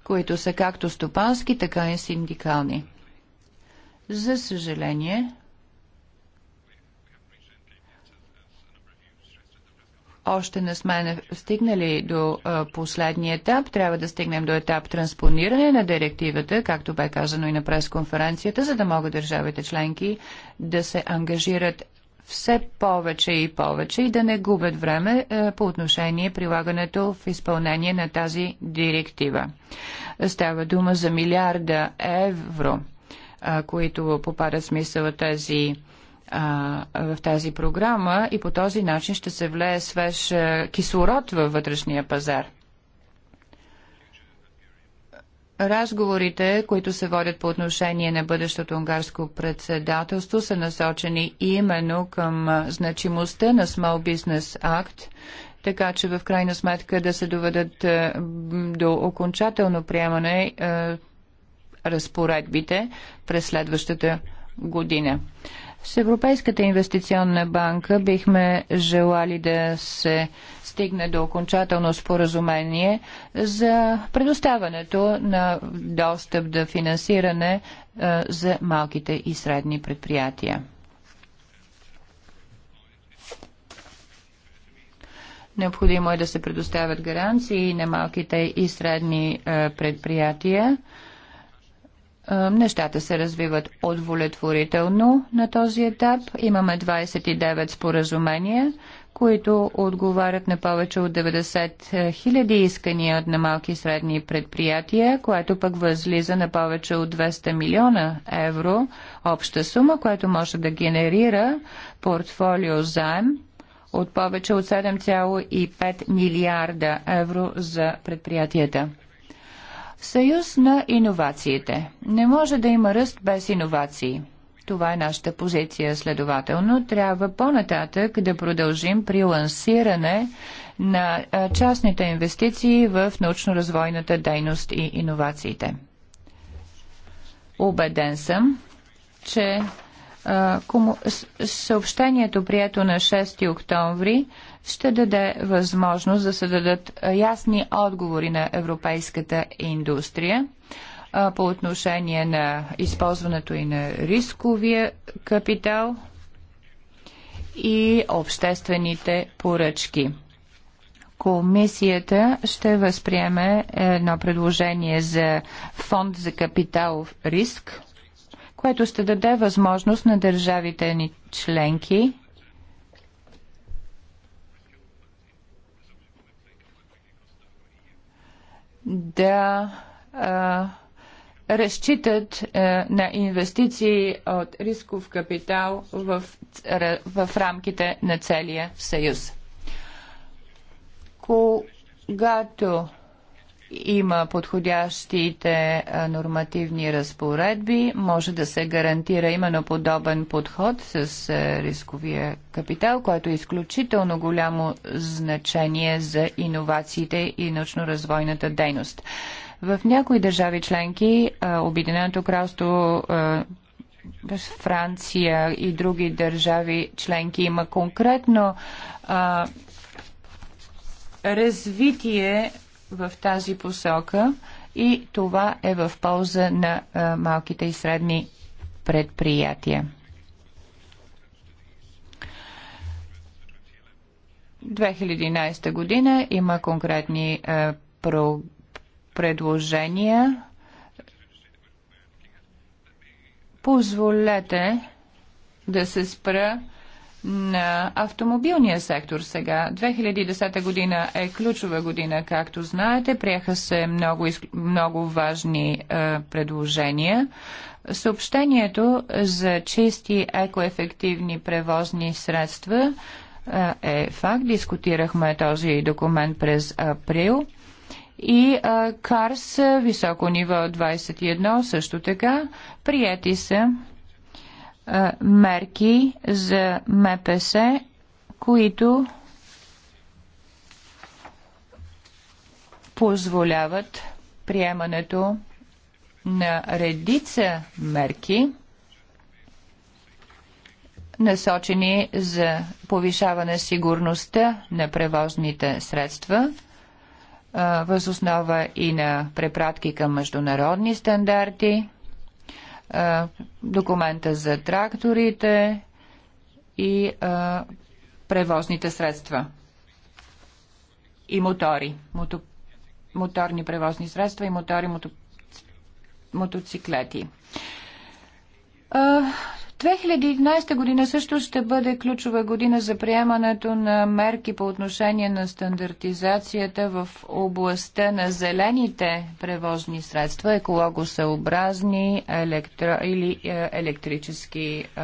които са както стопански, така и синдикални. За съжаление, още не сме стигнали до последния етап. Трябва да стигнем до етап транспониране на директивата, както бе казано и на пресконференцията, за да могат държавите членки да се ангажират все повече и повече и да не губят време по отношение прилагането в изпълнение на тази директива. Става дума за милиарда евро, които попадат в смисъл тези в тази програма и по този начин ще се влее свеж кислород във вътрешния пазар. Разговорите, които се водят по отношение на бъдещото унгарско председателство, са насочени именно към значимостта на Small Business Act, така че в крайна сметка да се доведат до окончателно приемане разпоредбите през следващата година. С Европейската инвестиционна банка бихме желали да се стигне до окончателно споразумение за предоставането на достъп до да финансиране е, за малките и средни предприятия. Необходимо е да се предоставят гаранции на малките и средни е, предприятия е, нещата се развиват удовлетворително на този етап. Имаме 29 споразумения, които отговарят на повече от 90 хиляди искания на малки и средни предприятия, което пък възлиза на повече от 200 милиона евро обща сума, което може да генерира портфолио заем от повече от 7,5 милиарда евро за предприятията. Съюз на иновациите. Не може да има ръст без иновации. Това е нашата позиция. Следователно, трябва по-нататък да продължим при лансиране на частните инвестиции в научно-развойната дейност и иновациите. Обеден съм, че съобщението, прието на 6 октомври, ще даде възможност да се дадат ясни отговори на европейската индустрия по отношение на използването и на рисковия капитал и обществените поръчки. Комисията ще възприеме едно предложение за фонд за капитал риск, което ще даде възможност на държавите ни членки да а, разчитат а, на инвестиции от рисков капитал в, в рамките на целия съюз. Когато има подходящите нормативни разпоредби, може да се гарантира именно подобен подход с рисковия капитал, който е изключително голямо значение за иновациите и научно-развойната дейност. В някои държави членки, Обединеното кралство, Франция и други държави членки има конкретно развитие в тази посока и това е в полза на а, малките и средни предприятия. 2011 година има конкретни а, про, предложения. Позволете да се спра на автомобилния сектор сега. 2010 година е ключова година, както знаете. Приеха се много, много важни е, предложения. Съобщението за чисти екоефективни превозни средства е, е факт. Дискутирахме този документ през април. И е, КАРС високо ниво 21 също така. Приети са е, мерки за МПС, които позволяват приемането на редица мерки, насочени за повишаване сигурността на превозните средства, е, възоснова и на препратки към международни стандарти – документа за тракторите и превозните средства и мотори, мото, моторни превозни средства и мотори, мото, мотоциклети. 2011 година също ще бъде ключова година за приемането на мерки по отношение на стандартизацията в областта на зелените превозни средства, екологосъобразни електро... или е, електрически е,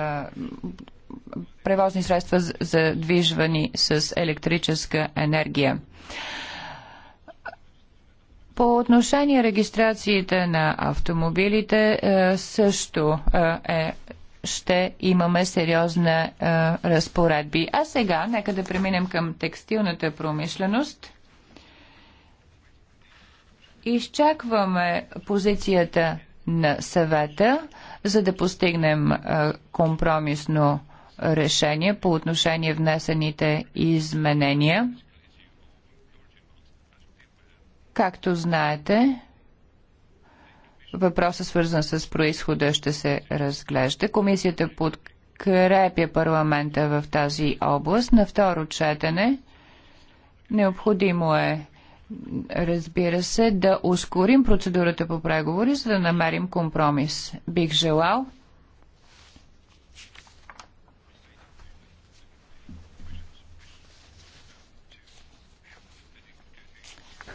превозни средства за движвани с електрическа енергия. По отношение регистрациите на автомобилите е, също е ще имаме сериозна а, е, разпоредби. А сега нека да преминем към текстилната промишленост. Изчакваме позицията на съвета, за да постигнем а, е, компромисно решение по отношение внесените изменения. Както знаете, въпроса свързан с происхода ще се разглежда. Комисията подкрепя парламента в тази област. На второ четене необходимо е разбира се, да ускорим процедурата по преговори, за да намерим компромис. Бих желал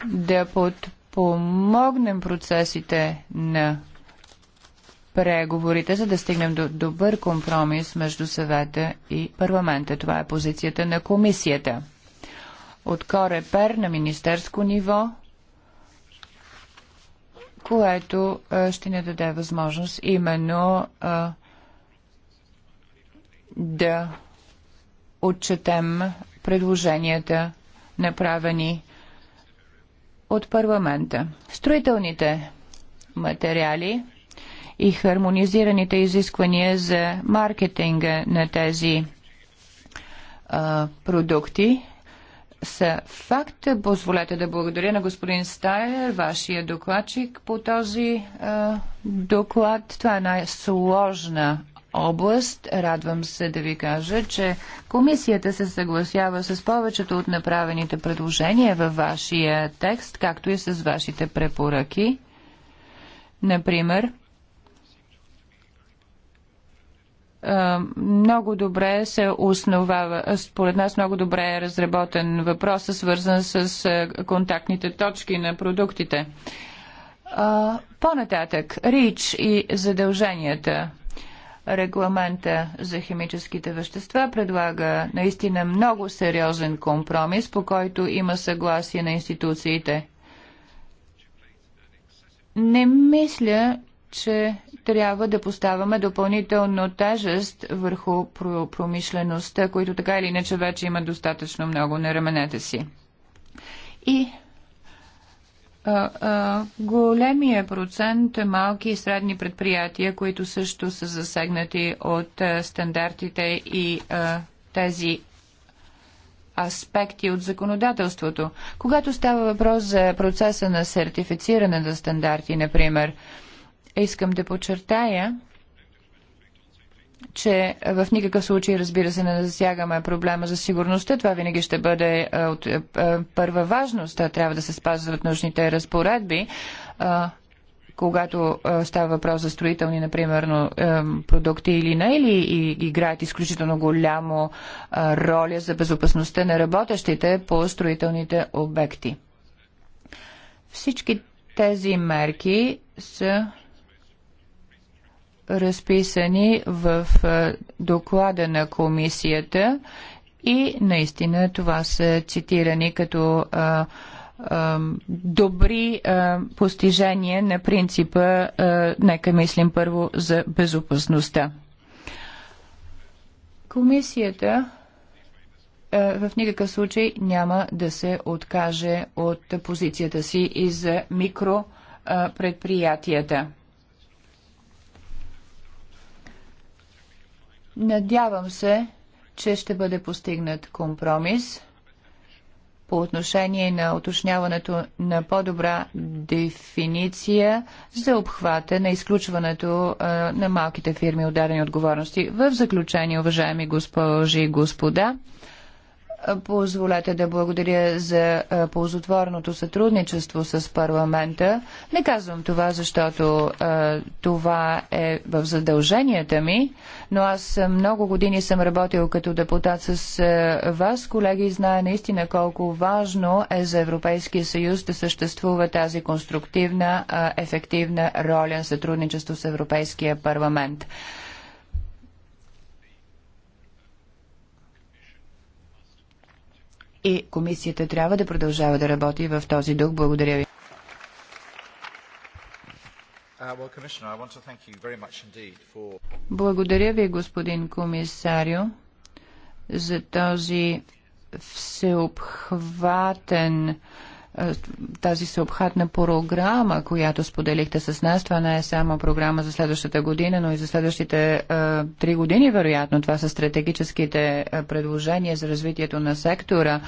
да подпишем подпомогнем процесите на преговорите, за да стигнем до добър компромис между съвета и парламента. Това е позицията на комисията. От Корепер на министерско ниво, което ще ни даде възможност именно а, да отчетем предложенията, направени от парламента. Строителните материали и хармонизираните изисквания за маркетинга на тези а, продукти са факт. Позволете да благодаря на господин Стайер, вашия докладчик по този а, доклад. Това е най-сложна област. Радвам се да ви кажа, че комисията се съгласява с повечето от направените предложения във вашия текст, както и с вашите препоръки. Например, много добре се основава, според нас много добре е разработен въпрос, свързан с контактните точки на продуктите. По-нататък, РИЧ и задълженията – регламента за химическите вещества предлага наистина много сериозен компромис, по който има съгласие на институциите. Не мисля, че трябва да поставяме допълнително тежест върху промишлеността, които така или иначе вече има достатъчно много на раменете си. И големия процент малки и средни предприятия, които също са засегнати от стандартите и тези аспекти от законодателството. Когато става въпрос за процеса на сертифициране на стандарти, например, искам да подчертая, че в никакъв случай, разбира се, не засягаме проблема за сигурността. Това винаги ще бъде от първа важност. Трябва да се спазват нужните разпоредби когато става въпрос за строителни, например, продукти или не, или играят изключително голямо роля за безопасността на работещите по строителните обекти. Всички тези мерки са разписани в доклада на комисията и наистина това са цитирани като а, а, добри а, постижения на принципа нека мислим първо за безопасността. Комисията в никакъв случай няма да се откаже от позицията си и за микропредприятията. Надявам се, че ще бъде постигнат компромис по отношение на уточняването на по-добра дефиниция за обхвата на изключването а, на малките фирми от дадени отговорности. В заключение, уважаеми госпожи и господа, Позволете да благодаря за ползотворното сътрудничество с парламента. Не казвам това, защото а, това е в задълженията ми, но аз много години съм работил като депутат с а, вас, колеги, знае наистина колко важно е за Европейския съюз да съществува тази конструктивна, а, ефективна роля на сътрудничество с Европейския парламент. и комисията трябва да продължава да работи в този дух. Благодаря ви. Uh, Благодаря ви, господин комисарио, за този всеобхватен е, тази съобхатна програма, която споделихте с нас. Това не е само програма за следващата година, но и за следващите е, три години, вероятно. Това са стратегическите е, предложения за развитието на сектора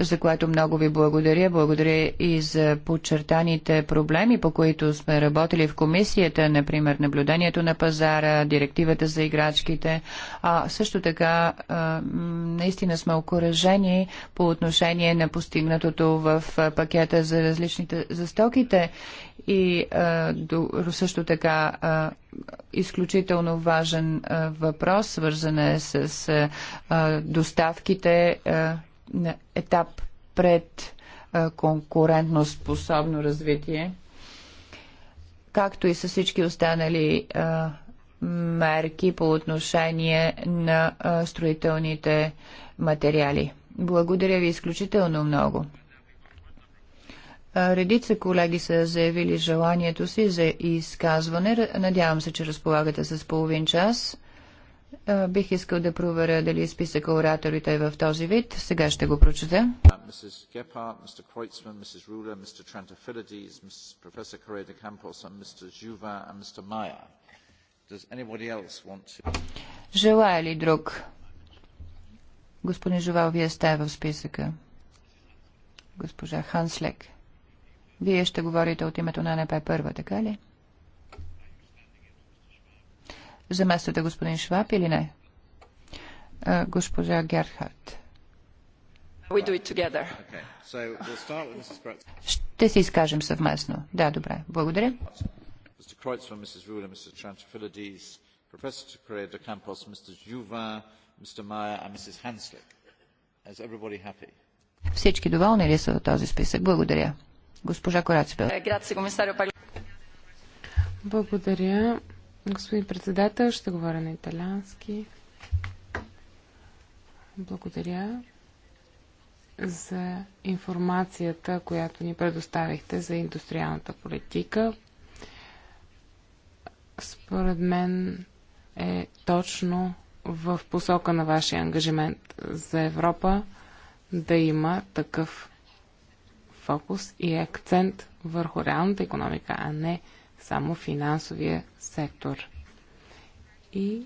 за което много ви благодаря. Благодаря и за подчертаните проблеми, по които сме работили в комисията, например наблюдението на пазара, директивата за играчките. А също така наистина сме окоръжени по отношение на постигнатото в пакета за различните за стоките и също така изключително важен въпрос, свързан е с доставките етап пред конкурентно способно развитие, както и с всички останали мерки по отношение на строителните материали. Благодаря ви изключително много. Редица колеги са заявили желанието си за изказване. Надявам се, че разполагате с половин час. Бих искал да проверя дали списъка ораторите е в този вид. Сега ще го прочета. Желая ли друг? Господин Жувал, вие сте в списъка. Госпожа Ханслек. Вие ще говорите от името на НП първа, така ли? замествате господин Шваб или не? Госпожа Герхард. Okay. So we'll Ще си изкажем съвместно. Да, добре. Благодаря. Professor Correa de Campos, Mr. Juvin, Mr. Meyer and Mrs. Hanslick. Is everybody happy? Всички доволни ли са от този списък? Благодаря. Госпожа Корацбел. Е, Благодаря. Господин председател, ще говоря на италянски. Благодаря за информацията, която ни предоставихте за индустриалната политика. Според мен е точно в посока на вашия ангажимент за Европа да има такъв фокус и акцент върху реалната економика, а не само финансовия сектор. И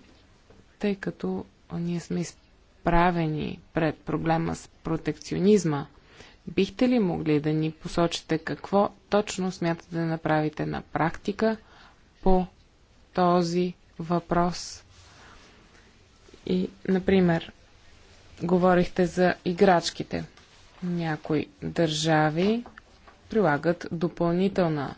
тъй като ние сме изправени пред проблема с протекционизма, бихте ли могли да ни посочите какво точно смятате да направите на практика по този въпрос? И, например, говорихте за играчките. Някои държави прилагат допълнителна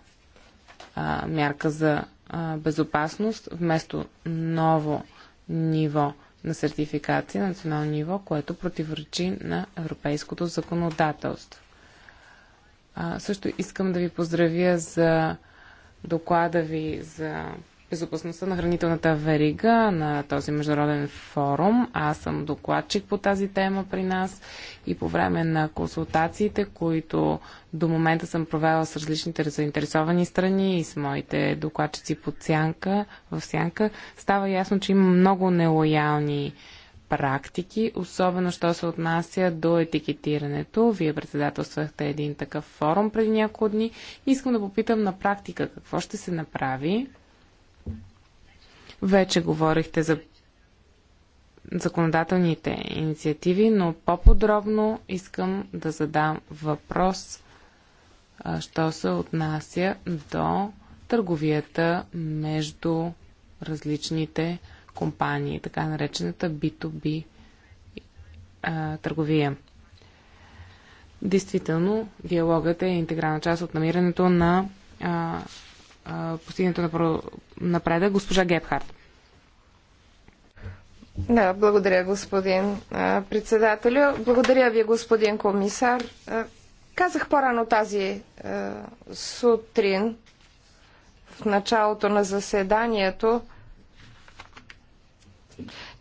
а, мярка за а, безопасност вместо ново ниво на сертификация национално ниво, което противоречи на европейското законодателство. А, също искам да ви поздравя за доклада ви за безопасността на хранителната верига на този международен форум. Аз съм докладчик по тази тема при нас и по време на консултациите, които до момента съм провела с различните заинтересовани страни и с моите докладчици под сянка, в сянка, става ясно, че има много нелоялни практики, особено що се отнася до етикетирането. Вие председателствахте един такъв форум преди няколко дни. Искам да попитам на практика какво ще се направи, вече говорихте за законодателните инициативи, но по-подробно искам да задам въпрос, що се отнася до търговията между различните компании, така наречената B2B а, търговия. Действително, диалогът е интегрална част от намирането на а, постигнато на напредък. Госпожа Гебхарт. Да, благодаря, господин председателю. Благодаря ви, господин комисар. Казах по-рано тази сутрин, в началото на заседанието,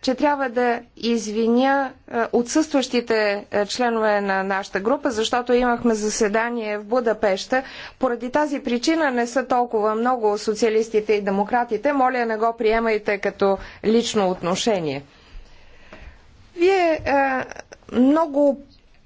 че трябва да извиня е, отсъстващите е, членове на нашата група, защото имахме заседание в Будапеща. Поради тази причина не са толкова много социалистите и демократите. Моля, не го приемайте като лично отношение. Вие е, много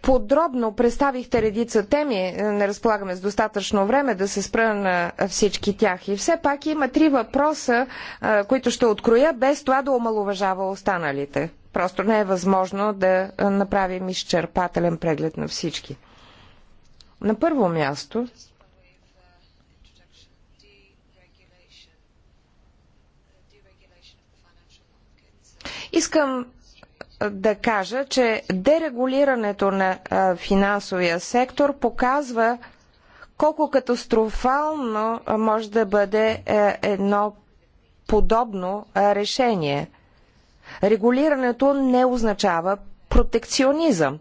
подробно представихте редица теми. Е, не разполагаме с достатъчно време да се спра на всички тях. И все пак има три въпроса, е, които ще откроя, без това да омалуважава останалите. Просто не е възможно да е, направим изчерпателен преглед на всички. На първо място, искам да кажа, че дерегулирането на финансовия сектор показва колко катастрофално може да бъде е, едно подобно решение. Регулирането не означава протекционизъм.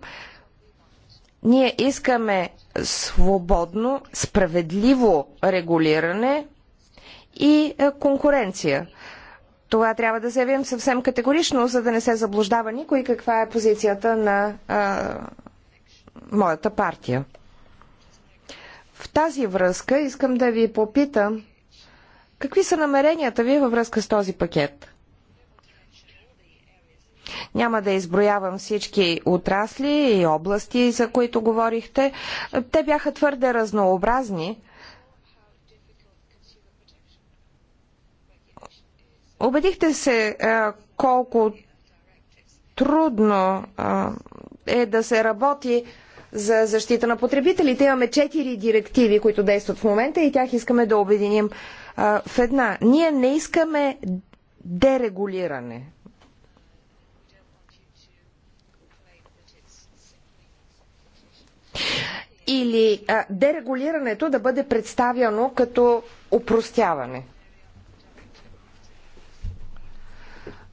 Ние искаме свободно, справедливо регулиране и е, конкуренция. Това трябва да заявим съвсем категорично, за да не се заблуждава никой каква е позицията на а, моята партия. В тази връзка искам да ви попитам какви са намеренията ви във връзка с този пакет. Няма да изброявам всички отрасли и области, за които говорихте. Те бяха твърде разнообразни Обедихте се а, колко трудно а, е да се работи за защита на потребителите. Имаме четири директиви, които действат в момента и тях искаме да обединим а, в една. Ние не искаме дерегулиране. Или а, дерегулирането да бъде представяно като упростяване.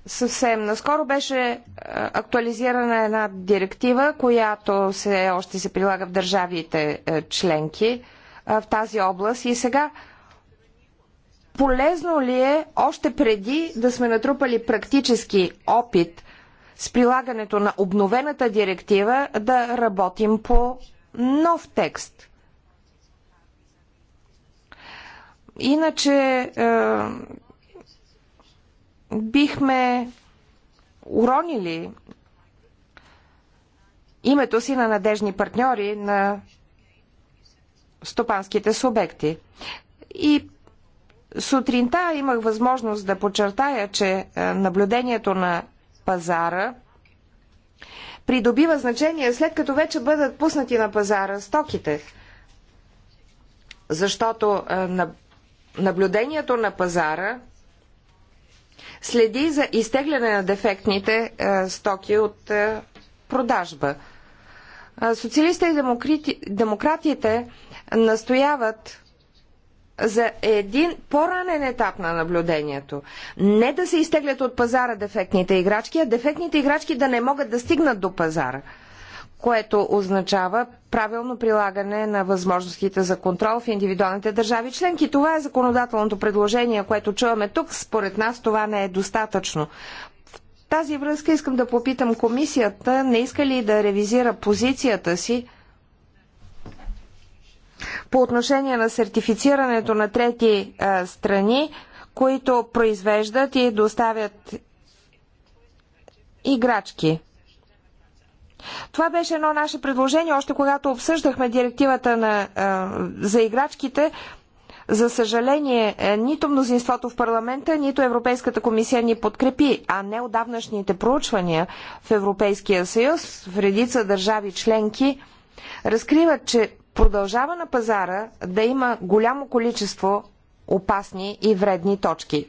Съвсем наскоро беше е, актуализирана една директива, която все още се прилага в държавите е, членки е, в тази област. И сега полезно ли е още преди да сме натрупали практически опит с прилагането на обновената директива да работим по нов текст? Иначе бихме уронили името си на надежни партньори на стопанските субекти. И сутринта имах възможност да подчертая, че е, наблюдението на пазара придобива значение след като вече бъдат пуснати на пазара стоките. Защото е, наблюдението на пазара следи за изтегляне на дефектните е, стоки от е, продажба. Е, социалистите и демократи, демократите настояват за един по-ранен етап на наблюдението. Не да се изтеглят от пазара дефектните играчки, а дефектните играчки да не могат да стигнат до пазара което означава правилно прилагане на възможностите за контрол в индивидуалните държави членки. Това е законодателното предложение, което чуваме тук. Според нас това не е достатъчно. В тази връзка искам да попитам комисията, не иска ли да ревизира позицията си по отношение на сертифицирането на трети а, е, страни, които произвеждат и доставят играчки. Това беше едно наше предложение, още когато обсъждахме директивата на, а, е, за играчките. За съжаление, е, нито мнозинството в парламента, нито Европейската комисия ни подкрепи, а не отдавнашните проучвания в Европейския съюз, в редица държави членки, разкриват, че продължава на пазара да има голямо количество опасни и вредни точки, е,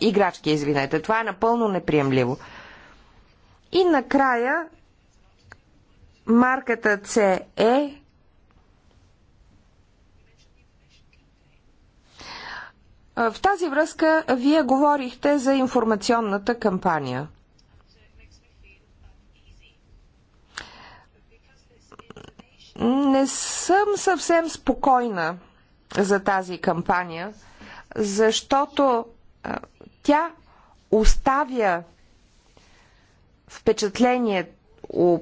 играчки, извинете. Това е напълно неприемливо. И накрая марката CE е. В тази връзка вие говорихте за информационната кампания. Не съм съвсем спокойна за тази кампания, защото тя оставя впечатление у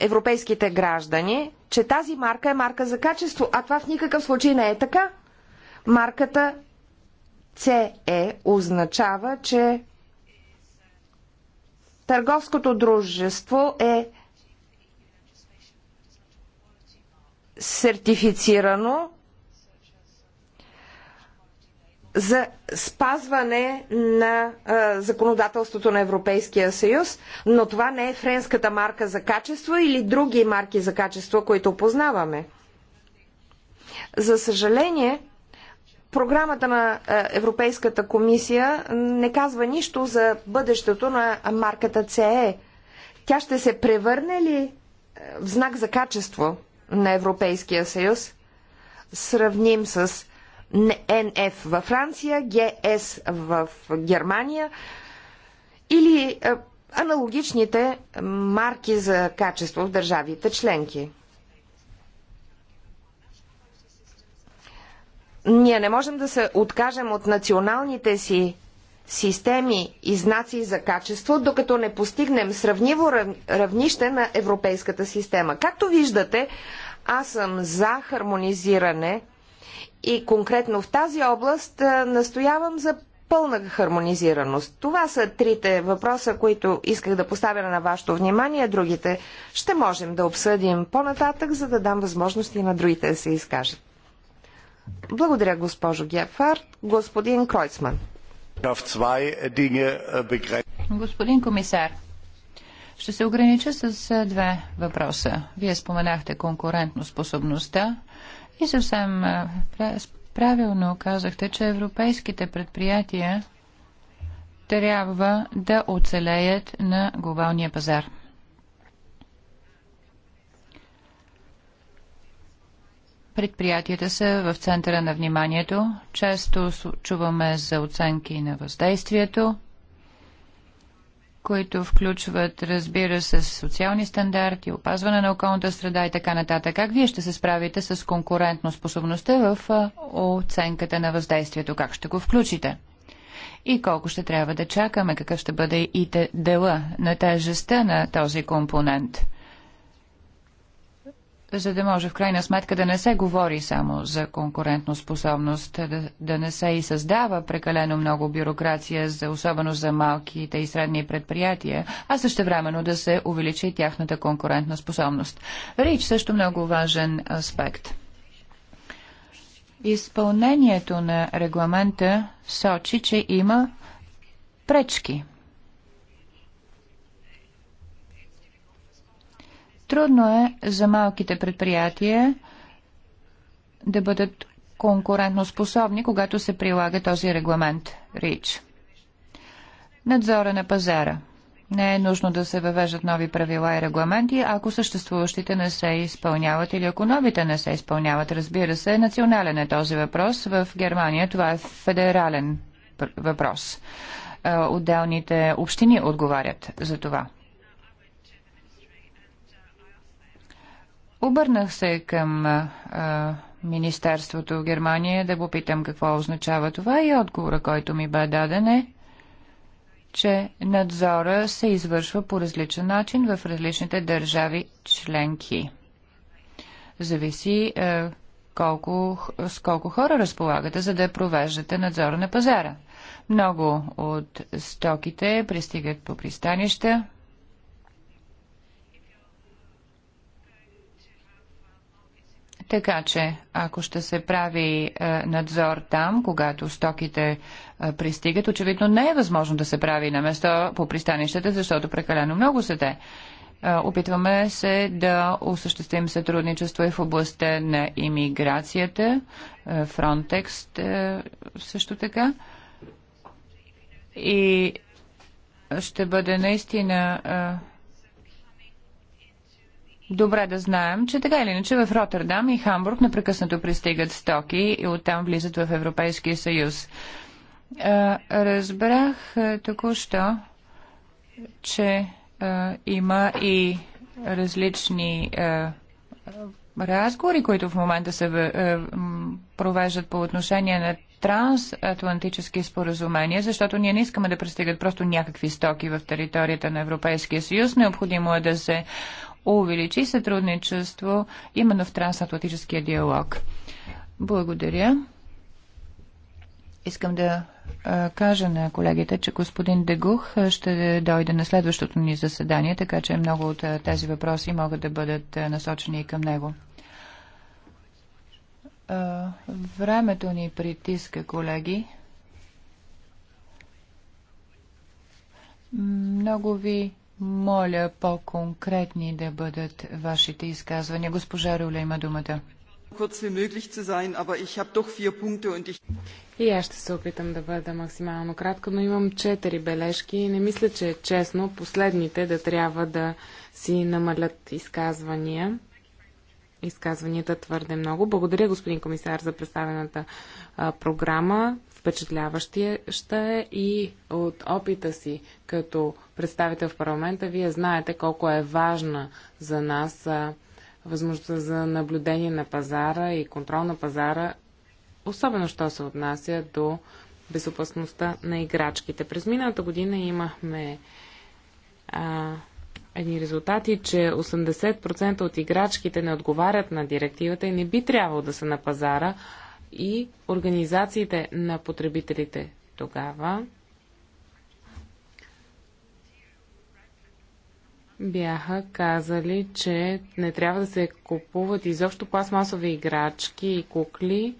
европейските граждани, че тази марка е марка за качество, а това в никакъв случай не е така. Марката CE е означава, че търговското дружество е сертифицирано за спазване на а, законодателството на Европейския съюз, но това не е френската марка за качество или други марки за качество, които познаваме. За съжаление, програмата на Европейската комисия не казва нищо за бъдещето на марката CE. Тя ще се превърне ли в знак за качество на Европейския съюз, сравним с НФ във Франция, ГС в Германия или е, аналогичните марки за качество в държавите членки. Ние не можем да се откажем от националните си системи и знаци за качество, докато не постигнем сравниво равнище на европейската система. Както виждате, аз съм за хармонизиране и конкретно в тази област настоявам за пълна хармонизираност. Това са трите въпроса, които исках да поставя на вашето внимание. Другите ще можем да обсъдим по-нататък, за да дам възможности на другите да се изкажат. Благодаря, госпожо Гефар. Господин Кройцман. Äh, Господин комисар, ще се огранича с две въпроса. Вие споменахте конкурентно способността и съвсем правилно казахте, че европейските предприятия трябва да оцелеят на глобалния пазар. Предприятията са в центъра на вниманието. Често чуваме за оценки на въздействието които включват, разбира се, социални стандарти, опазване на околната среда и така нататък. Как вие ще се справите с конкурентно способността в оценката на въздействието? Как ще го включите? И колко ще трябва да чакаме, какъв ще бъде и дела на тежестта на този компонент? за да може в крайна сметка да не се говори само за способност, да, да не се и създава прекалено много бюрокрация, за, особено за малките и средни предприятия, а също времено да се увеличи тяхната конкурентна способност. Рич също много важен аспект. Изпълнението на регламента сочи, че има пречки – Трудно е за малките предприятия да бъдат конкурентоспособни, когато се прилага този регламент РИЧ. Надзора на пазара. Не е нужно да се въвеждат нови правила и регламенти, ако съществуващите не се изпълняват или ако новите не се изпълняват. Разбира се, национален е този въпрос. В Германия това е федерален въпрос. Е, отделните общини отговарят за това. Обърнах се към а, Министерството в Германия да попитам какво означава това и отговора, който ми бе даден е, че надзора се извършва по различен начин в различните държави членки. Зависи а, колко, с колко хора разполагате, за да провеждате надзора на пазара. Много от стоките пристигат по пристанища, Така че, ако ще се прави е, надзор там, когато стоките е, пристигат, очевидно не е възможно да се прави на место по пристанищата, защото прекалено много са те. Е, опитваме се да осъществим сътрудничество и в областта на имиграцията, Фронтекс също така. И ще бъде наистина добре да знаем, че така или иначе в Роттердам и Хамбург непрекъснато пристигат стоки и оттам влизат в Европейския съюз. Разбрах току-що, че има и различни разговори, които в момента се провеждат по отношение на трансатлантически споразумения, защото ние не искаме да пристигат просто някакви стоки в територията на Европейския съюз. Необходимо е да се увеличи сътрудничество именно в трансатлантическия диалог. Благодаря. Искам да кажа на колегите, че господин Дегух ще дойде на следващото ни заседание, така че много от тези въпроси могат да бъдат насочени и към него. Времето ни притиска, колеги. Много ви моля по-конкретни да бъдат вашите изказвания. Госпожа Руля има думата. И аз ще се опитам да бъда максимално кратка, но имам четири бележки и не мисля, че е честно последните да трябва да си намалят изказвания. Изказванията твърде много. Благодаря, господин комисар, за представената а, програма. Впечатляваща е и от опита си като представител в парламента, вие знаете колко е важна за нас възможността за наблюдение на пазара и контрол на пазара, особено що се отнася до безопасността на играчките. През миналата година имахме а, едни резултати, че 80% от играчките не отговарят на директивата и не би трябвало да са на пазара, и организациите на потребителите тогава бяха казали, че не трябва да се купуват изобщо пластмасови играчки и кукли,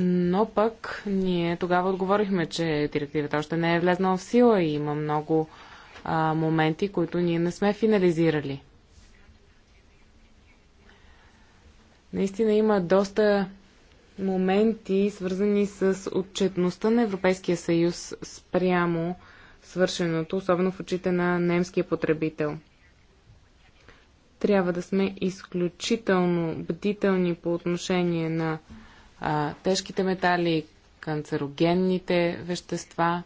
но пък ние тогава отговорихме, че директивата още не е влезнала в сила и има много а, моменти, които ние не сме финализирали. Наистина има доста моменти, свързани с отчетността на Европейския съюз спрямо свършеното, особено в очите на немския потребител. Трябва да сме изключително бдителни по отношение на а, тежките метали, канцерогенните вещества.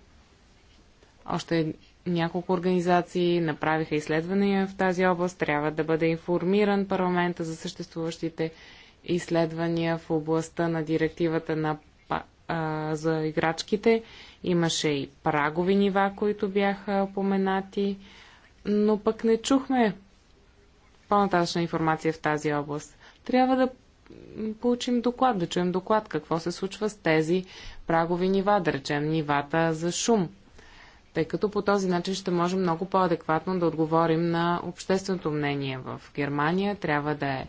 Още няколко организации направиха изследвания в тази област. Трябва да бъде информиран парламента за съществуващите изследвания в областта на директивата на, а, за играчките. Имаше и прагови нива, които бяха поменати, но пък не чухме по-нататъчна информация в тази област. Трябва да получим доклад, да чуем доклад какво се случва с тези прагови нива, да речем нивата за шум – тъй като по този начин ще можем много по-адекватно да отговорим на общественото мнение в Германия. Трябва да е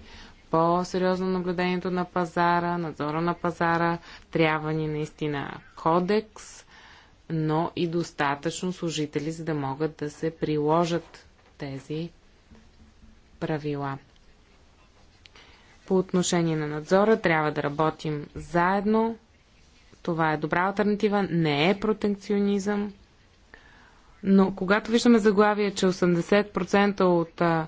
по-сериозно наблюдението на пазара, надзора на пазара, трябва ни наистина кодекс, но и достатъчно служители, за да могат да се приложат тези правила. По отношение на надзора трябва да работим заедно. Това е добра альтернатива, не е протекционизъм. Но когато виждаме заглавие, че 80% от а,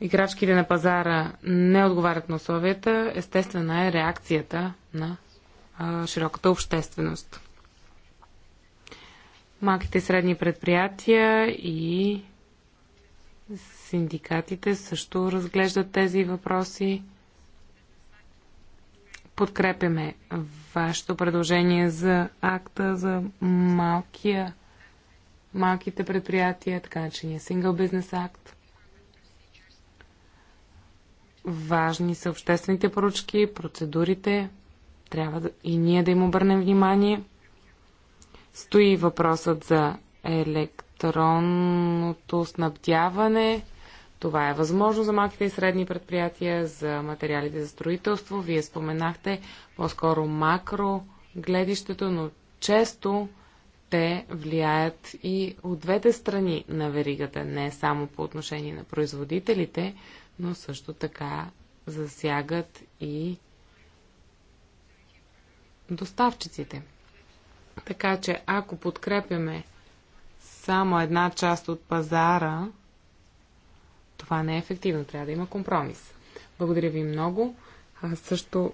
играчките на пазара не отговарят на условията, естествена е реакцията на а, широката общественост. Малките и средни предприятия и синдикатите също разглеждат тези въпроси. Подкрепяме вашето предложение за акта за малкия малките предприятия, така начиния Single Business Act. Важни са обществените поръчки, процедурите. Трябва да, и ние да им обърнем внимание. Стои въпросът за електронното снабдяване. Това е възможно за малките и средни предприятия, за материалите за строителство. Вие споменахте по-скоро макро гледището, но често те влияят и от двете страни на веригата, не само по отношение на производителите, но също така засягат и доставчиците. Така че ако подкрепяме само една част от пазара, това не е ефективно. Трябва да има компромис. Благодаря ви много. Аз също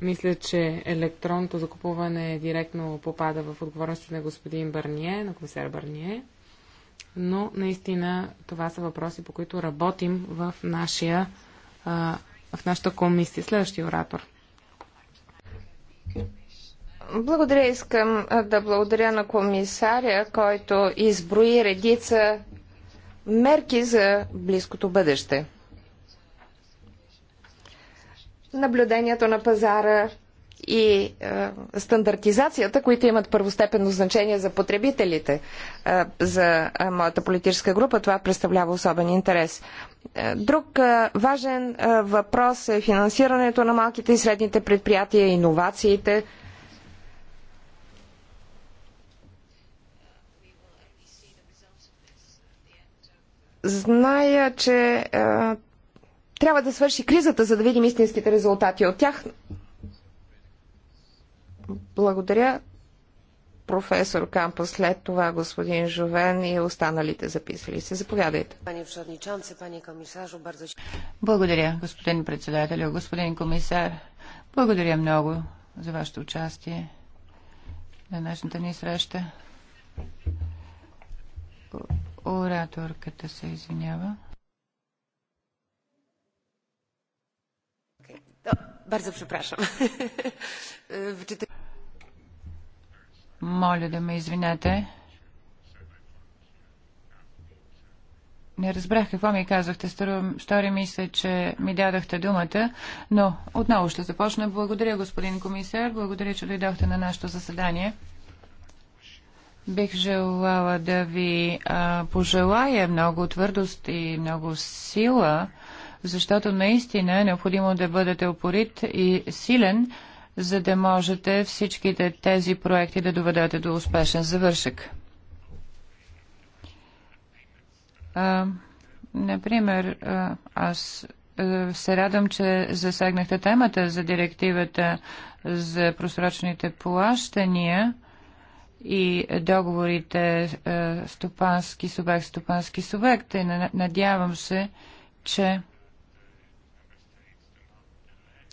мисля, че електронното закупуване директно попада в отговорност на господин Бърние, на комисар Бърние. Но наистина това са въпроси, по които работим в, нашия, в нашата комисия. Следващия оратор. Благодаря. Искам да благодаря на комисаря, който изброи редица мерки за близкото бъдеще наблюдението на пазара и е, стандартизацията, които имат първостепенно значение за потребителите. Е, за е, моята политическа група това представлява особен интерес. Е, друг е, важен е, въпрос е финансирането на малките и средните предприятия, иновациите. Зная, че е, трябва да свърши кризата, за да видим истинските резултати от тях. Благодаря, професор Кампо, след това господин Жовен и останалите записали се. Заповядайте. Благодаря, господин председател, господин комисар. Благодаря много за вашето участие на днешната ни среща. Ораторката се извинява. Bardzo przepraszam. Моля да ме извинете. Не разбрах какво ми казахте. Стори ми се, че ми дадахте думата, но отново ще започна. Благодаря, господин комисар. Благодаря, че дойдохте на нашето заседание. Бих желала да ви а, пожелая много твърдост и много сила защото наистина е необходимо да бъдете опорит и силен, за да можете всичките тези проекти да доведете до успешен завършък. А, например, аз се радвам, че засегнахте темата за директивата за просрочните плащания и договорите стопански субект, стопански субект. И надявам се, че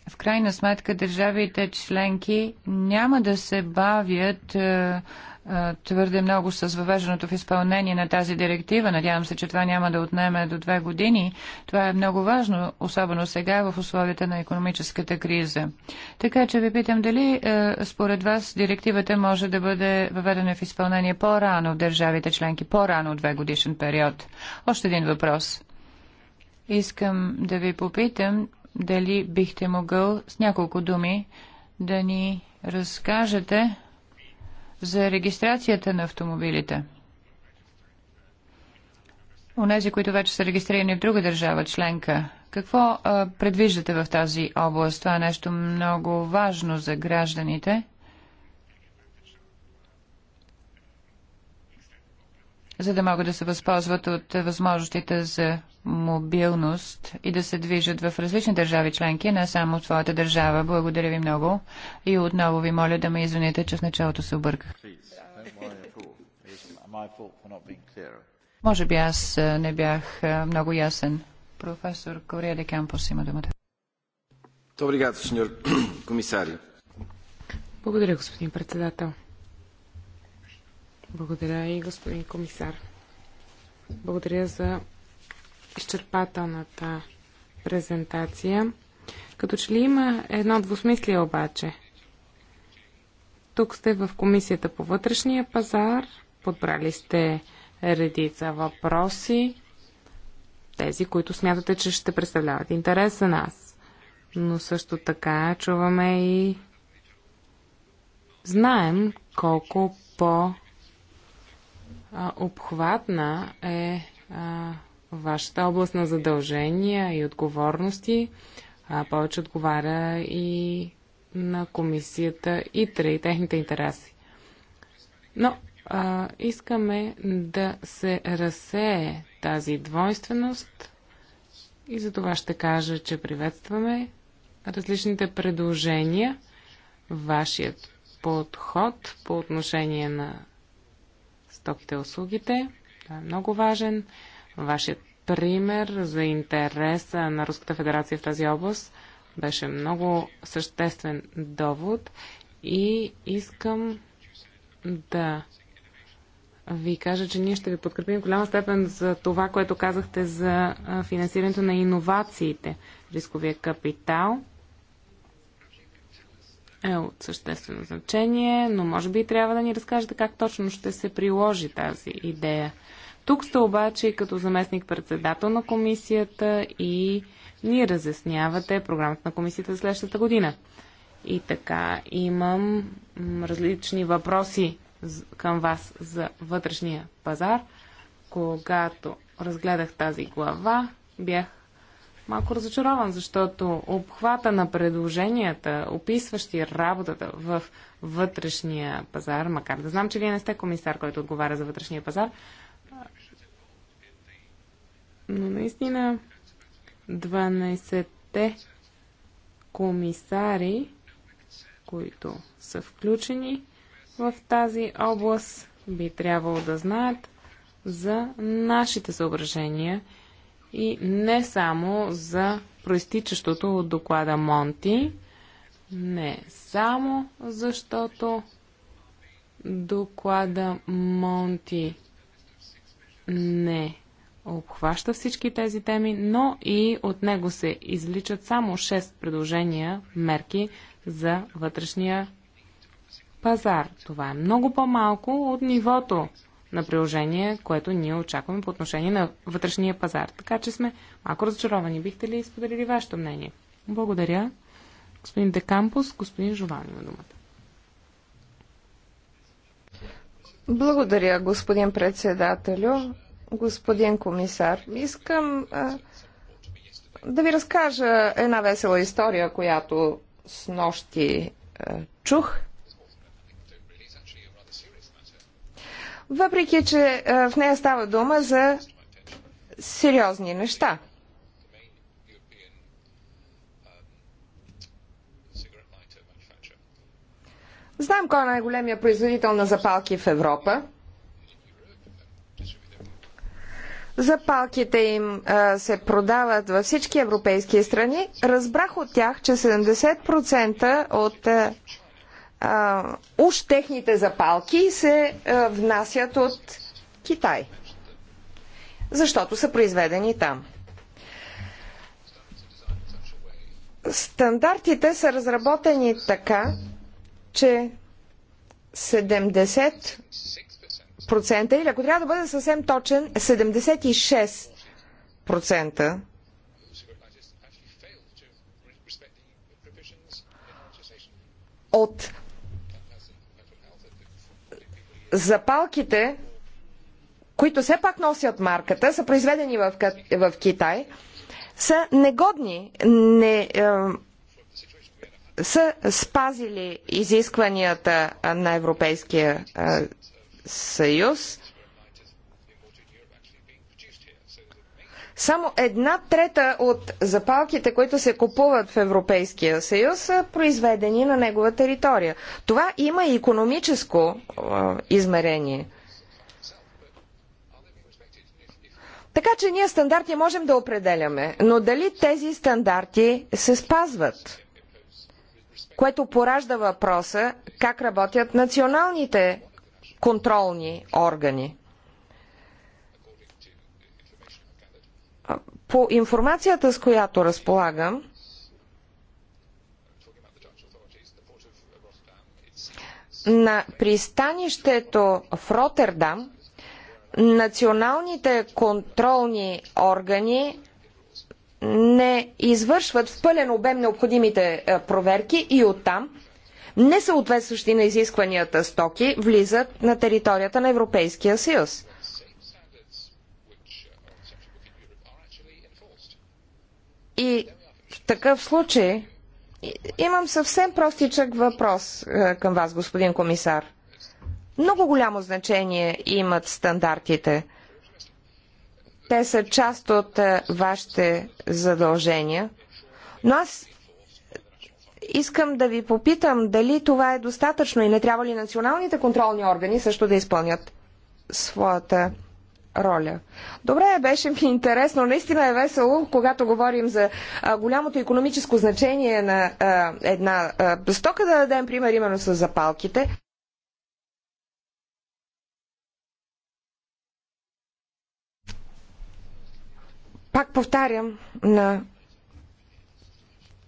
в крайна сметка държавите членки няма да се бавят е, е, твърде много с въвеждането в изпълнение на тази директива. Надявам се, че това няма да отнеме до две години. Това е много важно, особено сега в условията на економическата криза. Така че ви питам дали е, според вас директивата може да бъде въведена в изпълнение по-рано в държавите членки, по-рано от две годишен период. Още един въпрос. Искам да ви попитам дали бихте могъл с няколко думи да ни разкажете за регистрацията на автомобилите. Онези, които вече са регистрирани в друга държава членка, какво а, предвиждате в тази област? Това е нещо много важно за гражданите. за да могат да се възползват от възможностите за мобилност и да се движат в различни държави членки, не само в своята държава. Благодаря ви много и отново ви моля да ме извините, че в началото се обърках. Може би аз не бях много ясен. Професор Кория де Кампус има думата. Благодаря, господин председател. Благодаря и господин комисар. Благодаря за изчерпателната презентация. Като че ли има едно двусмислие обаче. Тук сте в Комисията по вътрешния пазар, подбрали сте редица въпроси, тези, които смятате, че ще представляват интерес за нас. Но също така чуваме и знаем колко по а, обхватна е а, вашата област на задължения и отговорности. А, повече отговаря и на комисията ИТРА и техните интереси. Но а, искаме да се разсее тази двойственост и за това ще кажа, че приветстваме различните предложения, вашият подход по отношение на стоките и услугите. Това е много важен. Вашият пример за интерес на Руската федерация в тази област беше много съществен довод и искам да ви кажа, че ние ще ви подкрепим в голяма степен за това, което казахте за финансирането на иновациите, рисковия капитал – е от съществено значение, но може би трябва да ни разкажете как точно ще се приложи тази идея. Тук сте обаче и като заместник-председател на комисията и ни разяснявате програмата на комисията за следващата година. И така, имам различни въпроси към вас за вътрешния пазар. Когато разгледах тази глава, бях малко разочарован, защото обхвата на предложенията, описващи работата в вътрешния пазар, макар да знам, че вие не сте комисар, който отговаря за вътрешния пазар, но наистина 12-те комисари, които са включени в тази област, би трябвало да знаят за нашите съображения – и не само за проистичащото от доклада Монти, не само защото доклада Монти не обхваща всички тези теми, но и от него се изличат само 6 предложения, мерки за вътрешния пазар. Това е много по-малко от нивото на приложение, което ние очакваме по отношение на вътрешния пазар. Така че сме малко разочаровани. Бихте ли споделили вашето мнение? Благодаря. Господин Декампус, господин Жован има думата. Благодаря, господин председателю, господин комисар. Искам а, да ви разкажа една весела история, която с нощи а, чух. въпреки че е, в нея става дума за сериозни неща. Знам кой е най-големия производител на запалки в Европа. Запалките им а, е, се продават във всички европейски страни. Разбрах от тях, че 70% от а, е, а, уж техните запалки се а, внасят от Китай, защото са произведени там. Стандартите са разработени така, че 70% или ако трябва да бъде съвсем точен, 76% от запалките, които все пак носят марката, са произведени в, в Китай, са негодни, не е, са спазили изискванията на Европейския е, съюз Само една трета от запалките, които се купуват в Европейския съюз, са произведени на негова територия. Това има и економическо а, измерение. Така че ние стандарти можем да определяме, но дали тези стандарти се спазват? Което поражда въпроса как работят националните контролни органи. По информацията, с която разполагам, на пристанището в Роттердам националните контролни органи не извършват в пълен обем необходимите е, проверки и оттам несъответстващи на изискванията стоки влизат на територията на Европейския съюз. И в такъв случай имам съвсем простичък въпрос е, към вас, господин комисар. Много голямо значение имат стандартите. Те са част от е, вашите задължения. Но аз искам да ви попитам дали това е достатъчно и не трябва ли националните контролни органи също да изпълнят своята роля. Добре, беше ми интересно. Наистина е весело, когато говорим за а, голямото економическо значение на а, една а, стока, да дадем пример именно с запалките. Пак повтарям, на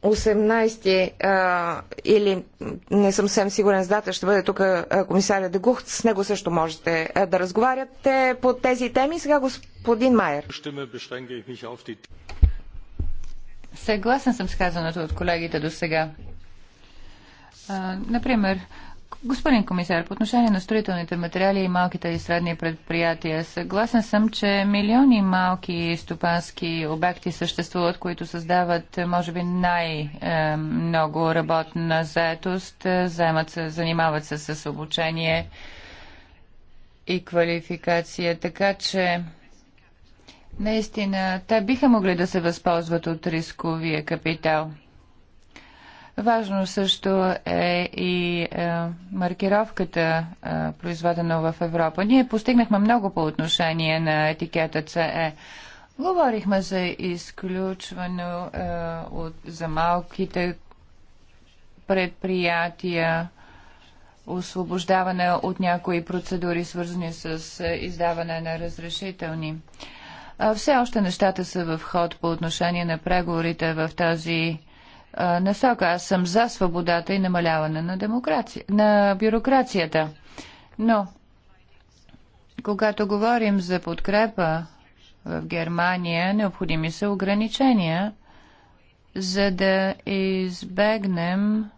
18 или не съм съвсем сигурен с дата, ще бъде тук комисаря Дегухт, с него също можете да разговаряте по тези теми. Сега господин Майер. Съгласен съм с казаното от колегите до сега. Например, Господин комисар, по отношение на строителните материали и малките и средни предприятия, съгласен съм, че милиони малки стопански обекти съществуват, които създават, може би, най-много работна заетост, заемат се, занимават се с обучение и квалификация, така че наистина те биха могли да се възползват от рисковия капитал – Важно също е и е, маркировката, е, произведена в Европа. Ние постигнахме много по отношение на етикета CE. Е. Говорихме за изключване е, от, за малките предприятия, освобождаване от някои процедури, свързани с е, издаване на разрешителни. Все още нещата са в ход по отношение на преговорите в тази насока. Аз съм за свободата и намаляване на, демокрация, на бюрокрацията. Но, когато говорим за подкрепа в Германия, необходими са ограничения, за да избегнем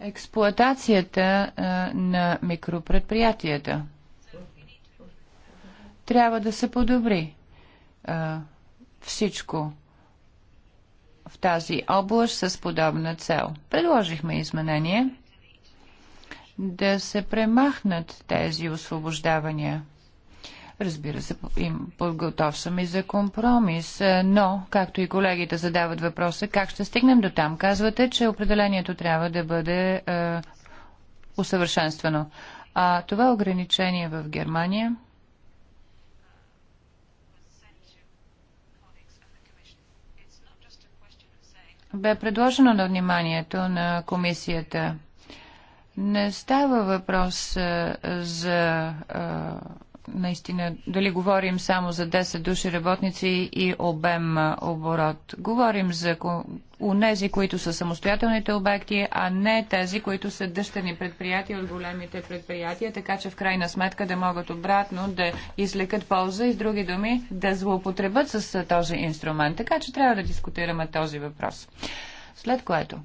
експлоатацията на микропредприятията. Трябва да се подобри всичко в тази област с подобна цел. Предложихме изменение да се премахнат тези освобождавания. Разбира се, им подготов съм и за компромис, е, но, както и колегите задават въпроса, как ще стигнем до там? Казвате, че определението трябва да бъде е, усъвършенствано. А това ограничение в Германия – бе предложено на вниманието на комисията. Не става въпрос за наистина, дали говорим само за 10 души работници и обем оборот. Говорим за унези, които са самостоятелните обекти, а не тези, които са дъщерни предприятия от големите предприятия, така че в крайна сметка да могат обратно да излекат полза и с други думи да злоупотребят с този инструмент. Така че трябва да дискутираме този въпрос. След което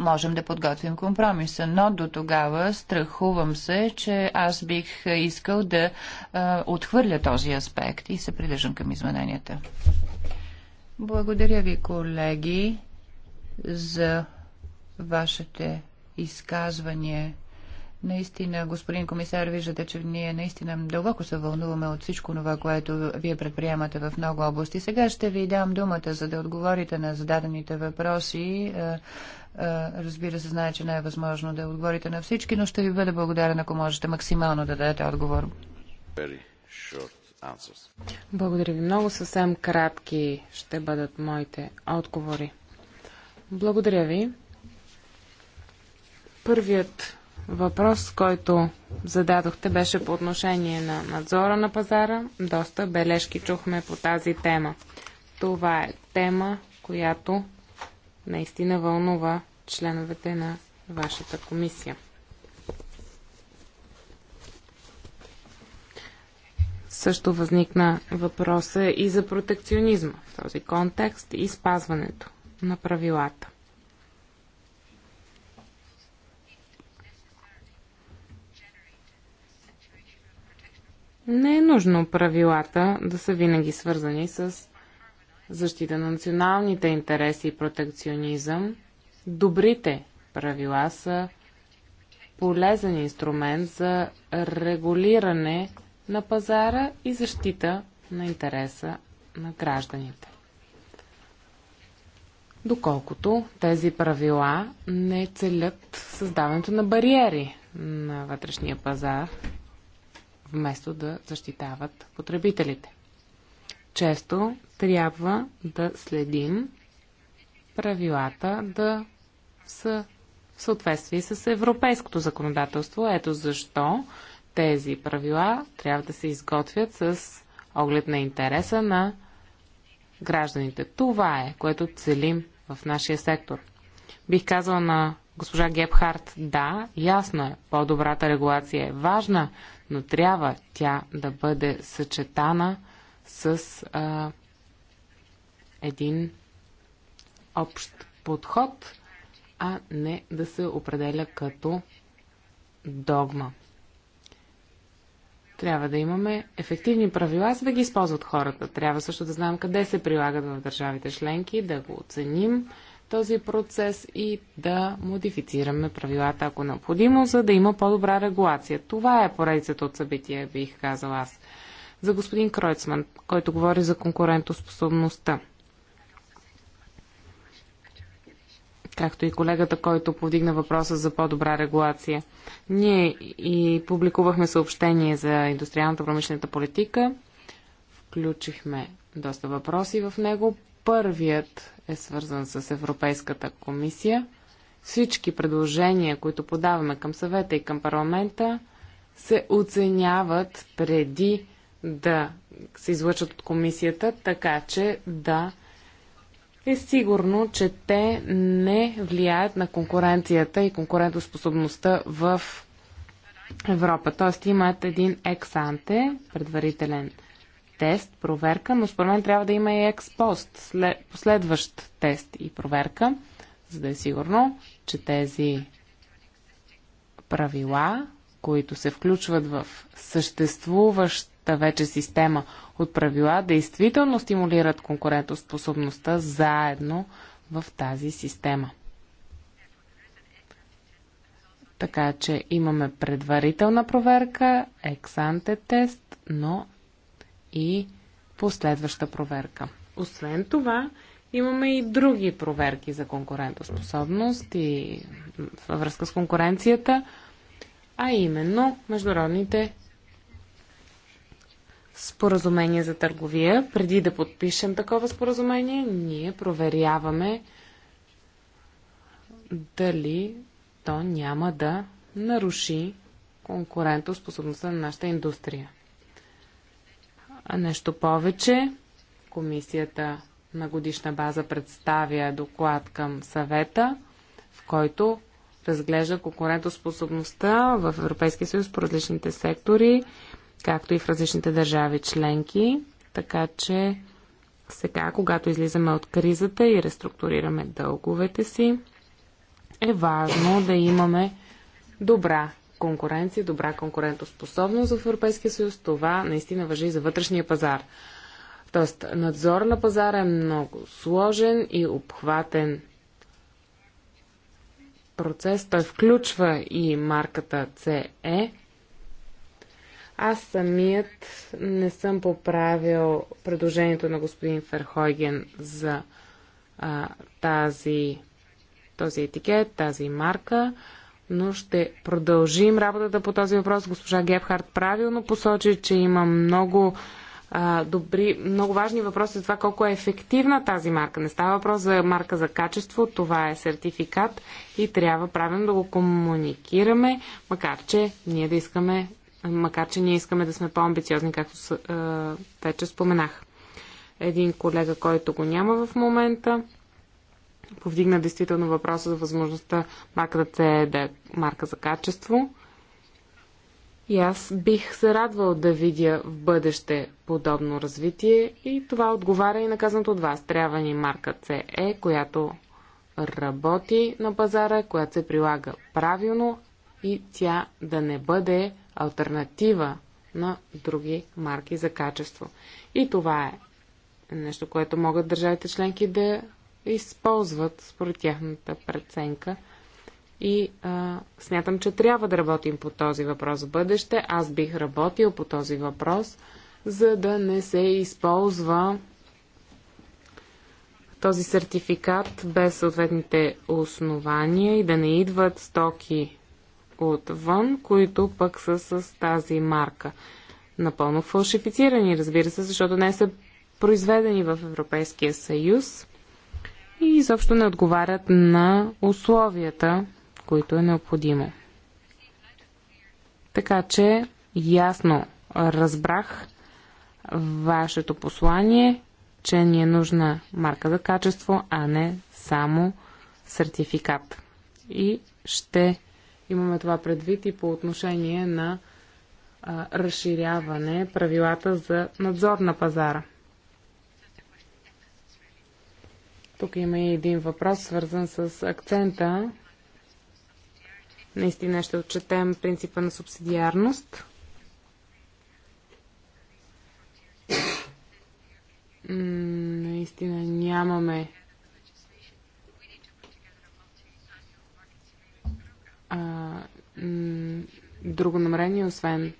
можем да подготвим компромиса. Но до тогава страхувам се, че аз бих искал да а, отхвърля този аспект и се придържам към измененията. Благодаря ви, колеги, за вашите изказвания. Наистина, господин комисар, виждате, че ние наистина дълбоко се вълнуваме от всичко това, което вие предприемате в много области. Сега ще ви дам думата, за да отговорите на зададените въпроси. Е, разбира се, знае, че не е възможно да отговорите на всички, но ще ви бъда благодарен, ако можете максимално да дадете отговор. Благодаря ви много. Съвсем кратки ще бъдат моите отговори. Благодаря ви. Първият въпрос, който зададохте, беше по отношение на надзора на пазара. Доста бележки чухме по тази тема. Това е тема, която наистина вълнува членовете на вашата комисия. Също възникна въпроса и за протекционизма в този контекст и спазването на правилата. Не е нужно правилата да са винаги свързани с защита на националните интереси и протекционизъм, добрите правила са полезен инструмент за регулиране на пазара и защита на интереса на гражданите. Доколкото тези правила не целят създаването на бариери на вътрешния пазар, вместо да защитават потребителите често трябва да следим правилата да са в съответствие с европейското законодателство. Ето защо тези правила трябва да се изготвят с оглед на интереса на гражданите. Това е, което целим в нашия сектор. Бих казала на госпожа Гебхарт, да, ясно е, по-добрата регулация е важна, но трябва тя да бъде съчетана с а, един общ подход, а не да се определя като догма. Трябва да имаме ефективни правила, за да ги използват хората. Трябва също да знаем къде се прилагат в държавите членки, да го оценим този процес и да модифицираме правилата, ако е необходимо, за да има по-добра регулация. Това е поредицата от събития, бих казала аз за господин Кройцман, който говори за конкурентоспособността. както и колегата, който повдигна въпроса за по-добра регулация. Ние и публикувахме съобщение за индустриалната промишлената политика. Включихме доста въпроси в него. Първият е свързан с Европейската комисия. Всички предложения, които подаваме към съвета и към парламента, се оценяват преди да се излъчат от комисията, така че да е сигурно, че те не влияят на конкуренцията и конкурентоспособността в Европа. Тоест имат един ексанте, предварителен тест, проверка, но според мен трябва да има и експост, последващ тест и проверка, за да е сигурно, че тези правила, които се включват в съществуващ вече система от правила действително стимулират конкурентоспособността заедно в тази система. Така че имаме предварителна проверка, ексанте тест, но и последваща проверка. Освен това, имаме и други проверки за конкурентоспособност и във връзка с конкуренцията, а именно международните споразумение за търговия. Преди да подпишем такова споразумение, ние проверяваме дали то няма да наруши конкурентоспособността на нашата индустрия. А нещо повече, комисията на годишна база представя доклад към съвета, в който разглежда конкурентоспособността в Европейския съюз по различните сектори както и в различните държави членки. Така че сега, когато излизаме от кризата и реструктурираме дълговете си, е важно да имаме добра конкуренция, добра конкурентоспособност в Европейския съюз. Това наистина въжи и за вътрешния пазар. Тоест, надзор на пазара е много сложен и обхватен процес. Той включва и марката CE, аз самият не съм поправил предложението на господин Ферхойген за а, тази, този етикет, тази марка, но ще продължим работата по този въпрос. Госпожа Гебхард правилно посочи, че има много а, добри, много важни въпроси за това колко е ефективна тази марка. Не става въпрос за марка за качество, това е сертификат и трябва правилно да го комуникираме, макар че ние да искаме макар че ние искаме да сме по-амбициозни, както вече споменах. Един колега, който го няма в момента, повдигна действително въпроса за възможността марката е да е марка за качество. И аз бих се радвал да видя в бъдеще подобно развитие и това отговаря и наказаното от вас. Трябва ни марка CE, е, която работи на пазара, която се прилага правилно и тя да не бъде альтернатива на други марки за качество. И това е нещо, което могат държавите членки да използват според тяхната преценка. И а, смятам, че трябва да работим по този въпрос в бъдеще. Аз бих работил по този въпрос, за да не се използва този сертификат без съответните основания и да не идват стоки отвън, които пък са с тази марка. Напълно фалшифицирани, разбира се, защото не са произведени в Европейския съюз и изобщо не отговарят на условията, които е необходимо. Така че ясно разбрах вашето послание, че ни е нужна марка за качество, а не само сертификат. И ще Имаме това предвид и по отношение на а, разширяване правилата за надзор на пазара. Тук има и един въпрос, свързан с акцента. Наистина ще отчетем принципа на субсидиарност. Наистина нямаме а, друго намерение, освен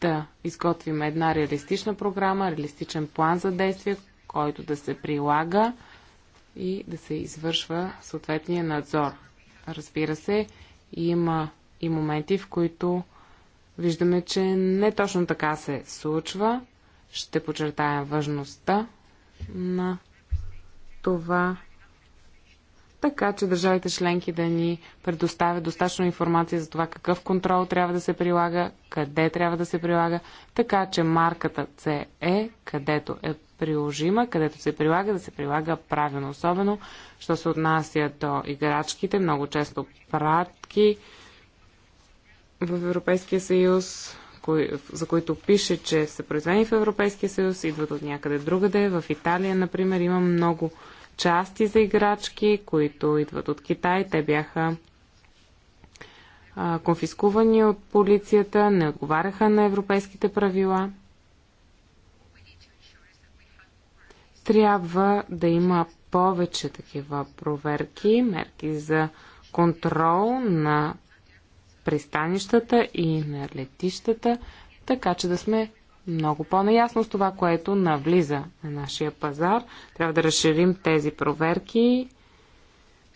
да изготвим една реалистична програма, реалистичен план за действие, който да се прилага и да се извършва съответния надзор. Разбира се, има и моменти, в които виждаме, че не точно така се случва. Ще подчертаем важността на това така че държавите членки да ни предоставят достатъчно информация за това какъв контрол трябва да се прилага, къде трябва да се прилага, така че марката CE, където е приложима, където се прилага, да се прилага правилно. Особено, що се отнася до играчките, много често пратки в Европейския съюз, кои, за които пише, че са произведени в Европейския съюз, идват от някъде другаде. В Италия, например, има много части за играчки, които идват от Китай. Те бяха а, конфискувани от полицията, не отговаряха на европейските правила. Трябва да има повече такива проверки, мерки за контрол на пристанищата и на летищата, така че да сме много по-наясно с това, което навлиза на нашия пазар. Трябва да разширим тези проверки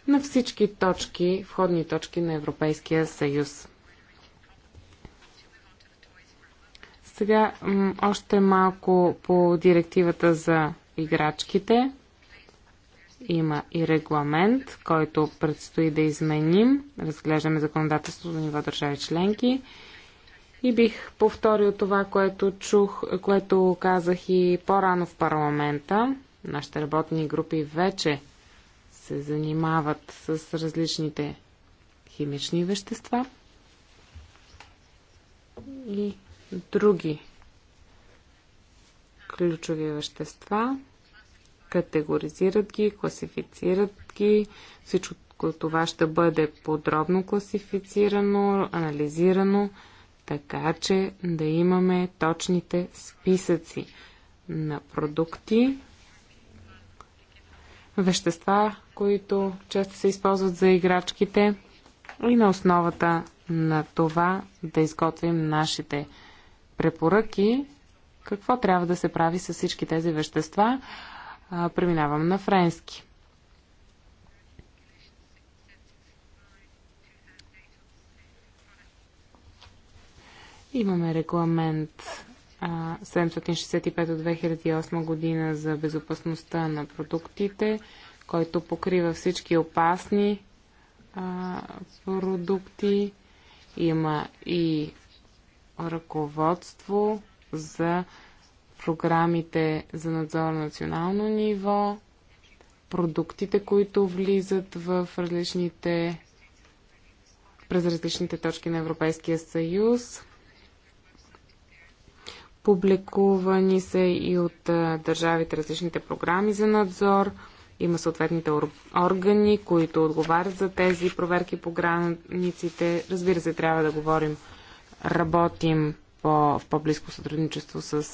на всички точки, входни точки на Европейския съюз. Сега още малко по директивата за играчките. Има и регламент, който предстои да изменим. Разглеждаме законодателството на ниво държави членки. И бих повторил това, което чух, което казах и по-рано в парламента. Нашите работни групи вече се занимават с различните химични вещества и други ключови вещества, категоризират ги, класифицират ги. Всичко това ще бъде подробно класифицирано, анализирано така че да имаме точните списъци на продукти, вещества, които често се използват за играчките и на основата на това да изготвим нашите препоръки, какво трябва да се прави с всички тези вещества. Преминавам на френски. Имаме регламент 765 от 2008 година за безопасността на продуктите, който покрива всички опасни а, продукти. Има и ръководство за програмите за надзор на национално ниво, продуктите, които влизат в различните през различните точки на Европейския съюз Публикувани са и от държавите различните програми за надзор. Има съответните органи, които отговарят за тези проверки по границите. Разбира се, трябва да говорим, работим по, в по-близко сътрудничество с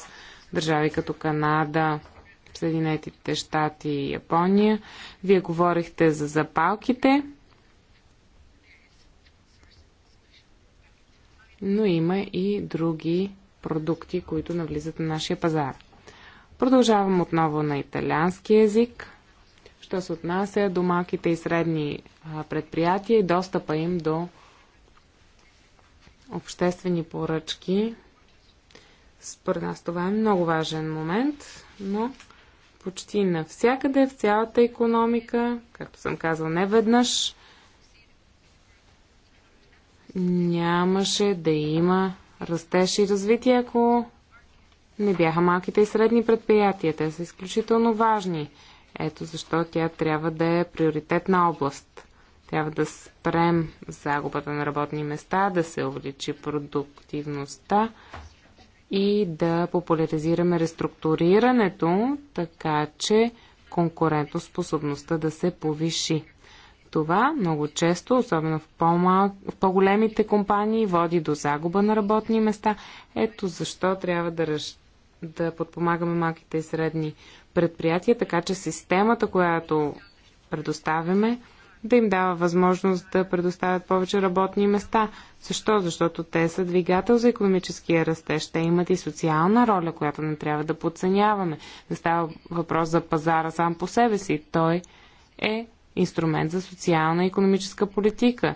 държави като Канада, Съединените щати и Япония. Вие говорихте за запалките. но има и други продукти, които навлизат на нашия пазар. Продължавам отново на италиански язик. Що се отнася до малките и средни предприятия и достъпа им до обществени поръчки. Според нас това е много важен момент, но почти навсякъде в цялата економика, както съм казал не веднъж, нямаше да има растеж и развитие, ако не бяха малките и средни предприятия. Те са изключително важни. Ето защо тя трябва да е приоритетна област. Трябва да спрем загубата на работни места, да се увеличи продуктивността и да популяризираме реструктурирането, така че конкурентоспособността да се повиши. Това много често, особено в, по в по-големите компании, води до загуба на работни места. Ето защо трябва да, ръж... да подпомагаме малките и средни предприятия, така че системата, която предоставяме, да им дава възможност да предоставят повече работни места. Защо? Защото те са двигател за економическия растеж. Те имат и социална роля, която не трябва да подценяваме. Не става въпрос за пазара сам по себе си. Той е инструмент за социална и економическа политика.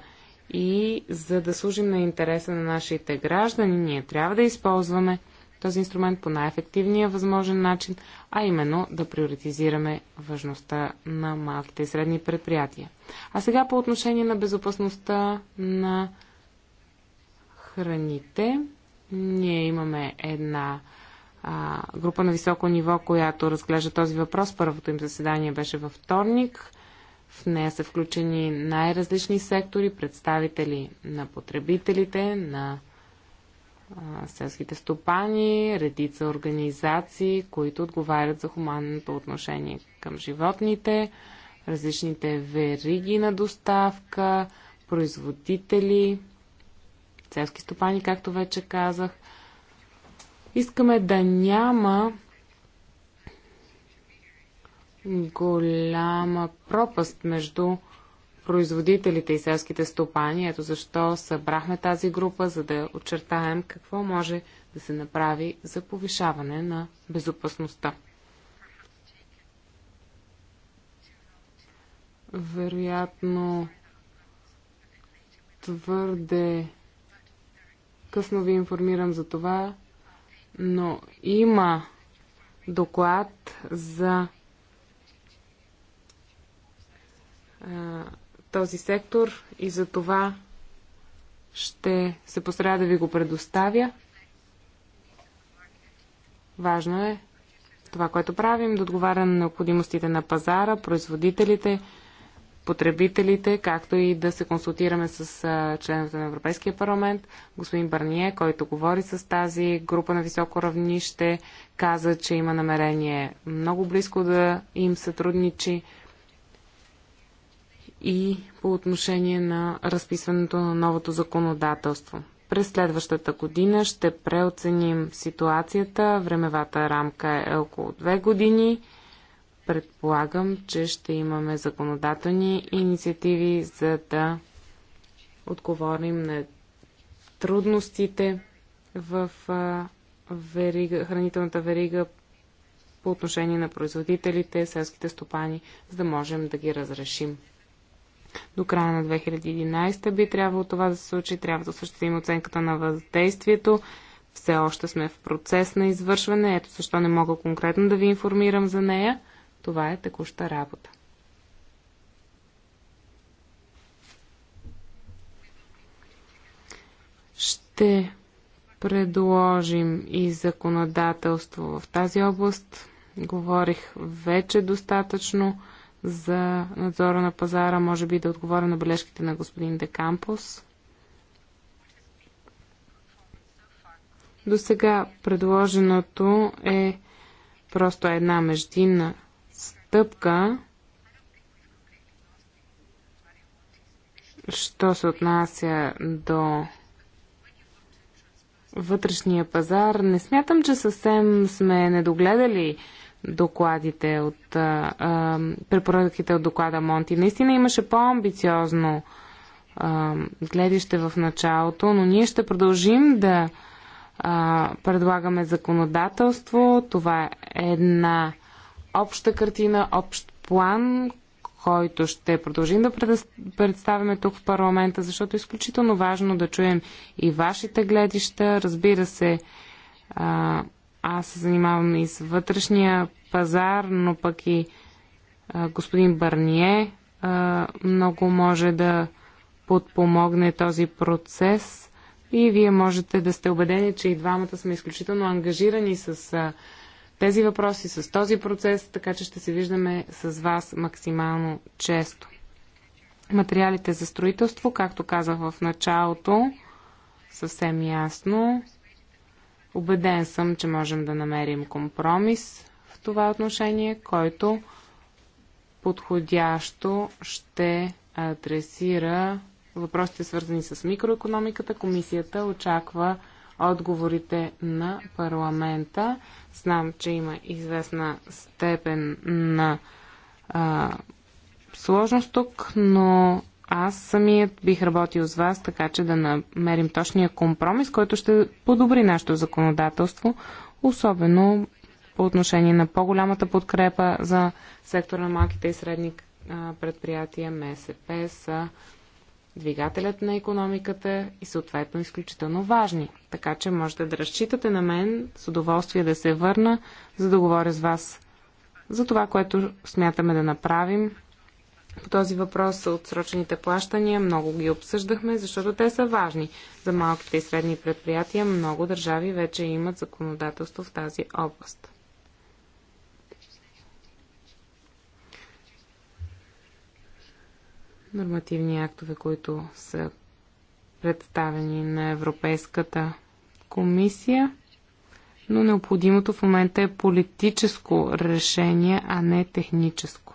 И за да служим на интереса на нашите граждани, ние трябва да използваме този инструмент по най-ефективния възможен начин, а именно да приоритизираме важността на малките и средни предприятия. А сега по отношение на безопасността на храните, ние имаме една а, група на високо ниво, която разглежда този въпрос. Първото им заседание беше във вторник. В нея са включени най-различни сектори, представители на потребителите, на селските стопани, редица организации, които отговарят за хуманното отношение към животните, различните вериги на доставка, производители, селски стопани, както вече казах. Искаме да няма голяма пропаст между производителите и селските стопани. Ето защо събрахме тази група, за да очертаем какво може да се направи за повишаване на безопасността. Вероятно, твърде късно ви информирам за това, но има доклад за този сектор и за това ще се постарая да ви го предоставя. Важно е това, което правим, да отговаря на необходимостите на пазара, производителите, потребителите, както и да се консултираме с членовете на Европейския парламент. Господин Барние, който говори с тази група на високо равнище, каза, че има намерение много близко да им сътрудничи и по отношение на разписването на новото законодателство. През следващата година ще преоценим ситуацията. Времевата рамка е около две години. Предполагам, че ще имаме законодателни инициативи, за да отговорим на трудностите в верига, хранителната верига по отношение на производителите, селските стопани, за да можем да ги разрешим до края на 2011 би трябвало това да се случи. Трябва да осъществим оценката на въздействието. Все още сме в процес на извършване. Ето защо не мога конкретно да ви информирам за нея. Това е текуща работа. Ще предложим и законодателство в тази област. Говорих вече достатъчно за надзора на пазара, може би да отговоря на бележките на господин Декампус. До сега предложеното е просто една междинна стъпка, що се отнася до вътрешния пазар. Не смятам, че съвсем сме недогледали докладите от а, препоръките от доклада Монти. Наистина имаше по-амбициозно гледище в началото, но ние ще продължим да а, предлагаме законодателство. Това е една обща картина, общ план, който ще продължим да представяме тук в парламента, защото е изключително важно да чуем и вашите гледища. Разбира се, а, аз се занимавам и с вътрешния пазар, но пък и а, господин Барние а, много може да подпомогне този процес и вие можете да сте убедени, че и двамата сме изключително ангажирани с а, тези въпроси, с този процес, така че ще се виждаме с вас максимално често. Материалите за строителство, както казах в началото, съвсем ясно, Обеден съм, че можем да намерим компромис в това отношение, който подходящо ще адресира въпросите свързани с микроекономиката. Комисията очаква отговорите на парламента. Знам, че има известна степен на а, сложност тук, но аз самият бих работил с вас, така че да намерим точния компромис, който ще подобри нашето законодателство, особено по отношение на по-голямата подкрепа за сектора на малките и средни предприятия, МСП са двигателят на економиката и съответно изключително важни. Така че можете да разчитате на мен с удоволствие да се върна, за да говоря с вас за това, което смятаме да направим по този въпрос са отсрочените плащания. Много ги обсъждахме, защото те са важни за малките и средни предприятия. Много държави вече имат законодателство в тази област. Нормативни актове, които са представени на Европейската комисия, но необходимото в момента е политическо решение, а не техническо.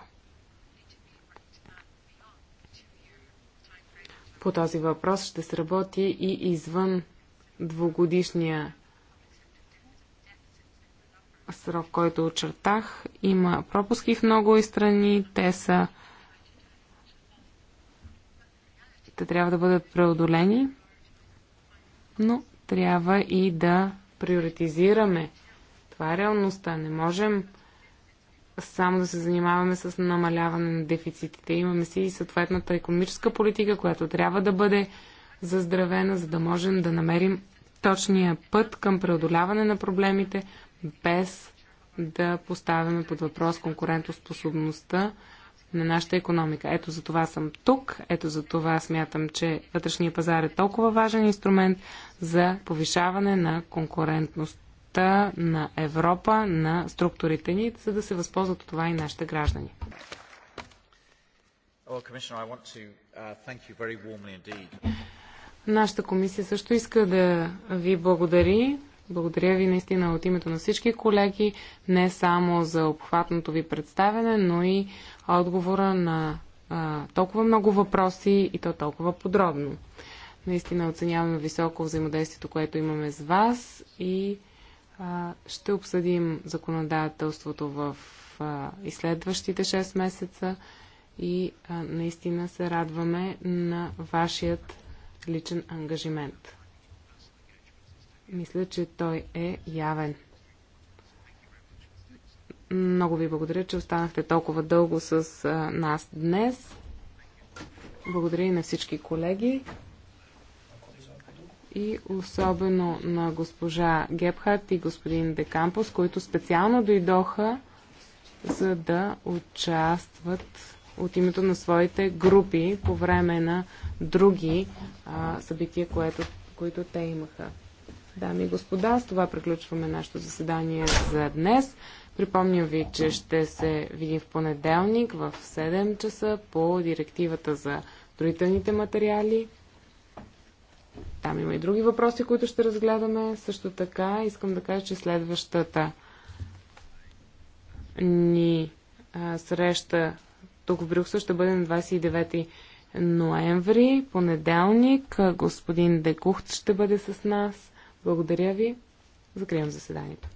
по този въпрос ще сработи и извън двугодишния срок, който очертах. Има пропуски в много и страни. Те са те трябва да бъдат преодолени, но трябва и да приоритизираме. Това е реалността. Не можем само да се занимаваме с намаляване на дефицитите. Имаме си и съответната економическа политика, която трябва да бъде заздравена, за да можем да намерим точния път към преодоляване на проблемите, без да поставяме под въпрос конкурентоспособността на нашата економика. Ето за това съм тук, ето за това смятам, че вътрешния пазар е толкова важен инструмент за повишаване на конкурентност сигурността на Европа, на структурите ни, за да се възползват от това и нашите граждани. Uh, Нашата комисия също иска да ви благодари. Благодаря ви наистина от името на всички колеги, не само за обхватното ви представяне, но и отговора на а, толкова много въпроси и то толкова подробно. Наистина оценяваме високо взаимодействието, което имаме с вас и ще обсъдим законодателството в изследващите 6 месеца и наистина се радваме на вашият личен ангажимент. Мисля, че той е явен. Много ви благодаря, че останахте толкова дълго с нас днес. Благодаря и на всички колеги и особено на госпожа Гепхарт и господин Декампус, които специално дойдоха за да участват от името на своите групи по време на други а, събития, което, които те имаха. Дами и господа, с това приключваме нашето заседание за днес. Припомням ви, че ще се видим в понеделник в 7 часа по директивата за строителните материали. Там има и други въпроси, които ще разгледаме. Също така искам да кажа, че следващата ни а, среща тук в Брюксел ще бъде на 29 ноември, понеделник. Господин Декухт ще бъде с нас. Благодаря ви. Закривам заседанието.